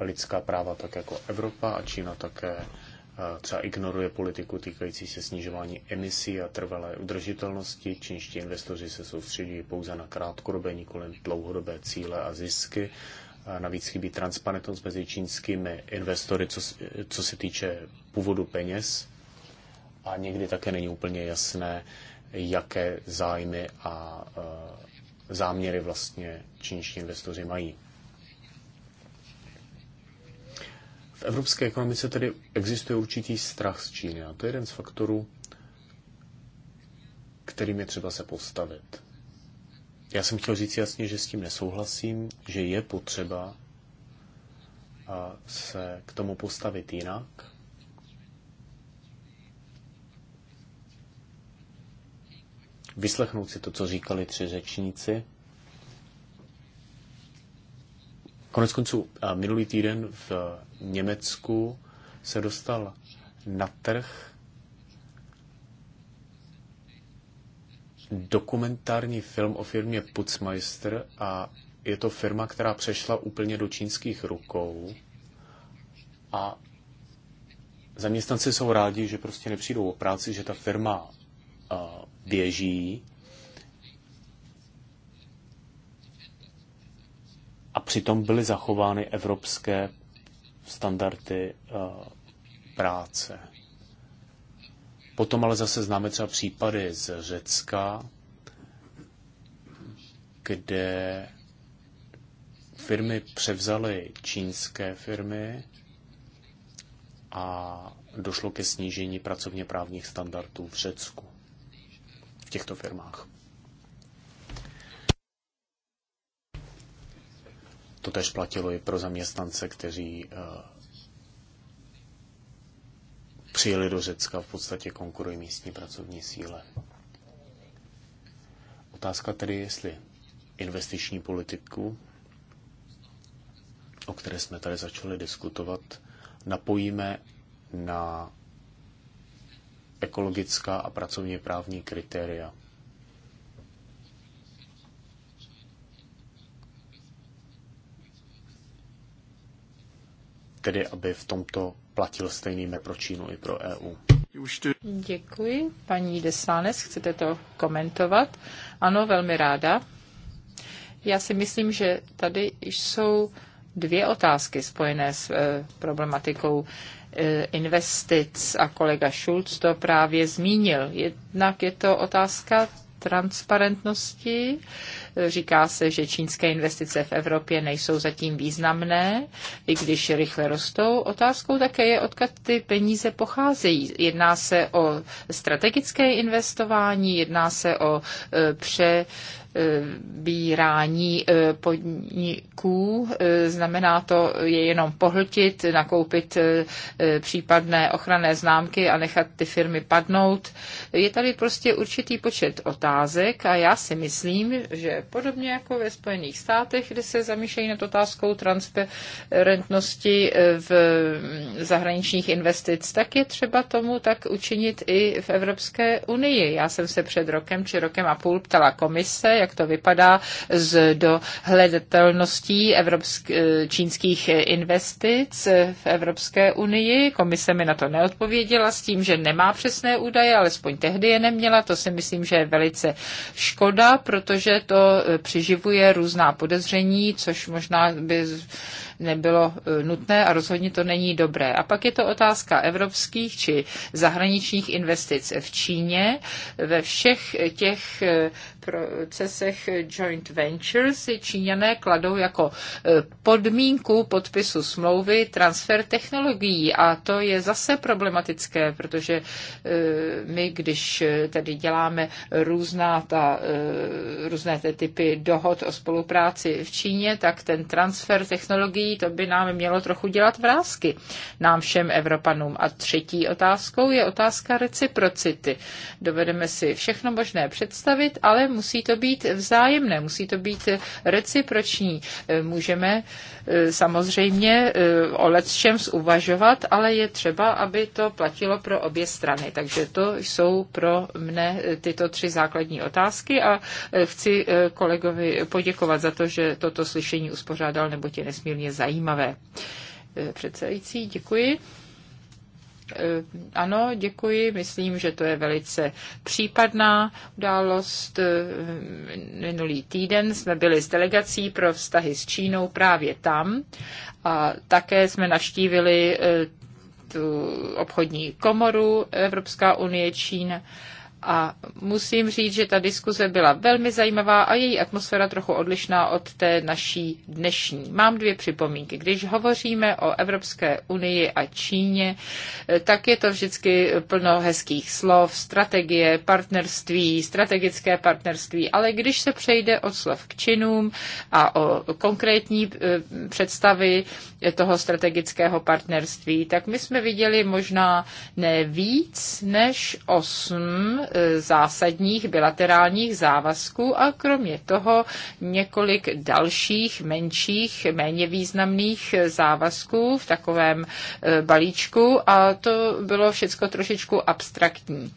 lidská práva tak jako Evropa a Čína také eh, třeba ignoruje politiku týkající se snižování emisí a trvalé udržitelnosti. Čínští investoři se soustředí pouze na krátkodobé, nikoli dlouhodobé cíle a zisky. A eh, navíc chybí transparentnost mezi čínskými investory, co, co se týče původu peněz a někdy také není úplně jasné, jaké zájmy a e, záměry vlastně čínští investoři mají. V evropské ekonomice tedy existuje určitý strach z Číny a to je jeden z faktorů, kterým je třeba se postavit. Já jsem chtěl říct jasně, že s tím nesouhlasím, že je potřeba se k tomu postavit jinak, vyslechnout si to, co říkali tři řečníci. Konec konců, minulý týden v Německu se dostal na trh dokumentární film o firmě Putzmeister a je to firma, která přešla úplně do čínských rukou a zaměstnanci jsou rádi, že prostě nepřijdou o práci, že ta firma běží a přitom byly zachovány evropské standardy eh, práce. Potom ale zase známe třeba případy z Řecka, kde firmy převzaly čínské firmy a došlo ke snížení pracovně právních standardů v Řecku těchto firmách. To tež platilo i pro zaměstnance, kteří eh, přijeli do Řecka, v podstatě konkurují místní pracovní síle. Otázka tedy, jestli investiční politiku, o které jsme tady začali diskutovat, napojíme na ekologická a pracovně právní kritéria. Tedy, aby v tomto platil stejný pro Čínu i pro EU. Děkuji. Paní Desánes, chcete to komentovat? Ano, velmi ráda. Já si myslím, že tady jsou dvě otázky spojené s eh, problematikou E, investic a kolega Schulz to právě zmínil. Jednak je to otázka transparentnosti Říká se, že čínské investice v Evropě nejsou zatím významné, i když rychle rostou. Otázkou také je, odkud ty peníze pocházejí. Jedná se o strategické investování, jedná se o e, pře bírání e, podniků. E, znamená to je jenom pohltit, nakoupit případné ochranné známky a nechat ty firmy padnout. Je tady prostě určitý počet otázek a já si myslím, že podobně jako ve Spojených státech, kde se zamýšlejí nad otázkou transparentnosti eh, v zahraničních investic, tak je třeba tomu tak učinit i v Evropské unii. Já jsem se před rokem či rokem a půl ptala komise, jak to vypadá z dohledatelností evropsk- eh, čínských investic eh, v Evropské unii. Komise mi na to neodpověděla s tím, že nemá přesné údaje, alespoň tehdy je neměla. To si myslím, že je velice škoda, protože to E, přiživuje různá podezření, což možná by nebylo e, nutné a rozhodně to není dobré. A pak je to otázka evropských či zahraničních investic v Číně. Ve všech těch e, procesech joint ventures si Číňané kladou jako e, podmínku podpisu smlouvy transfer technologií a to je zase problematické, protože my, když tady děláme různá ta, různé ty typy dohod o spolupráci v Číně, tak ten transfer technologií to by nám mělo trochu dělat vrázky, nám všem Evropanům. A třetí otázkou je otázka reciprocity. Dovedeme si všechno možné představit, ale musí to být vzájemné, musí to být reciproční. Můžeme e, samozřejmě e, o letčem zuvažovat, ale je třeba, aby to platilo pro obě strany. Takže to jsou pro mne e, tyto tři základní otázky a chci kolegovi poděkovat za to, že toto slyšení uspořádal, nebo tě nesmírně zajímavé. Eh, předsedající, děkuji. Eh, ano, děkuji. Myslím, že to je velice případná událost. Eh, minulý týden jsme byli s delegací pro vztahy s Čínou právě tam a také jsme navštívili tu obchodní komoru Evropská unie Čína a musím říct, že ta diskuze byla velmi zajímavá a její atmosféra trochu odlišná od té naší dnešní. Mám dvě připomínky. Když hovoříme o Evropské unii a Číně, tak je to vždycky plno hezkých slov, strategie, partnerství, strategické partnerství, ale když se přejde od slov k činům a o konkrétní e, představy toho strategického partnerství, tak my jsme viděli možná ne víc než osm E, zásadních bilaterálních závazků a kromě toho několik dalších menších, méně významných závazků v takovém e, balíčku a to bylo všechno trošičku abstraktní.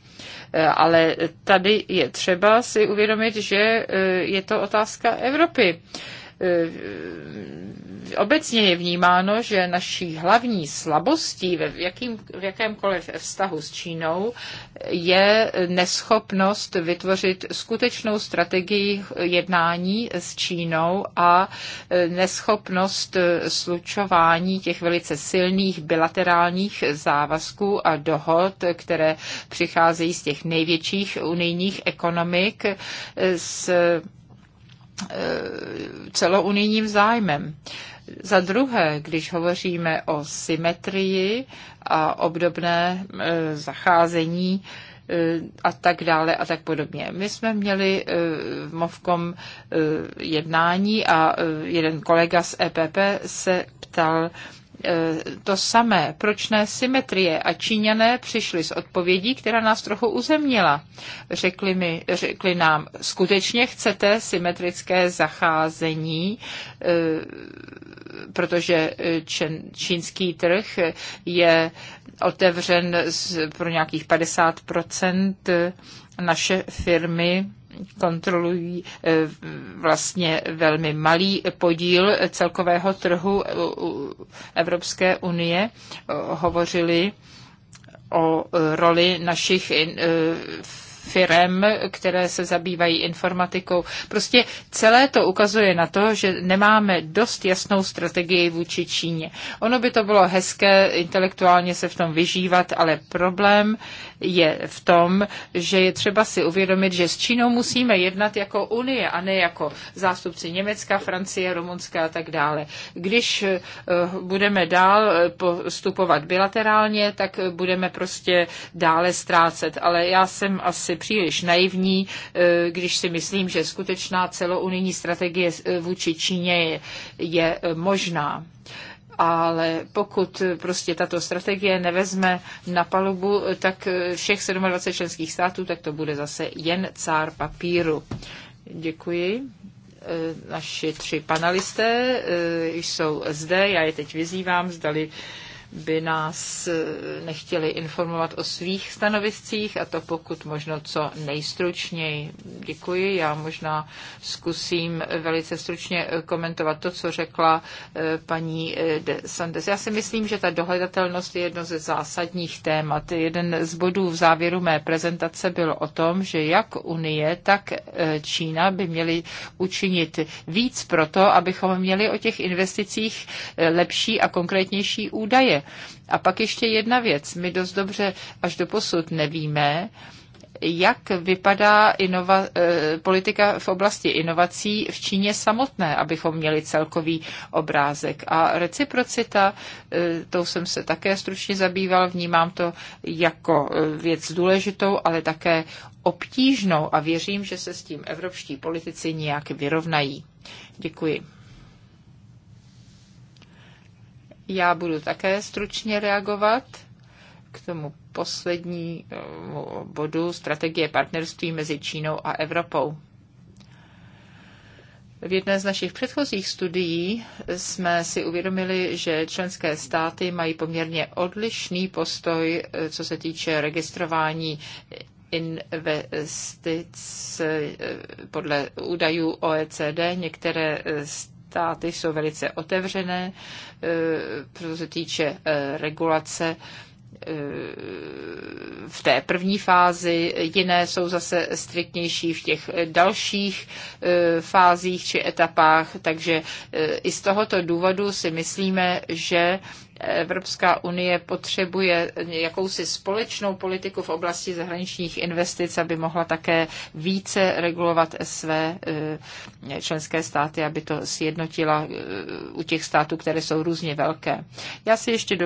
E, ale tady je třeba si uvědomit, že je to otázka Evropy. Eh, obecně je vnímáno, že naší hlavní slabostí ve jakým, v jakémkoliv vztahu s Čínou je neschopnost vytvořit skutečnou strategii jednání s Čínou a eh, neschopnost eh, slučování těch velice silných bilaterálních závazků a dohod, které přicházejí z těch největších unijních ekonomik s Eh, celounijním zájmem. Za druhé, když hovoříme o symetrii a obdobné eh, zacházení, eh, a tak dále a tak podobně. My jsme měli v Movkom jednání a jeden kolega z EPP se ptal Eh, to samé. Proč ne symetrie? A Číňané přišli s odpovědí, která nás trochu uzemnila. Řekli, mi, řekli nám, skutečně chcete symetrické zacházení, eh, protože eh, čínský trh je otevřen pro nějakých 50 naše firmy kontrolují eh, vlastně velmi malý podíl celkového trhu Evropské unie. Eh, hovořili o eh, roli našich firem, které se zabývají informatikou. Prostě celé to ukazuje na to, že nemáme dost jasnou strategii vůči Číně. Ono by to bylo hezké intelektuálně se v tom vyžívat, ale problém je v tom, že je třeba si uvědomit, že s Čínou musíme jednat jako Unie a ne jako zástupci Německa, Francie, Rumunska a tak dále. Když eh, budeme dál eh, postupovat bilaterálně, tak eh, budeme prostě dále ztrácet. Ale já jsem asi příliš naivní, když si myslím, že skutečná celounijní strategie vůči Číně je možná ale pokud prostě tato strategie nevezme na palubu, tak všech 27 členských států, tak to bude zase jen cár papíru. Děkuji. E, naši tři panelisté e, jsou zde, já je teď vyzývám, zdali by nás eh, nechtěli informovat o svých stanoviscích a to pokud možno co nejstručněji. Děkuji. Já možná zkusím velice stručně eh, komentovat to, co řekla eh, paní De Sandes. Já si myslím, že ta dohledatelnost je jedno ze zásadních témat. Jeden z bodů v závěru mé prezentace byl o tom, že jak Unie, tak Čína by měly učinit víc proto, abychom měli o těch investicích lepší a konkrétnější údaje. A pak ještě jedna věc. My dost dobře až do posud nevíme, jak vypadá inova, eh, politika v oblasti inovací v Číně samotné, abychom měli celkový obrázek. A reciprocita, eh, tou jsem se také stručně zabýval, vnímám to jako eh, věc důležitou, ale také obtížnou a věřím, že se s tím evropští politici nějak vyrovnají. Děkuji. Já budu také stručně reagovat k tomu poslední bodu strategie partnerství mezi Čínou a Evropou. V jedné z našich předchozích studií jsme si uvědomili, že členské státy mají poměrně odlišný postoj, co se týče registrování investic eh, podle údajů OECD. Některé státy jsou velice otevřené, co e, se týče e, regulace e, v té první fázi, jiné jsou zase striktnější v těch dalších fázích či etapách, takže i z tohoto důvodu si myslíme, že Evropská unie potřebuje jakousi společnou politiku v oblasti zahraničních investic, aby mohla také více regulovat své eh, členské státy, aby to sjednotila eh, u těch států, které jsou různě velké. Já si ještě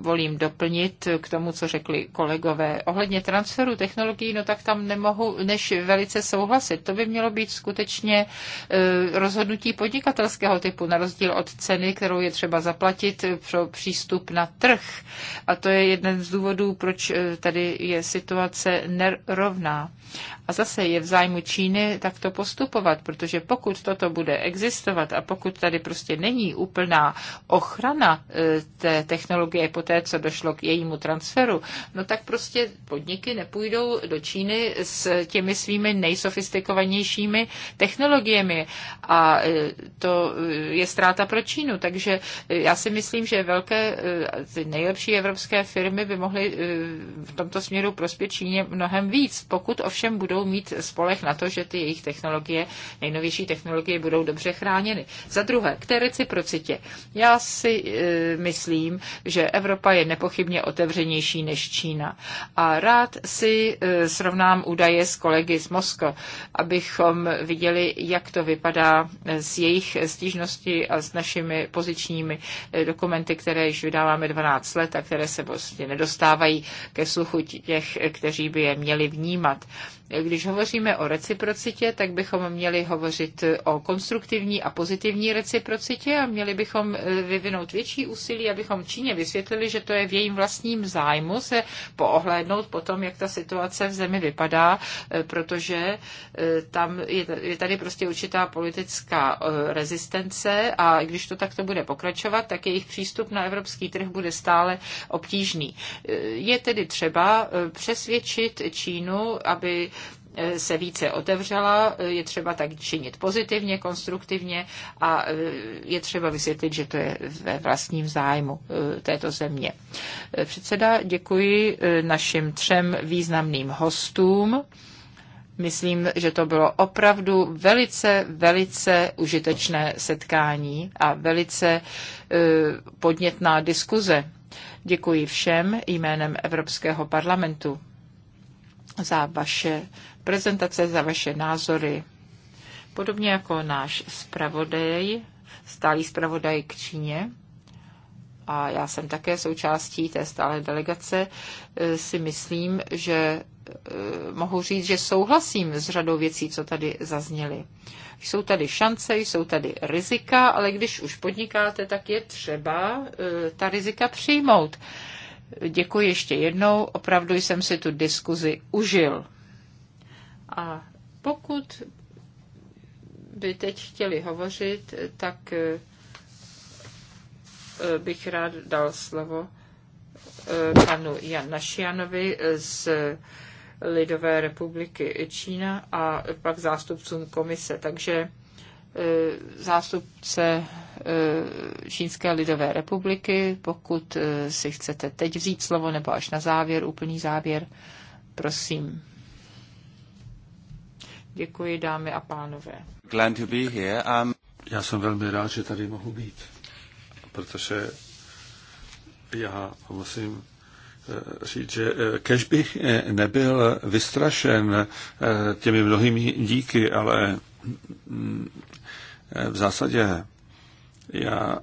volím doplnit k tomu, co řekli kolegové. Ohledně transferu technologií, no tak tam nemohu než velice souhlasit. To by mělo být skutečně eh, rozhodnutí podnikatelského typu, na rozdíl od ceny, kterou je třeba zaplatit pro přístup na trh. A to je jeden z důvodů, proč eh, tady je situace nerovná. A zase je v zájmu Číny takto postupovat, protože pokud toto bude existovat a pokud tady prostě není úplná ochrana eh, té technologie po té, co došlo k jejímu transferu, no tak prostě podniky nepůjdou do Číny s těmi svými nejsofistikovanějšími technologiemi. A eh, to je ztráta pro Čínu. Takže já si myslím, že velká velké, eh, ty nejlepší evropské firmy by mohly eh, v tomto směru prospět Číně mnohem víc, pokud ovšem budou mít spolech na to, že ty jejich technologie, nejnovější technologie budou dobře chráněny. Za druhé, k té reciprocitě. Já si eh, myslím, že Evropa je nepochybně otevřenější než Čína. A rád si srovnám údaje s kolegy z Moskva, abychom viděli, jak to vypadá s jejich stížností a s našimi pozičními dokumenty, které které již vydáváme 12 let a které se prostě nedostávají ke sluchu těch, kteří by je měli vnímat. Když hovoříme o reciprocitě, tak bychom měli hovořit o konstruktivní a pozitivní reciprocitě a měli bychom eh, vyvinout větší úsilí, abychom Číně vysvětlili, že to je v jejím vlastním zájmu se poohlédnout po tom, jak ta situace v zemi vypadá, eh, protože eh, tam je tady prostě určitá politická rezistence a když to takto bude pokračovat, tak jejich přístup na evropský trh bude stále obtížný. Je tedy třeba přesvědčit Čínu, aby se více otevřela, je třeba tak činit pozitivně, konstruktivně a e, je třeba vysvětlit, že to je ve vlastním zájmu e, této země. E, předseda, děkuji našim třem významným hostům. Myslím, že to bylo opravdu velice, velice užitečné setkání a velice podnětná diskuze. Děkuji všem jménem Evropského parlamentu za vaše prezentace, za vaše názory. Podobně jako náš zpravodaj, stálý zpravodaj k Číně, a já jsem také součástí té stále delegace, e, si myslím, že e, mohu říct, že souhlasím s řadou věcí, co tady zazněly. Jsou tady šance, jsou tady rizika, ale když už podnikáte, tak je třeba e, ta rizika přijmout děkuji ještě jednou, opravdu jsem si tu diskuzi užil. A pokud by teď chtěli hovořit, tak eh, eh, bych rád dal slovo eh, panu Jan Našianovi z Lidové republiky Čína a pak zástupcům komise. Takže zástupce Eh, Čínské lidové republiky. Pokud eh, si chcete teď vzít slovo nebo až na závěr, úplný závěr, prosím. Děkuji, dámy a pánové. Glad to be here. Um... Já jsem velmi rád, že tady mohu být, protože já musím eh, říct, že kež bych nebyl vystrašen těmi mnohými díky, ale mm, v zásadě já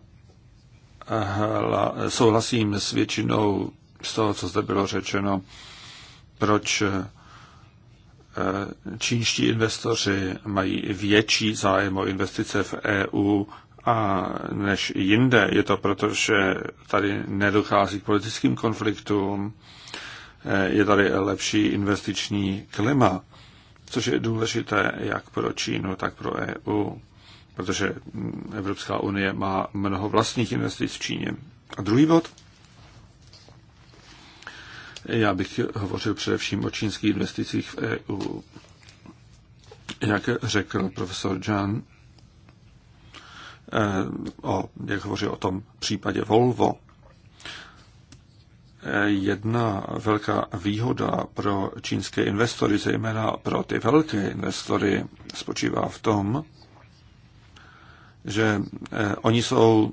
hla, souhlasím s většinou z toho, co zde bylo řečeno, proč eh, čínští investoři mají větší zájem o investice v EU a než jinde. Je to proto, že tady nedochází k politickým konfliktům, eh, je tady lepší investiční klima, což je důležité jak pro Čínu, tak pro EU protože Evropská unie má mnoho vlastních investic v Číně. A druhý bod? Já bych hovořil především o čínských investicích v EU. Jak řekl profesor Jan, eh, o, jak hovořil o tom případě Volvo, eh, jedna velká výhoda pro čínské investory, zejména pro ty velké investory, spočívá v tom, že eh, oni jsou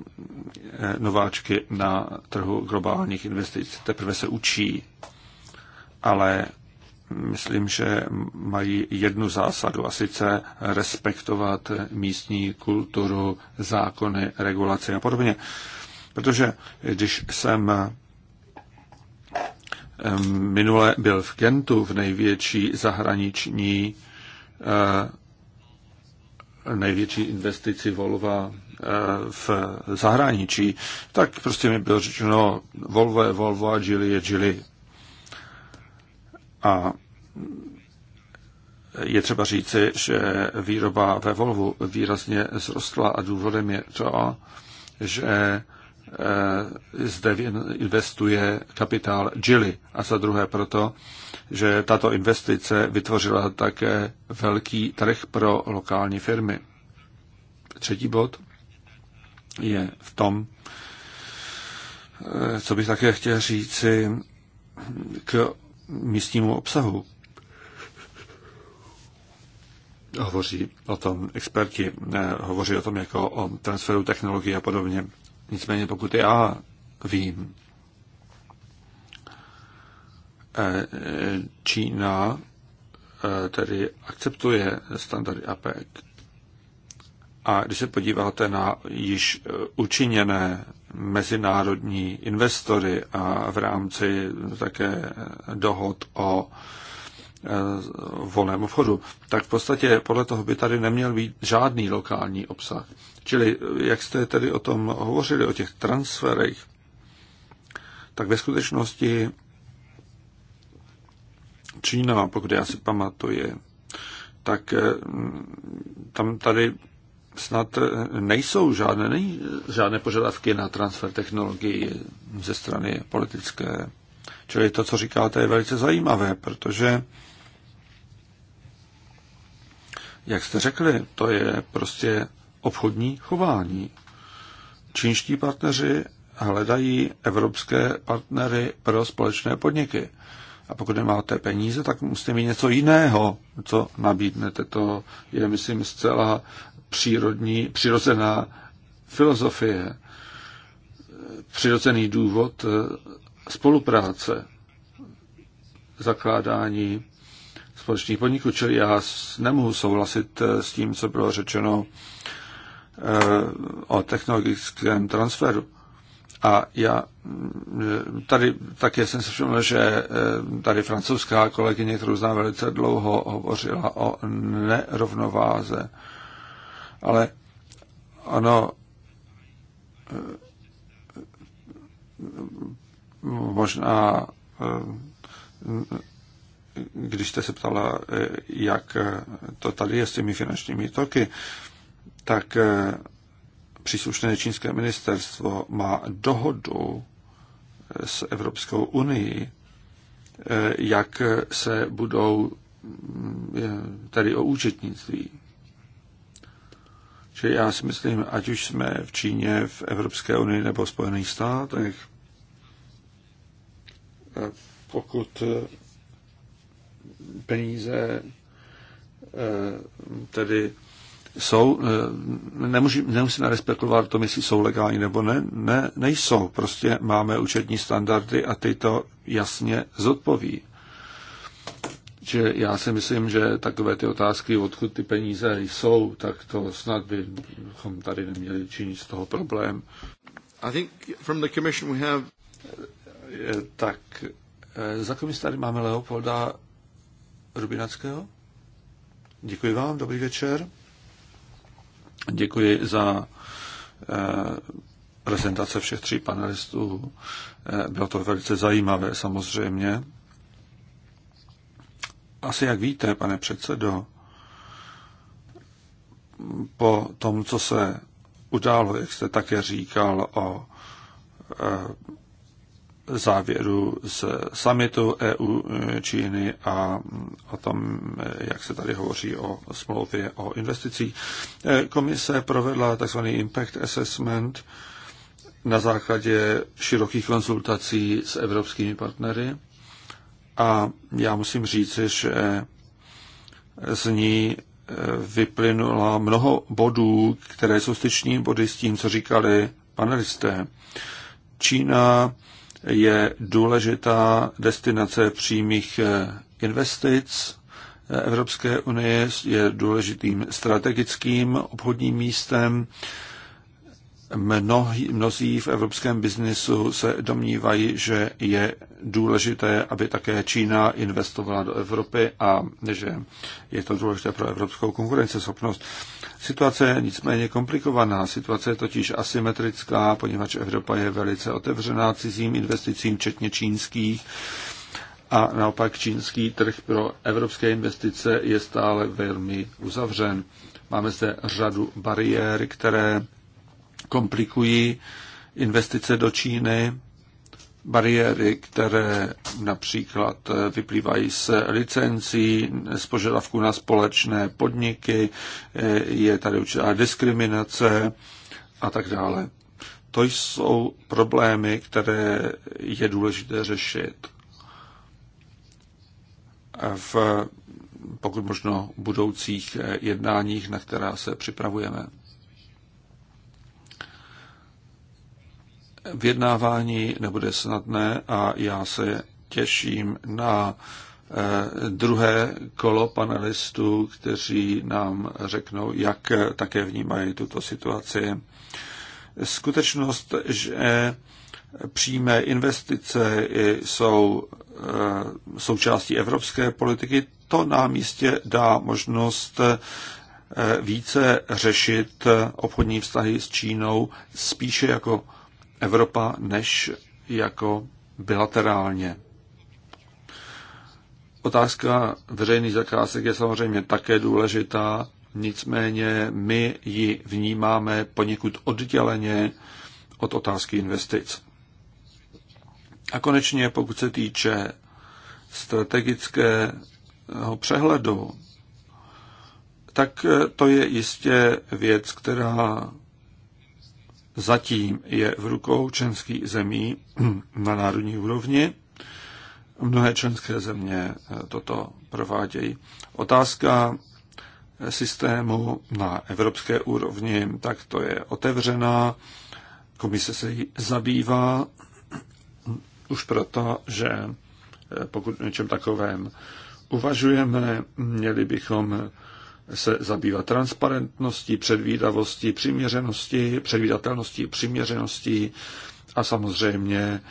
eh, nováčky na trhu globálních investic, teprve se učí, ale myslím, že mají jednu zásadu a sice respektovat místní kulturu, zákony, regulace a podobně. Protože když jsem eh, minule byl v Gentu v největší zahraniční největší investici Volva eh, v zahraničí, tak prostě mi bylo řečeno Volvo je Volvo a Gili je Gili. A je třeba říci, že výroba ve Volvu výrazně zrostla a důvodem je to, že eh, zde investuje kapitál Gili a za druhé proto, že tato investice vytvořila také velký trh pro lokální firmy. Třetí bod je v tom, eh, co bych také chtěl říci k místnímu obsahu. Hovoří o tom experti, ne, eh, hovoří o tom jako o transferu technologie a podobně. Nicméně pokud já vím, E, Čína e, tedy akceptuje standardy APEC. A když se podíváte na již e, učiněné mezinárodní investory a v rámci také dohod o volném obchodu, tak v podstatě podle toho by tady neměl být žádný lokální obsah. Čili jak jste tedy o tom hovořili, o těch transferech, tak ve skutečnosti Čína, pokud já si pamatuju, tak eh, tam tady snad eh, nejsou žádné, nej, žádné požadavky na transfer technologií ze strany politické. Čili to, co říkáte, je velice zajímavé, protože, jak jste řekli, to je prostě obchodní chování. Čínští partneři hledají evropské partnery pro společné podniky. A pokud nemáte peníze, tak musíte mít něco jiného, co nabídnete. To je, myslím, zcela přírodní, přirozená filozofie, přirozený důvod eh, spolupráce, zakládání společných podniků. Čili já nemohu souhlasit eh, s tím, co bylo řečeno eh, o technologickém transferu. A já mm, tady také jsem se všiml, že eh, tady francouzská kolegyně, kterou znám velice dlouho, hovořila o nerovnováze. Ale ano, eh, možná, eh, když jste se ptala, jak to tady je s těmi finančními toky, tak příslušné čínské ministerstvo má dohodu eh, s Evropskou unii, eh, jak se budou mm, tady o účetnictví. Čili já si myslím, ať už jsme v Číně, v Evropské unii nebo v Spojených státech, eh, pokud peníze tedy jsou, eh, nemůžu, nemusíme respektovat to, jestli jsou legální nebo ne, ne, nejsou. Prostě máme účetní standardy a ty to jasně zodpoví. Že já si myslím, že takové ty otázky, odkud ty peníze jsou, tak to snad bychom tady neměli činit z toho problém. I think from the commission we have... Eh, tak, eh, za komisi tady máme Leopolda Rubinackého. Děkuji vám, dobrý večer. Děkuji za eh, prezentace všech tří panelistů. Eh, bylo to velice zajímavé samozřejmě. Asi jak víte, pane předsedo, po tom, co se událo, jak jste také říkal o eh, závěru z summitu EU Číny a o tom, jak se tady hovoří o smlouvě o investicích. Komise provedla tzv. impact assessment na základě širokých konzultací s evropskými partnery a já musím říci, že z ní e, vyplynula mnoho bodů, které jsou styční body s tím, co říkali panelisté. Čína je důležitá destinace přímých eh, investic eh, Evropské unie, je důležitým strategickým obchodním místem, Mnohí, mnozí v evropském biznisu se domnívají, že je důležité, aby také Čína investovala do Evropy a že je to důležité pro evropskou konkurenceschopnost. Situace je nicméně komplikovaná, situace je totiž asymetrická, poněvadž Evropa je velice otevřená cizím investicím, včetně čínských a naopak čínský trh pro evropské investice je stále velmi uzavřen. Máme zde řadu bariér, které komplikují investice do Číny, bariéry, které například vyplývají z licencí, z požadavků na společné podniky, je tady určitá diskriminace a tak dále. To jsou problémy, které je důležité řešit. V pokud možno budoucích jednáních, na která se připravujeme. Vědnávání nebude snadné a já se těším na eh, druhé kolo panelistů, kteří nám řeknou, jak také vnímají tuto situaci. Skutečnost, že přímé investice jsou eh, součástí evropské politiky, to nám jistě dá možnost eh, více řešit obchodní vztahy s Čínou spíše jako Evropa než jako bilaterálně. Otázka veřejných zakázek je samozřejmě také důležitá, nicméně my ji vnímáme poněkud odděleně od otázky investic. A konečně, pokud se týče strategického přehledu, tak to je jistě věc, která zatím je v rukou členských zemí na národní úrovni. Mnohé členské země eh, toto provádějí. Otázka eh, systému na evropské úrovni, tak to je otevřená. Komise se jí zabývá už proto, že eh, pokud o něčem takovém uvažujeme, měli bychom se zabývat transparentností, předvídavostí, přiměřeností, předvídatelností, přiměřeností a samozřejmě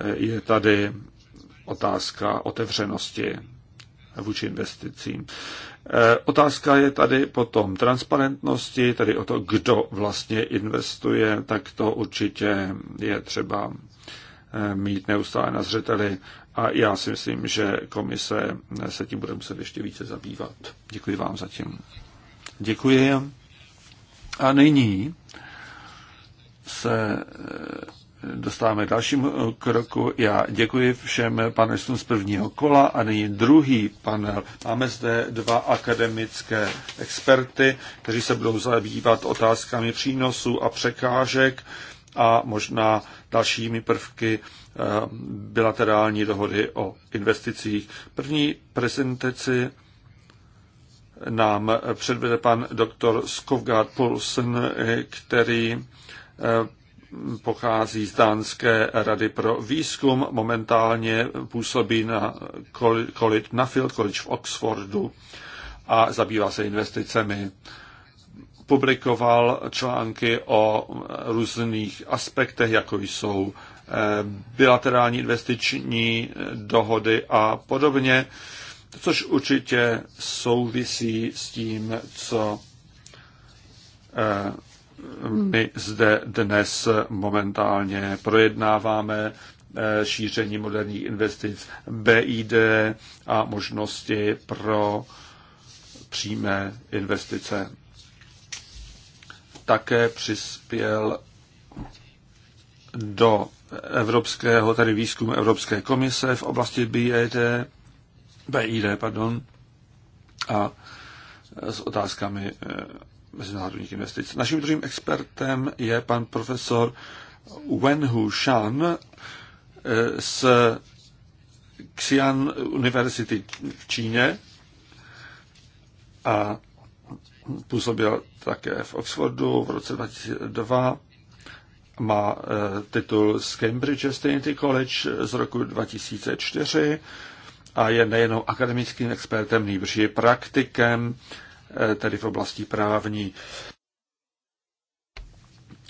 eh, je tady otázka otevřenosti vůči investicím. Eh, otázka je tady potom transparentnosti, tedy o to, kdo vlastně investuje, tak to určitě je třeba eh, mít neustále na zřeteli. A já si myslím, že komise se tím bude muset ještě více zabývat. Děkuji vám zatím. Děkuji. A nyní se eh, dostáváme k dalšímu eh, kroku. Já děkuji všem panelistům z prvního kola a nyní druhý panel. Máme zde dva akademické experty, kteří se budou zabývat otázkami přínosů a překážek a možná dalšími prvky Eh, bilaterální dohody o investicích. První prezentaci nám předvede pan doktor Skovgard Poulsen, který eh, pochází z Dánské rady pro výzkum, momentálně působí na college, na Field College v Oxfordu a zabývá se investicemi. Publikoval články o různých aspektech, jako jsou Eh, bilaterální investiční eh, dohody a podobně, což určitě souvisí s tím, co eh, my zde dnes momentálně projednáváme šíření moderních investic BID a možnosti pro přímé investice. Také přispěl do evropského, tedy výzkumu Evropské komise v oblasti BID, BID, pardon, a s otázkami eh, mezinárodních investic. Naším druhým expertem je pan profesor Wenhu Shan eh, z Xi'an univerzity v Číně a působil také v Oxfordu v roce 2002 má eh, titul z Cambridge Trinity College z roku 2004 a je nejenom akademickým expertem, nejbrž je praktikem, eh, tedy v oblasti právní.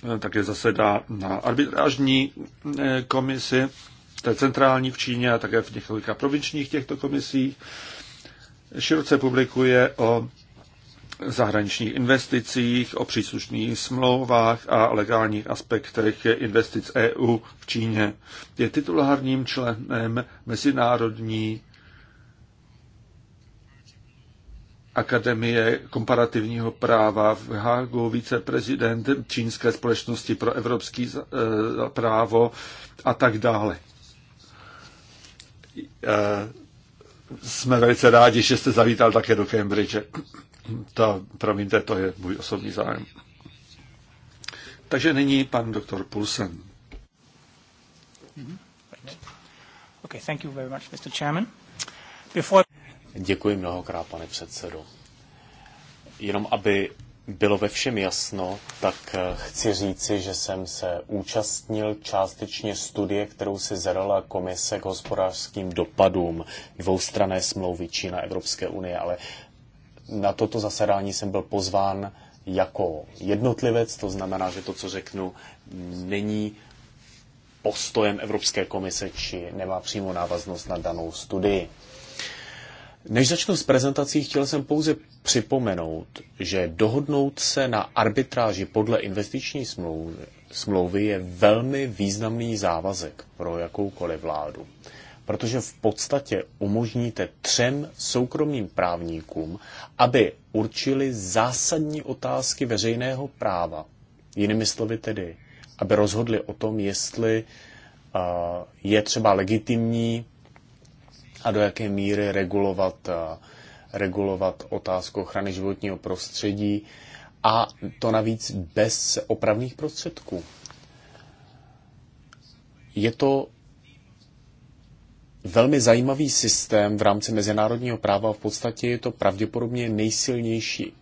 Eh, také zasedá na arbitrážní komisi, je centrální v Číně a také v několika provinčních těchto komisích. Široce publikuje o zahraničních investicích, o příslušných smlouvách a legálních aspektech investic EU v Číně. Je titulárním členem Mezinárodní Akademie komparativního práva v Hágu, viceprezident Čínské společnosti pro evropský e, právo a tak dále. E, jsme velice rádi, že jste zavítal také do Cambridge ta, promiňte, to je můj osobní zájem. Takže nyní pan doktor Pulsen. Mhm. Děkuji mnohokrát, pane předsedo. Jenom aby bylo ve všem jasno, tak eh, chci říci, že jsem se účastnil částečně studie, kterou si zadala komise k hospodářským dopadům dvoustrané smlouvy Čína Evropské unie, ale na toto zasedání jsem byl pozván jako jednotlivec, to znamená, že to, co řeknu, není postojem Evropské komise, či nemá přímo návaznost na danou studii. Než začnu s prezentací, chtěl jsem pouze připomenout, že dohodnout se na arbitráži podle investiční smlouvy, smlouvy je velmi významný závazek pro jakoukoliv vládu protože v podstatě umožníte třem soukromým právníkům, aby určili zásadní otázky veřejného práva. Jinými slovy tedy, aby rozhodli o tom, jestli eh, je třeba legitimní a do jaké míry regulovat, eh, regulovat otázku ochrany životního prostředí a to navíc bez opravných prostředků. Je to velmi zajímavý systém v rámci mezinárodního práva. V podstatě je to pravděpodobně nejsilnější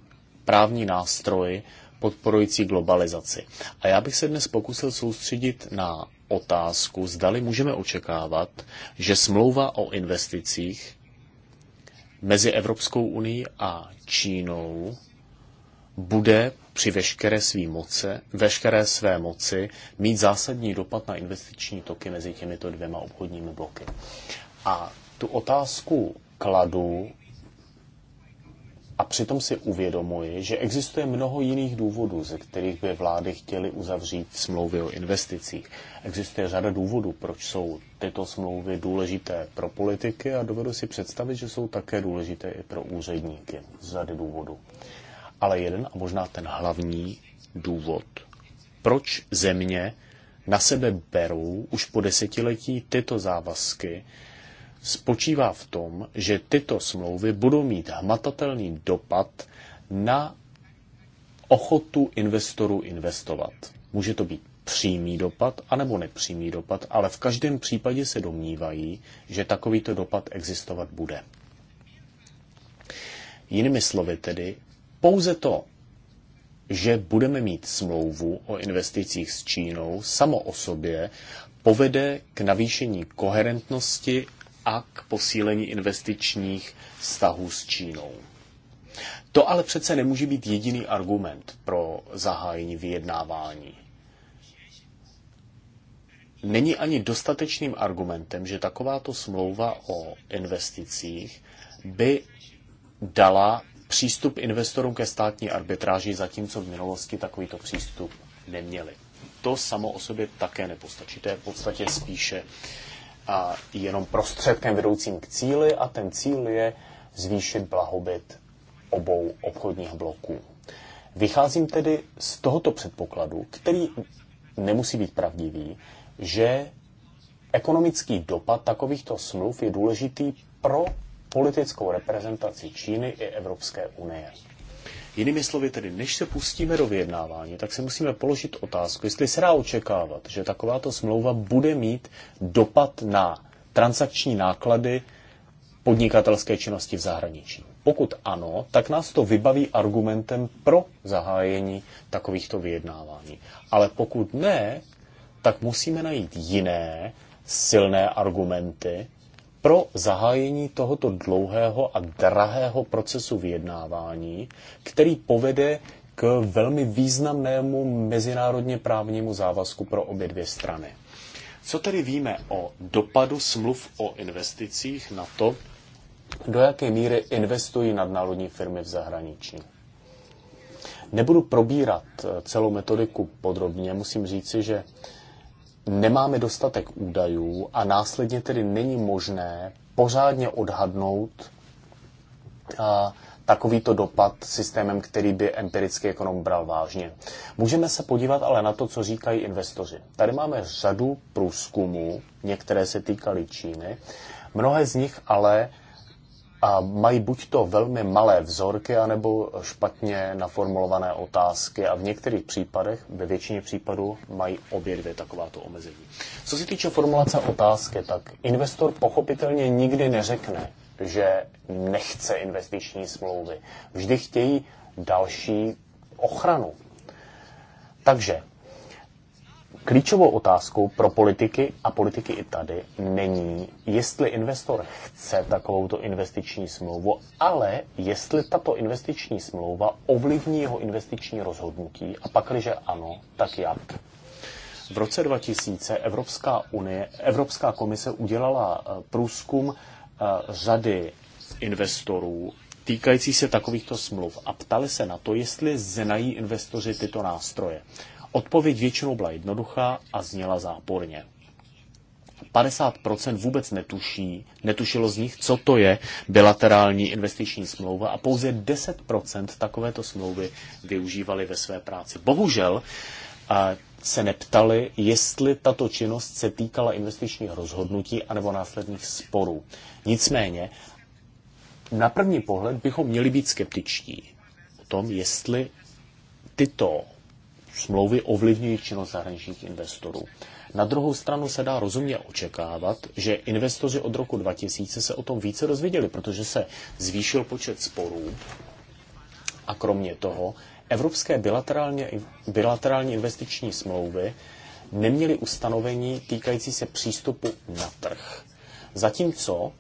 právní nástroj podporující globalizaci. A já bych se dnes pokusil soustředit na otázku, zdali můžeme očekávat, že smlouva o investicích mezi Evropskou unii a Čínou bude při veškeré, své moce, veškeré své moci mít zásadní dopad na investiční toky mezi těmito dvěma obchodními bloky. A tu otázku kladu a přitom si uvědomuji, že existuje mnoho jiných důvodů, ze kterých by vlády chtěly uzavřít smlouvy o investicích. Existuje řada důvodů, proč jsou tyto smlouvy důležité pro politiky a dovedu si představit, že jsou také důležité i pro úředníky z řady důvodů ale jeden a možná ten hlavní důvod, proč země na sebe berou už po desetiletí tyto závazky, spočívá v tom, že tyto smlouvy budou mít hmatatelný dopad na ochotu investorů investovat. Může to být přímý dopad anebo nepřímý dopad, ale v každém případě se domnívají, že takovýto dopad existovat bude. Jinými slovy tedy, pouze to, že budeme mít smlouvu o investicích s Čínou samo o sobě, povede k navýšení koherentnosti a k posílení investičních vztahů s Čínou. To ale přece nemůže být jediný argument pro zahájení vyjednávání. Není ani dostatečným argumentem, že takováto smlouva o investicích by dala přístup investorům ke státní arbitráži, zatímco v minulosti takovýto přístup neměli. To samo o sobě také nepostačí. To je v podstatě spíše a jenom prostředkem vedoucím k cíli a ten cíl je zvýšit blahobyt obou obchodních bloků. Vycházím tedy z tohoto předpokladu, který nemusí být pravdivý, že ekonomický dopad takovýchto smluv je důležitý pro politickou reprezentací Číny i Evropské unie. Jinými slovy tedy, než se pustíme do vyjednávání, tak se musíme položit otázku, jestli se dá očekávat, že takováto smlouva bude mít dopad na transakční náklady podnikatelské činnosti v zahraničí. Pokud ano, tak nás to vybaví argumentem pro zahájení takovýchto vyjednávání. Ale pokud ne, tak musíme najít jiné silné argumenty, pro zahájení tohoto dlouhého a drahého procesu vyjednávání, který povede k velmi významnému mezinárodně právnímu závazku pro obě dvě strany. Co tedy víme o dopadu smluv o investicích na to, do jaké míry investují nadnárodní firmy v zahraničí? Nebudu probírat eh, celou metodiku podrobně, musím říci, že nemáme dostatek údajů a následně tedy není možné pořádně odhadnout a, takovýto dopad systémem, který by empirický ekonom bral vážně. Můžeme se podívat ale na to, co říkají investoři. Tady máme řadu průzkumů, některé se týkaly Číny, mnohé z nich ale a mají buď to velmi malé vzorky, anebo špatně naformulované otázky a v některých případech, ve většině případů, mají obě dvě takováto omezení. Co se týče formulace otázky, tak investor pochopitelně nikdy neřekne, že nechce investiční smlouvy. Vždy chtějí další ochranu. Takže Klíčovou otázkou pro politiky a politiky i tady není, jestli investor chce takovouto investiční smlouvu, ale jestli tato investiční smlouva ovlivní jeho investiční rozhodnutí a pakliže ano, tak jak. V roce 2000 Evropská, unie, Evropská komise udělala eh, průzkum eh, řady investorů týkající se takovýchto smluv a ptali se na to, jestli znají investoři tyto nástroje. Odpověď většinou byla jednoduchá a zněla záporně. 50% vůbec netuší, netušilo z nich, co to je bilaterální investiční smlouva a pouze 10% takovéto smlouvy využívali ve své práci. Bohužel eh, se neptali, jestli tato činnost se týkala investičních rozhodnutí anebo následných sporů. Nicméně, na první pohled bychom měli být skeptičtí o tom, jestli tyto smlouvy ovlivňují činnost zahraničních investorů. Na druhou stranu se dá rozumně očekávat, že investoři od roku 2000 se o tom více dozvěděli, protože se zvýšil počet sporů a kromě toho evropské bilaterální investiční smlouvy neměly ustanovení týkající se přístupu na trh. Zatímco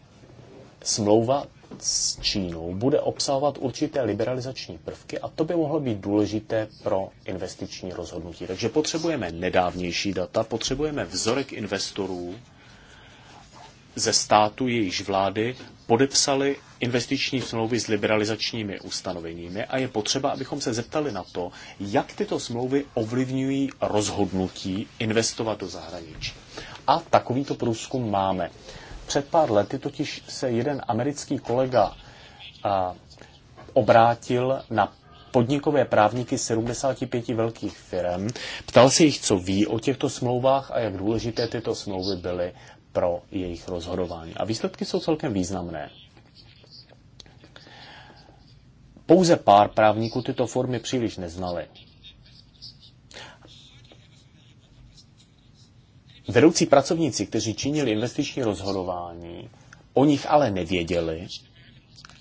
smlouva s Čínou bude obsahovat určité liberalizační prvky a to by mohlo být důležité pro investiční rozhodnutí. Takže potřebujeme nedávnější data, potřebujeme vzorek investorů ze státu jejichž vlády podepsali investiční smlouvy s liberalizačními ustanoveními a je potřeba, abychom se zeptali na to, jak tyto smlouvy ovlivňují rozhodnutí investovat do zahraničí. A takovýto průzkum máme. Před pár lety totiž se jeden americký kolega a, obrátil na podnikové právníky 75 velkých firm, ptal se jich, co ví o těchto smlouvách a jak důležité tyto smlouvy byly pro jejich rozhodování. A výsledky jsou celkem významné. Pouze pár právníků tyto formy příliš neznali. vedoucí pracovníci, kteří činili investiční rozhodování, o nich ale nevěděli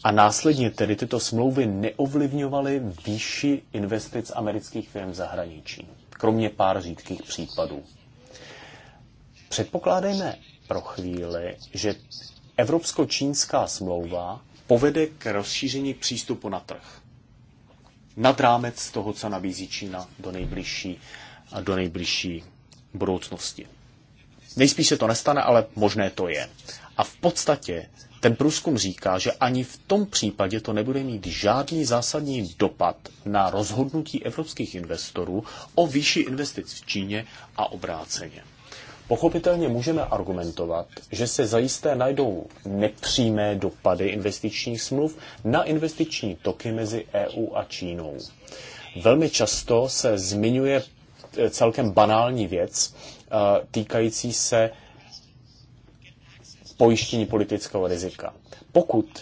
a následně tedy tyto smlouvy neovlivňovaly výši investic amerických firm zahraničí, kromě pár řídkých případů. Předpokládejme pro chvíli, že evropsko-čínská smlouva povede k rozšíření přístupu na trh. Nad rámec toho, co nabízí Čína do nejbližší, do nejbližší budoucnosti. Nejspíš se to nestane, ale možné to je. A v podstatě ten průzkum říká, že ani v tom případě to nebude mít žádný zásadní dopad na rozhodnutí evropských investorů o výši investic v Číně a obráceně. Pochopitelně můžeme argumentovat, že se zajisté najdou nepřímé dopady investičních smluv na investiční toky mezi EU a Čínou. Velmi často se zmiňuje eh, celkem banální věc, týkající se pojištění politického rizika. Pokud,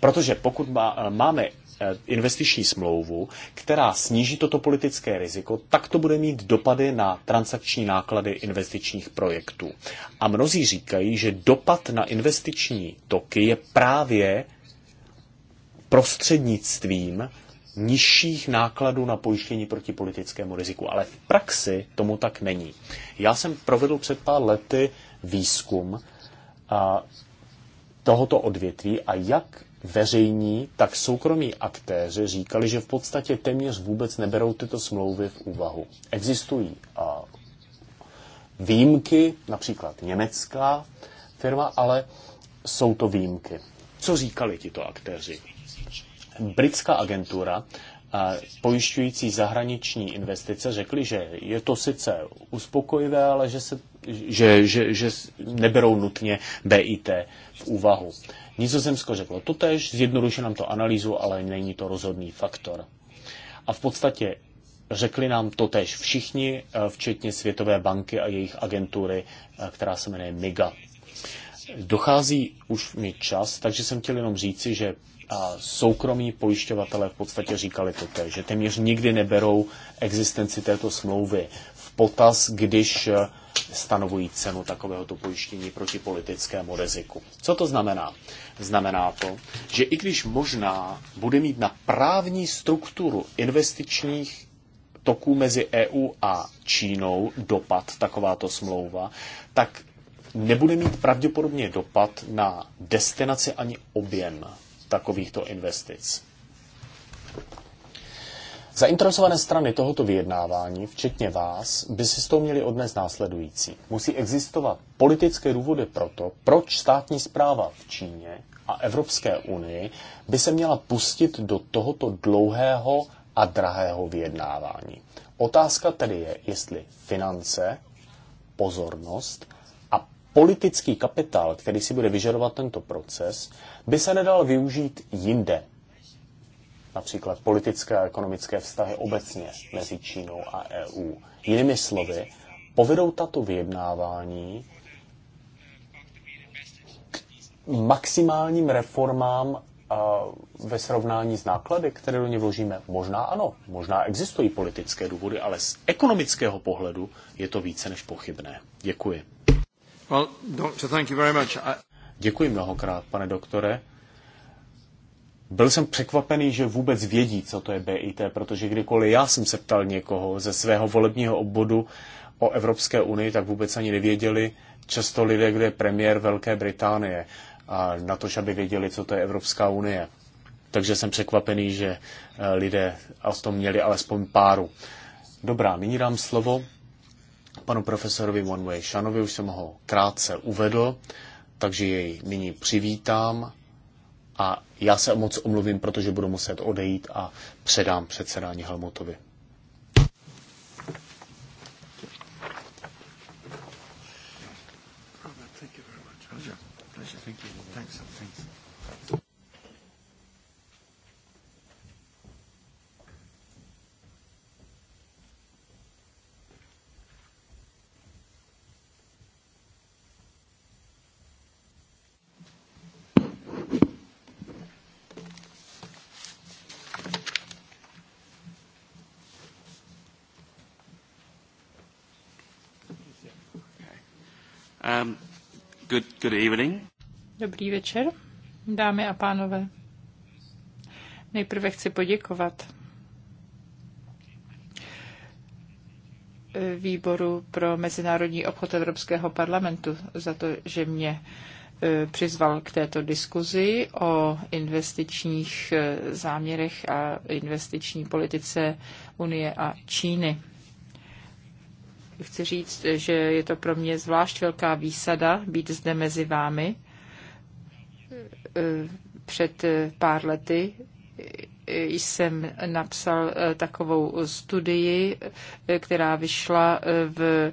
protože pokud má, máme e, investiční smlouvu, která sníží toto politické riziko, tak to bude mít dopady na transakční náklady investičních projektů. A mnozí říkají, že dopad na investiční toky je právě prostřednictvím nižších nákladů na pojištění proti politickému riziku. Ale v praxi tomu tak není. Já jsem provedl před pár lety výzkum a, tohoto odvětví a jak veřejní, tak soukromí aktéři říkali, že v podstatě téměř vůbec neberou tyto smlouvy v úvahu. Existují a, výjimky, například německá firma, ale jsou to výjimky. Co říkali tito aktéři? britská agentura eh, pojišťující zahraniční investice řekli, že je to sice uspokojivé, ale že, se, že, že, že neberou nutně BIT v úvahu. Nizozemsko řeklo to tež, zjednoduše nám to analýzu, ale není to rozhodný faktor. A v podstatě řekli nám to tež všichni, eh, včetně Světové banky a jejich agentury, eh, která se jmenuje MIGA. Dochází už mi čas, takže jsem chtěl jenom říci, že a soukromí pojišťovatele v podstatě říkali to že téměř nikdy neberou existenci této smlouvy v potaz, když eh, stanovují cenu takovéhoto pojištění proti politickému riziku. Co to znamená? Znamená to, že i když možná bude mít na právní strukturu investičních toků mezi EU a Čínou dopad takováto smlouva, tak nebude mít pravděpodobně dopad na destinaci ani objem takovýchto investic. Zainteresované strany tohoto vyjednávání, včetně vás, by si s tou měli odnes následující. Musí existovat politické důvody pro to, proč státní zpráva v Číně a Evropské unii by se měla pustit do tohoto dlouhého a drahého vyjednávání. Otázka tedy je, jestli finance, pozornost politický kapitál, který si bude vyžadovat tento proces, by se nedal využít jinde. Například politické a ekonomické vztahy obecně mezi Čínou a EU. Jinými slovy, povedou tato vyjednávání k maximálním reformám ve srovnání s náklady, které do ně vložíme? Možná ano, možná existují politické důvody, ale z ekonomického pohledu je to více než pochybné. Děkuji. Well, doctor, thank you very much. I... Děkuji mnohokrát, pane doktore. Byl jsem překvapený, že vůbec vědí, co to je BIT, protože kdykoliv já jsem se ptal někoho ze svého volebního obvodu o Evropské unii, tak vůbec ani nevěděli často lidé, kde je premiér Velké Británie, a na to, aby věděli, co to je Evropská unie. Takže jsem překvapený, že eh, lidé o tom měli alespoň páru. Dobrá, nyní dám slovo Panu profesorovi Monway Šanovi, už jsem ho krátce uvedl, takže jej nyní přivítám a já se moc omluvím, protože budu muset odejít a předám předsedání Helmutovi. Good evening. Dobrý večer, dámy a pánové. Nejprve chci poděkovat výboru pro mezinárodní obchod Evropského parlamentu za to, že mě e, přizval k této diskuzi o investičních e, záměrech a investiční politice Unie a Číny chci říct, že je to pro mě zvlášť velká výsada být zde mezi vámi. E, před pár lety jsem napsal e, takovou studii, e, která vyšla v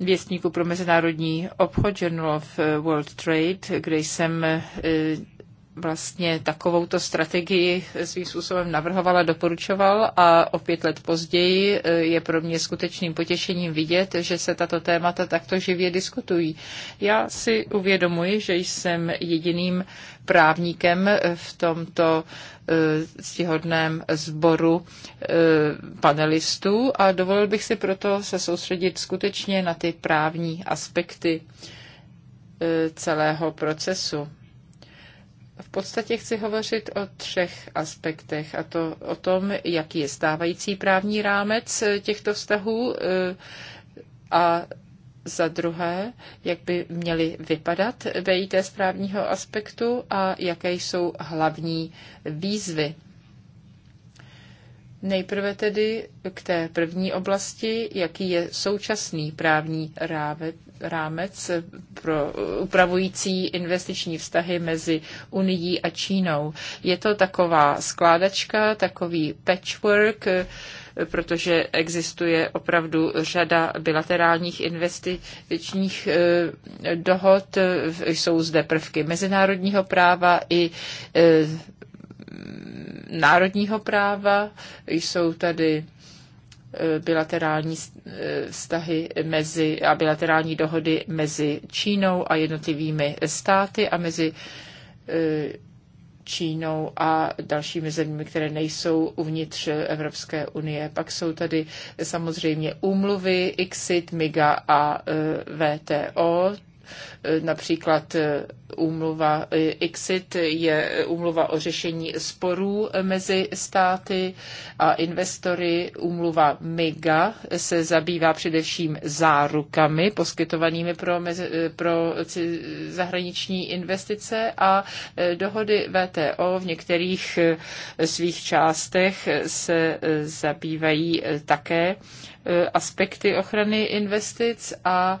věstníku pro mezinárodní obchod Journal of World Trade, kde jsem vlastně takovouto strategii svým způsobem navrhoval a doporučoval a o pět let později eh, je pro mě skutečným potěšením vidět, že se tato témata takto živě diskutují. Já si uvědomuji, že jsem jediným právníkem eh, v tomto eh, ctihodném sboru panelistů a dovolil bych si proto se soustředit skutečně na ty právní aspekty celého procesu. V podstatě chci hovořit o třech aspektech, a to o tom, jaký je stávající právní rámec eh, těchto vztahů eh, a za druhé, jak by měly vypadat VIT z právního aspektu a jaké jsou hlavní výzvy. Nejprve tedy k té první oblasti, jaký je současný právní rámec pro upravující investiční vztahy mezi Unií a Čínou. Je to taková skládačka, takový patchwork, protože existuje opravdu řada bilaterálních investičních eh, dohod. Jsou zde prvky mezinárodního práva i eh, národního práva. Jsou tady eh, bilaterální Eh, vztahy mezi a bilaterální dohody mezi Čínou a jednotlivými státy a mezi eh, Čínou a dalšími zeměmi, které nejsou uvnitř Evropské unie. Pak jsou tady samozřejmě úmluvy, ICSID, MIGA a eh, VTO. Eh, například eh, úmluva eh, ICSID je úmluva o řešení sporů mezi státy a investory. Úmluva MIGA se zabývá především zárukami poskytovanými pro, mezi, pro zahraniční investice a dohody VTO v některých svých částech se zabývají také aspekty ochrany investic a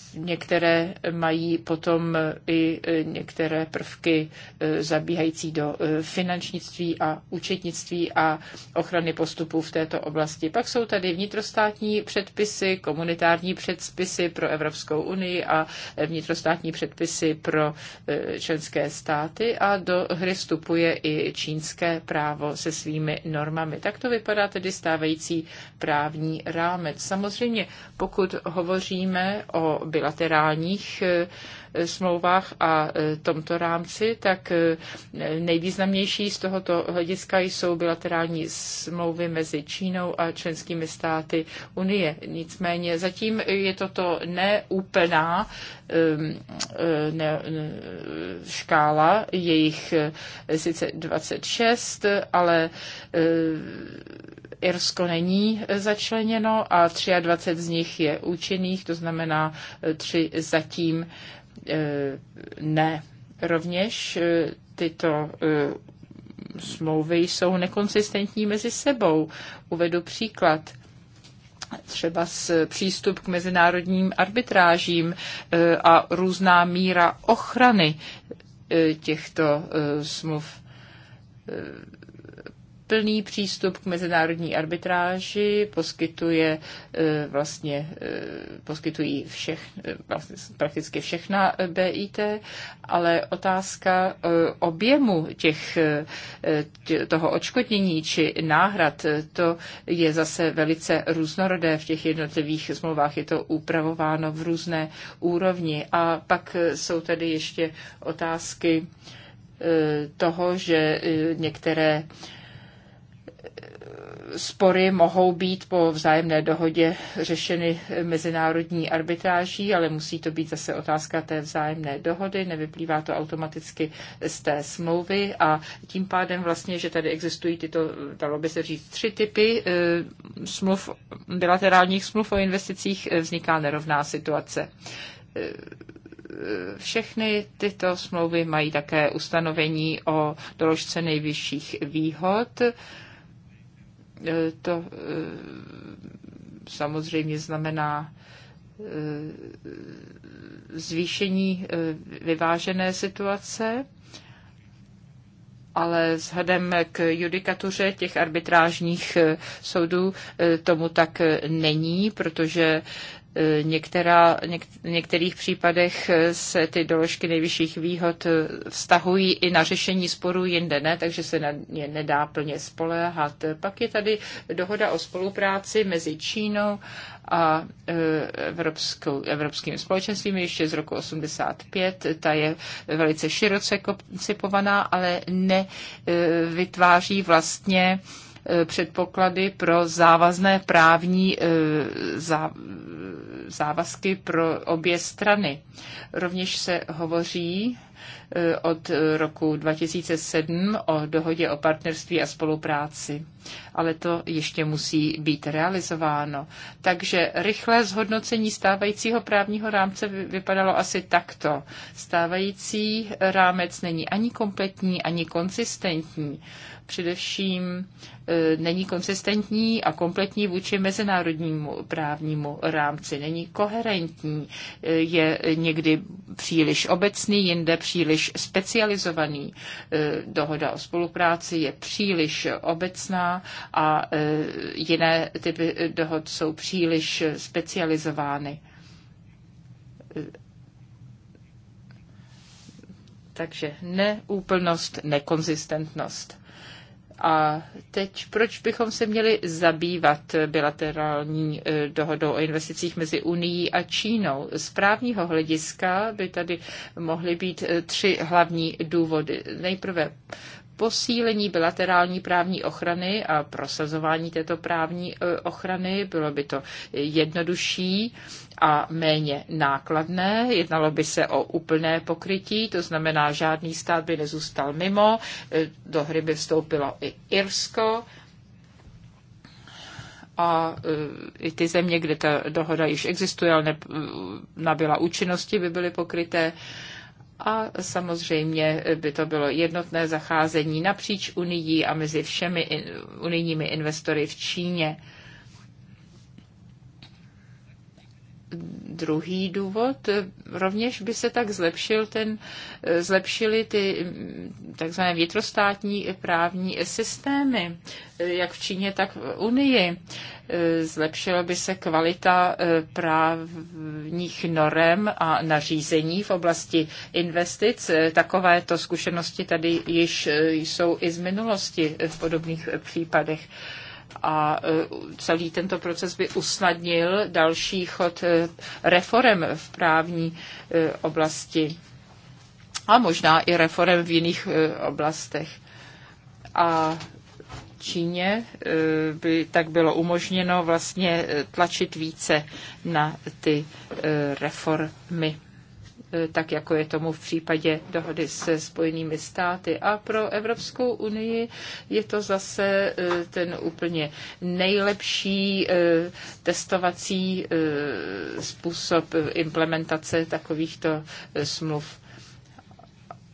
Některé mají potom i e, některé prvky e, zabíhající do e, finančnictví a účetnictví a ochrany postupů v této oblasti. Pak jsou tady vnitrostátní předpisy, komunitární předpisy pro Evropskou unii a vnitrostátní předpisy pro členské státy a do hry vstupuje i čínské právo se svými normami. Tak to vypadá tedy stávající právní rámec. Samozřejmě, pokud hovoříme o bilaterálních eh, smlouvách a eh, tomto rámci, tak eh, nejvýznamnější z tohoto hlediska jsou bilaterální smlouvy mezi Čínou a členskými státy Unie. Nicméně zatím je toto neúplná ehm, škála, jejich sice 26, ale Irsko není e, začleněno a 23 z nich je účinných, to znamená e, tři zatím e, ne. Rovněž tyto smlouvy jsou nekonsistentní mezi sebou. Uvedu příklad třeba s přístup k mezinárodním arbitrážím a různá míra ochrany těchto smluv plný přístup k mezinárodní arbitráži, poskytuje e, vlastně, e, poskytují všech, e, vlastně prakticky všechna BIT, ale otázka objemu těch, toho očkodnění či náhrad, to je zase velice různorodé v těch jednotlivých smlouvách, je to upravováno v různé úrovni. A pak jsou tady ještě otázky toho, že některé spory mohou být po vzájemné dohodě řešeny mezinárodní arbitráží, ale musí to být zase otázka té vzájemné dohody, nevyplývá to automaticky z té smlouvy a tím pádem vlastně, že tady existují tyto, dalo by se říct, tři typy eh, smluv, bilaterálních smluv o investicích, eh, vzniká nerovná situace eh, všechny tyto smlouvy mají také ustanovení o doložce nejvyšších výhod. E, to e, samozřejmě znamená e, zvýšení vyvážené situace, ale vzhledem k judikatuře těch arbitrážních soudů tomu tak není, protože E, některá, něk, v některých případech e, se ty doložky nejvyšších výhod e, vztahují i na řešení sporů, jinde ne, takže se na ně nedá plně spoléhat. Pak je tady dohoda o spolupráci mezi Čínou a Evropskou, Evropským společenstvím ještě z roku 85. Ta je velice široce koncipovaná, ale nevytváří vlastně Eh, předpoklady pro závazné právní eh, závazky pro obě strany. Rovněž se hovoří Eh, od roku 2007 o dohodě o partnerství a spolupráci. Ale to ještě musí být realizováno. Takže rychlé zhodnocení stávajícího právního rámce vypadalo asi takto. Stávající rámec není ani kompletní, ani konsistentní především eh, není konsistentní a kompletní vůči mezinárodnímu právnímu rámci. Není koherentní, eh, je někdy příliš obecný, jinde příliš příliš specializovaný. E, dohoda o spolupráci je příliš obecná a e, jiné typy dohod jsou příliš specializovány. E, takže neúplnost, nekonzistentnost. A teď, proč bychom se měli zabývat bilaterální eh, dohodou o investicích mezi Unií a Čínou? Z právního hlediska by tady mohly být eh, tři hlavní důvody. Nejprve posílení bilaterální právní ochrany a prosazování této právní e, ochrany. Bylo by to jednodušší a méně nákladné. Jednalo by se o úplné pokrytí, to znamená, žádný stát by nezůstal mimo. E, do hry by vstoupilo i Irsko a e, i ty země, kde ta dohoda již existuje, ale nabyla účinnosti, by byly pokryté a samozřejmě by to bylo jednotné zacházení napříč Unii a mezi všemi unijními investory v Číně druhý důvod, rovněž by se tak zlepšil ten, zlepšily ty takzvané vnitrostátní právní systémy, jak v Číně, tak v Unii. Zlepšila by se kvalita eh, právních norem a nařízení v oblasti investic. Takovéto zkušenosti tady již eh, jsou i z minulosti v podobných případech a e, celý tento proces by usnadnil další chod e, reform v právní e, oblasti a možná i reform v jiných oblastech. A Číně by tak bylo umožněno vlastně tlačit více na ty reformy. Eh, tak jako je tomu v případě dohody se Spojenými státy. A pro Evropskou unii je to zase eh, ten úplně nejlepší eh, testovací způsob implementace takovýchto smluv.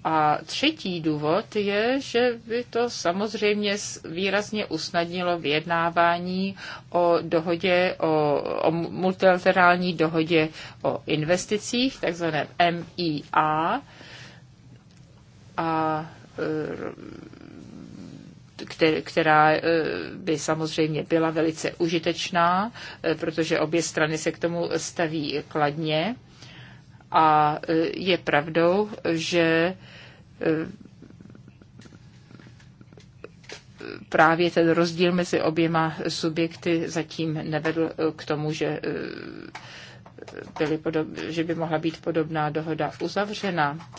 A třetí důvod je, že by to samozřejmě výrazně usnadnilo vyjednávání o dohodě, o, o multilaterální dohodě o investicích, takzvané MIA. A e, která e, by samozřejmě byla velice užitečná, e, protože obě strany se k tomu staví kladně. A je pravdou, že Eh, právě ten rozdíl mezi oběma subjekty zatím nevedl eh, k tomu, že, eh, byly podob, že by mohla být podobná dohoda uzavřena.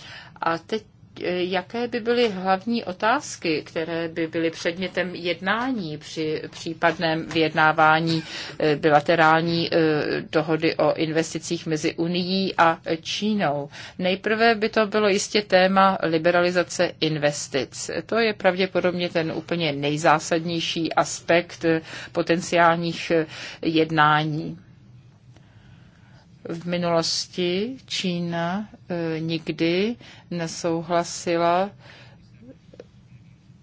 A teď E, jaké by byly hlavní otázky, které by byly předmětem jednání při případném vyjednávání e, bilaterální e, dohody o investicích mezi Unií a Čínou. Nejprve by to bylo jistě téma liberalizace investic. To je pravděpodobně ten úplně nejzásadnější aspekt potenciálních jednání. V minulosti Čína e, nikdy nesouhlasila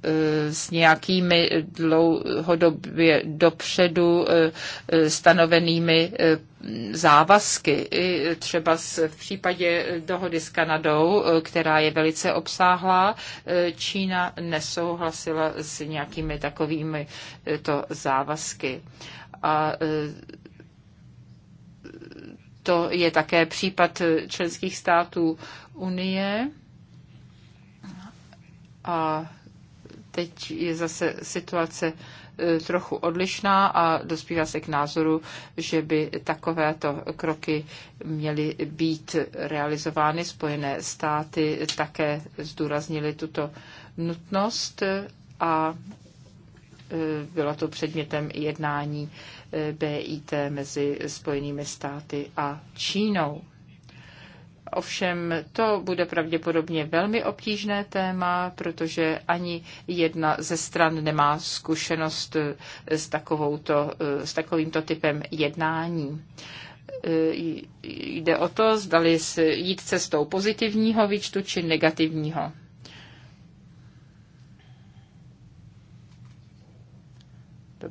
e, s nějakými dlouhodobě dopředu e, stanovenými závazky. I třeba v případě dohody s Kanadou, která je velice obsáhlá, Čína nesouhlasila s nějakými takovými to závazky. A to je také případ členských států Unie. A teď je zase situace e, trochu odlišná a dospívá se k názoru, že by takovéto kroky měly být realizovány. Spojené státy také zdůraznili tuto nutnost a e, bylo to předmětem jednání BIT mezi Spojenými státy a Čínou. Ovšem to bude pravděpodobně velmi obtížné téma, protože ani jedna ze stran nemá zkušenost s, takovouto, s takovýmto typem jednání jde o to, zdali jít cestou pozitivního výčtu či negativního.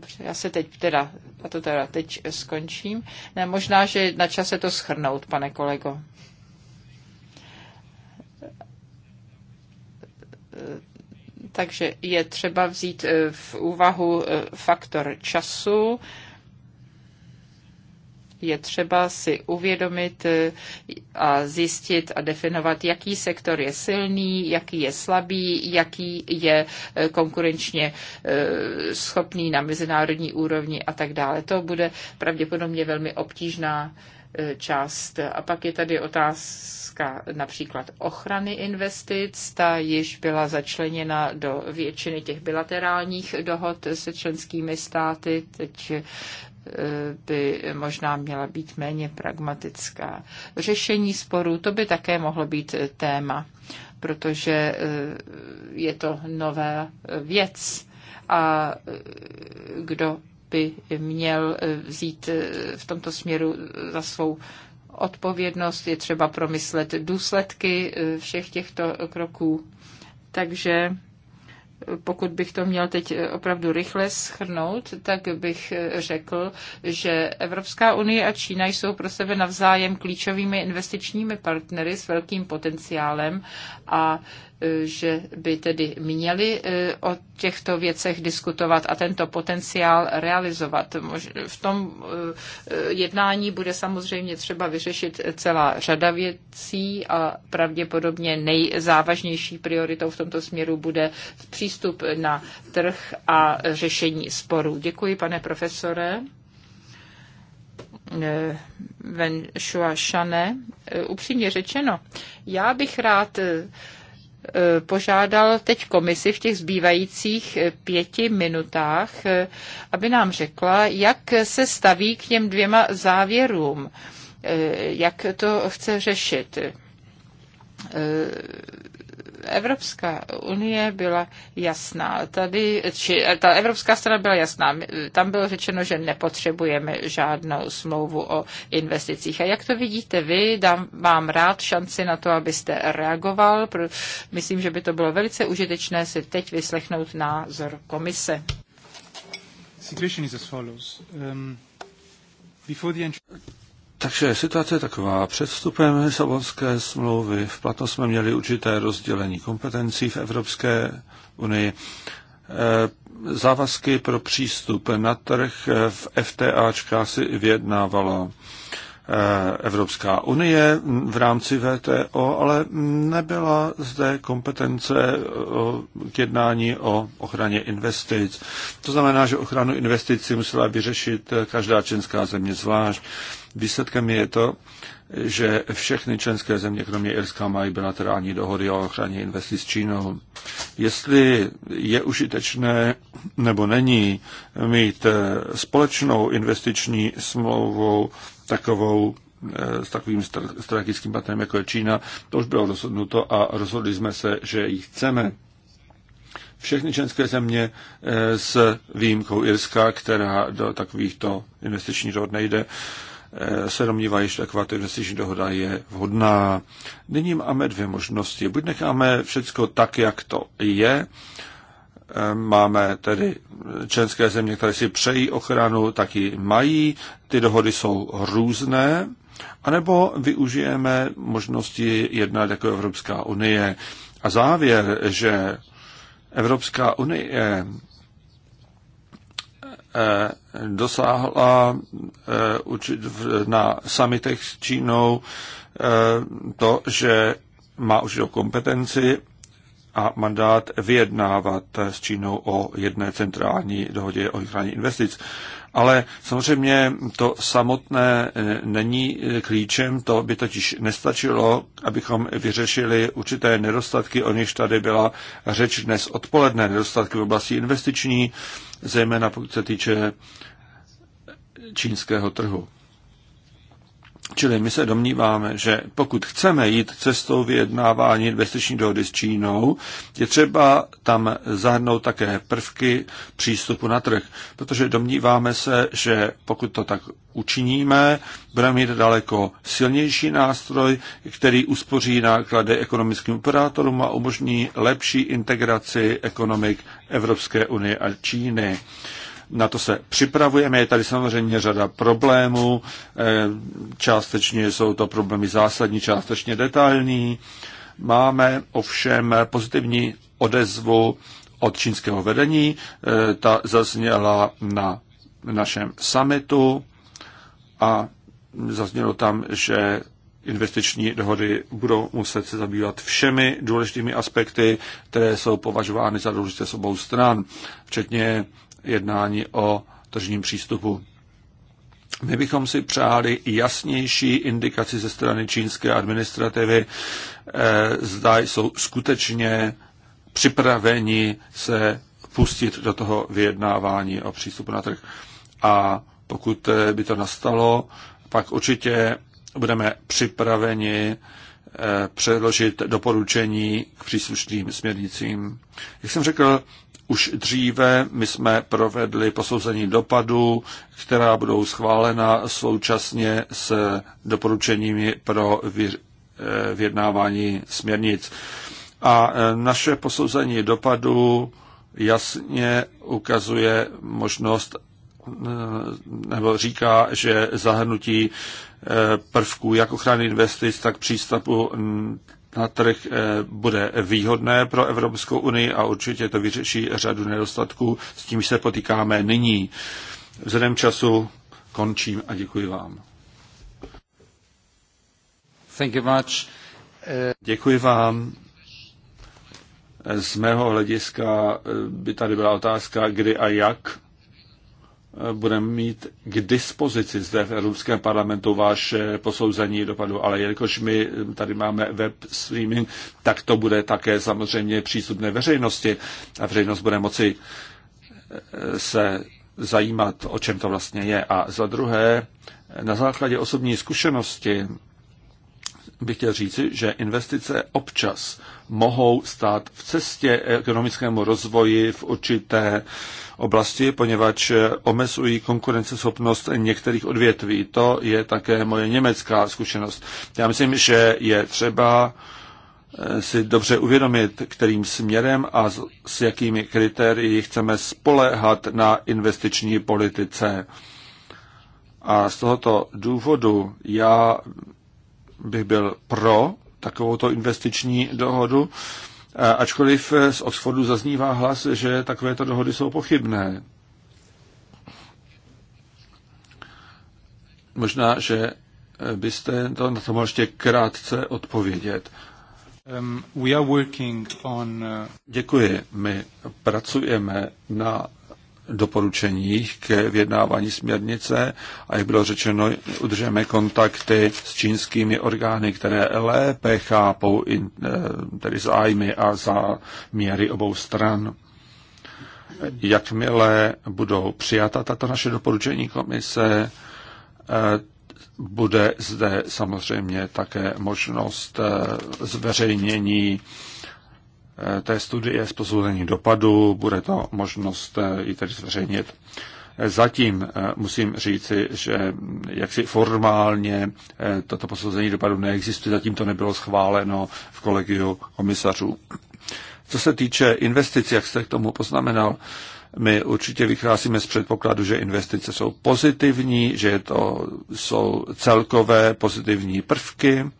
Dobře, já se teď teda, a to teda teď skončím. Ne, možná, že na čase to schrnout, pane kolego. Takže je třeba vzít eh, v úvahu eh, faktor času, je třeba si uvědomit eh, a zjistit a definovat, jaký sektor je silný, jaký je slabý, jaký je eh, konkurenčně eh, schopný na mezinárodní úrovni a tak dále. To bude pravděpodobně velmi obtížná část. A pak je tady otázka například ochrany investic. Ta již byla začleněna do většiny těch bilaterálních dohod se členskými státy. Teď by možná měla být méně pragmatická. Řešení sporů, to by také mohlo být téma, protože eh, je to nová věc a eh, kdo by měl eh, vzít v tomto směru za svou odpovědnost, je třeba promyslet důsledky všech těchto kroků. Takže pokud bych to měl teď eh, opravdu rychle schrnout, tak bych eh, řekl, že Evropská unie a Čína jsou pro sebe navzájem klíčovými investičními partnery s velkým potenciálem a že by tedy měli e, o těchto věcech diskutovat a tento potenciál realizovat. V tom e, e, jednání bude samozřejmě třeba vyřešit celá řada věcí a pravděpodobně nejzávažnější prioritou v tomto směru bude přístup na trh a řešení sporů. Děkuji, pane profesore. Venšua Upřímně řečeno, já bych rád Eh, požádal teď komisi v těch zbývajících eh, pěti minutách, eh, aby nám řekla, jak se staví k těm dvěma závěrům, jak to chce řešit Evropská unie byla jasná. Tady, či, ta Evropská strana byla jasná. Tam bylo řečeno, že nepotřebujeme žádnou smlouvu o investicích. A jak to vidíte vy, dám vám rád šanci na to, abyste reagoval. Myslím, že by to bylo velice užitečné si teď vyslechnout názor komise. Situation is as follows. Um, before the takže situace je taková. Před vstupem Lisabonské smlouvy v platnost jsme měli určité rozdělení kompetencí v Evropské unii. Eh, závazky pro přístup na trh eh, v FTAčkách si vyjednávalo Eh, Evropská unie v rámci VTO, ale nebyla zde kompetence eh, k jednání o ochraně investic. To znamená, že ochranu investic musela vyřešit eh, každá členská země zvlášť. Výsledkem je to, že všechny členské země, kromě Irska, mají bilaterální dohody o ochraně investic s Čínou. Jestli je užitečné nebo není mít společnou investiční smlouvou takovou eh, s takovým strategickým partnerem, jako je Čína. To už bylo rozhodnuto a rozhodli jsme se, že ji chceme. Všechny členské země eh, s výjimkou Irska, která do takovýchto investičních dohod nejde, eh, se domnívají, že taková investiční dohoda je vhodná. Nyní máme dvě možnosti. Buď necháme všechno tak, jak to je, Máme tedy členské země, které si přejí ochranu, taky mají. Ty dohody jsou různé. A nebo využijeme možnosti jednat jako Evropská unie. A závěr, že Evropská unie eh, dosáhla eh, na samitech s Čínou eh, to, že má už do kompetenci a mandát vyjednávat s Čínou o jedné centrální dohodě o ochraně investic. Ale samozřejmě to samotné eh, není eh, klíčem, to by totiž nestačilo, abychom vyřešili určité nedostatky, o nichž tady byla řeč dnes odpoledne, nedostatky v oblasti investiční, zejména pokud se týče čínského trhu. Čili my se domníváme, že pokud chceme jít cestou vyjednávání investiční dohody s Čínou, je třeba tam zahrnout také prvky přístupu na trh, protože domníváme se, že pokud to tak učiníme, budeme mít daleko silnější nástroj, který uspoří náklady ekonomickým operátorům a umožní lepší integraci ekonomik Evropské unie a Číny. Na to se připravujeme. Je tady samozřejmě řada problémů. Eh, částečně jsou to problémy zásadní, částečně detailní. Máme ovšem pozitivní odezvu od čínského vedení. Eh, ta zazněla na našem summitu a zaznělo tam, že investiční dohody budou muset se zabývat všemi důležitými aspekty, které jsou považovány za důležité s obou stran, včetně jednání o tržním přístupu. My bychom si přáli jasnější indikaci ze strany čínské administrativy, eh, zda jsou skutečně připraveni se pustit do toho vyjednávání o přístupu na trh. A pokud eh, by to nastalo, pak určitě budeme připraveni předložit doporučení k příslušným směrnicím. Jak jsem řekl, už dříve my jsme provedli posouzení dopadů, která budou schválena současně s doporučeními pro eh, vyjednávání směrnic. A eh, naše posouzení dopadů jasně ukazuje možnost eh, nebo říká, že zahrnutí prvků, jak ochrany investic, tak přístupu na trh eh, bude výhodné pro Evropskou unii a určitě to vyřeší řadu nedostatků, s tím se potýkáme nyní. Vzhledem času končím a děkuji vám. Thank you much. Eh, děkuji vám. Eh, z mého hlediska by tady byla otázka, kdy a jak budeme mít k dispozici zde v Evropském parlamentu váš posouzení dopadu, ale jelikož my tady máme web streaming, tak to bude také samozřejmě přístupné veřejnosti a veřejnost bude moci eh, se zajímat, o čem to vlastně je. A za druhé, na základě osobní zkušenosti bych chtěl říci, že investice občas mohou stát v cestě ekonomickému rozvoji v určité oblasti, poněvadž omezují konkurenceschopnost některých odvětví. To je také moje německá zkušenost. Já myslím, že je třeba eh, si dobře uvědomit, kterým směrem a s jakými kritérii chceme spolehat na investiční politice. A z tohoto důvodu já bych byl pro takovouto investiční dohodu, ačkoliv z Oxfordu zaznívá hlas, že takovéto dohody jsou pochybné. Možná, že byste to na to mohl ještě krátce odpovědět. Um, we are working on, uh... Děkuji. My pracujeme na doporučeních k vyjednávání směrnice a jak bylo řečeno, udržeme kontakty s čínskými orgány, které lépe chápou in, eh, tedy zájmy a za měry obou stran. Jakmile budou přijata tato naše doporučení komise, eh, bude zde samozřejmě také možnost eh, zveřejnění Eh, té studie z posouzení dopadu, bude to možnost eh, ji tedy zveřejnit. Eh, zatím musím říci, že mm, jaksi formálně toto posouzení dopadu neexistuje, zatím to nebylo schváleno v kolegiu komisařů. Co se týče investic, jak jste k tomu poznamenal, my určitě vycházíme z předpokladu, že investice jsou pozitivní, že to jsou celkové pozitivní prvky,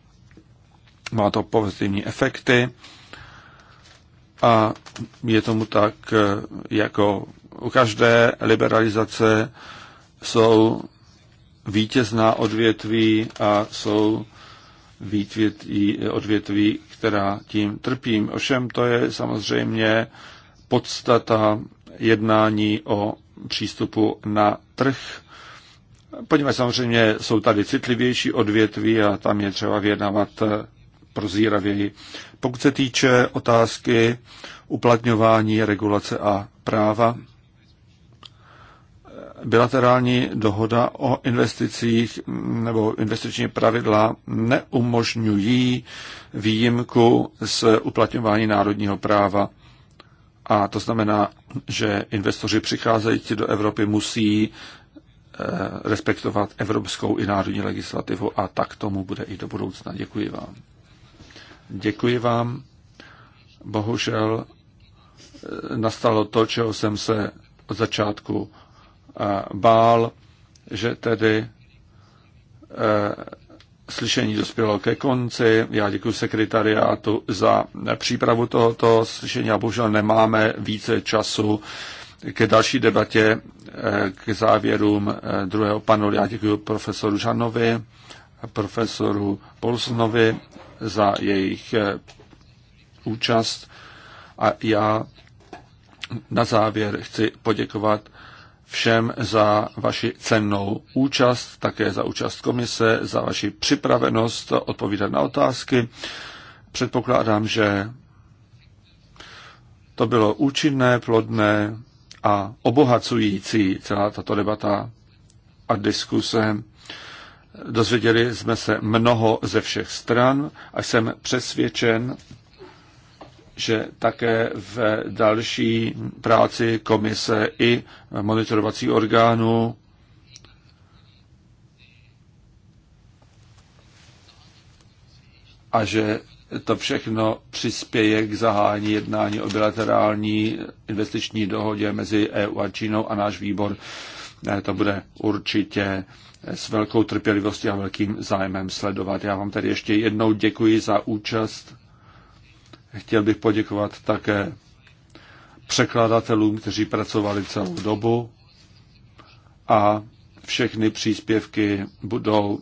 má to pozitivní efekty a je tomu tak, eh, jako u každé liberalizace jsou vítězná odvětví a jsou výtvětví, odvětví, která tím trpím. Ovšem to je samozřejmě podstata jednání o přístupu na trh. Poněvadž samozřejmě jsou tady citlivější odvětví a tam je třeba vyjednávat eh, prozíravěji. Pokud se týče otázky uplatňování regulace a práva, bilaterální dohoda o investicích nebo investiční pravidla neumožňují výjimku z uplatňování národního práva. A to znamená, že investoři přicházející do Evropy musí eh, respektovat evropskou i národní legislativu a tak tomu bude i do budoucna. Děkuji vám. Děkuji vám. Bohužel eh, nastalo to, čeho jsem se od začátku eh, bál, že tedy eh, slyšení dospělo ke konci. Já děkuji sekretariátu za přípravu tohoto slyšení a bohužel nemáme více času ke další debatě, k závěrům druhého panelu. Já děkuji profesoru Žanovi, profesoru Polsonovi za jejich eh, účast a já na závěr chci poděkovat všem za vaši cennou účast, také za účast komise, za vaši připravenost odpovídat na otázky. Předpokládám, že to bylo účinné, plodné a obohacující celá tato debata a diskuse Dozvěděli jsme se mnoho ze všech stran a jsem přesvědčen, že také v další práci komise i monitorovací orgánu a že to všechno přispěje k zahájení jednání o bilaterální investiční dohodě mezi EU a Čínou a náš výbor to bude určitě s velkou trpělivostí a velkým zájmem sledovat. Já vám tady ještě jednou děkuji za účast. Chtěl bych poděkovat také překladatelům, kteří pracovali celou dobu a všechny příspěvky budou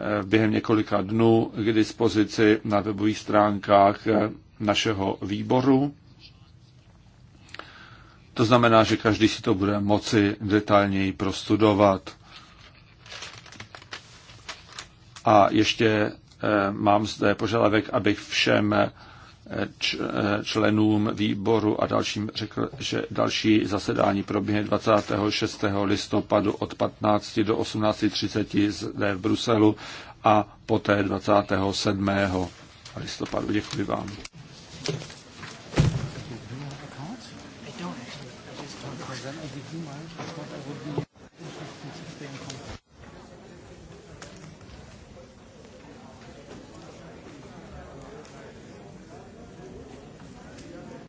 eh, během několika dnů k dispozici na webových stránkách eh, našeho výboru. To znamená, že každý si to bude moci detailněji prostudovat. A ještě eh, mám zde požadavek, abych všem eh, eh, členům výboru a dalším řekl, že další zasedání proběhne 26. listopadu od 15 do 18.30 zde v Bruselu a poté 27. listopadu. Děkuji vám. I don't. I just present. you mind?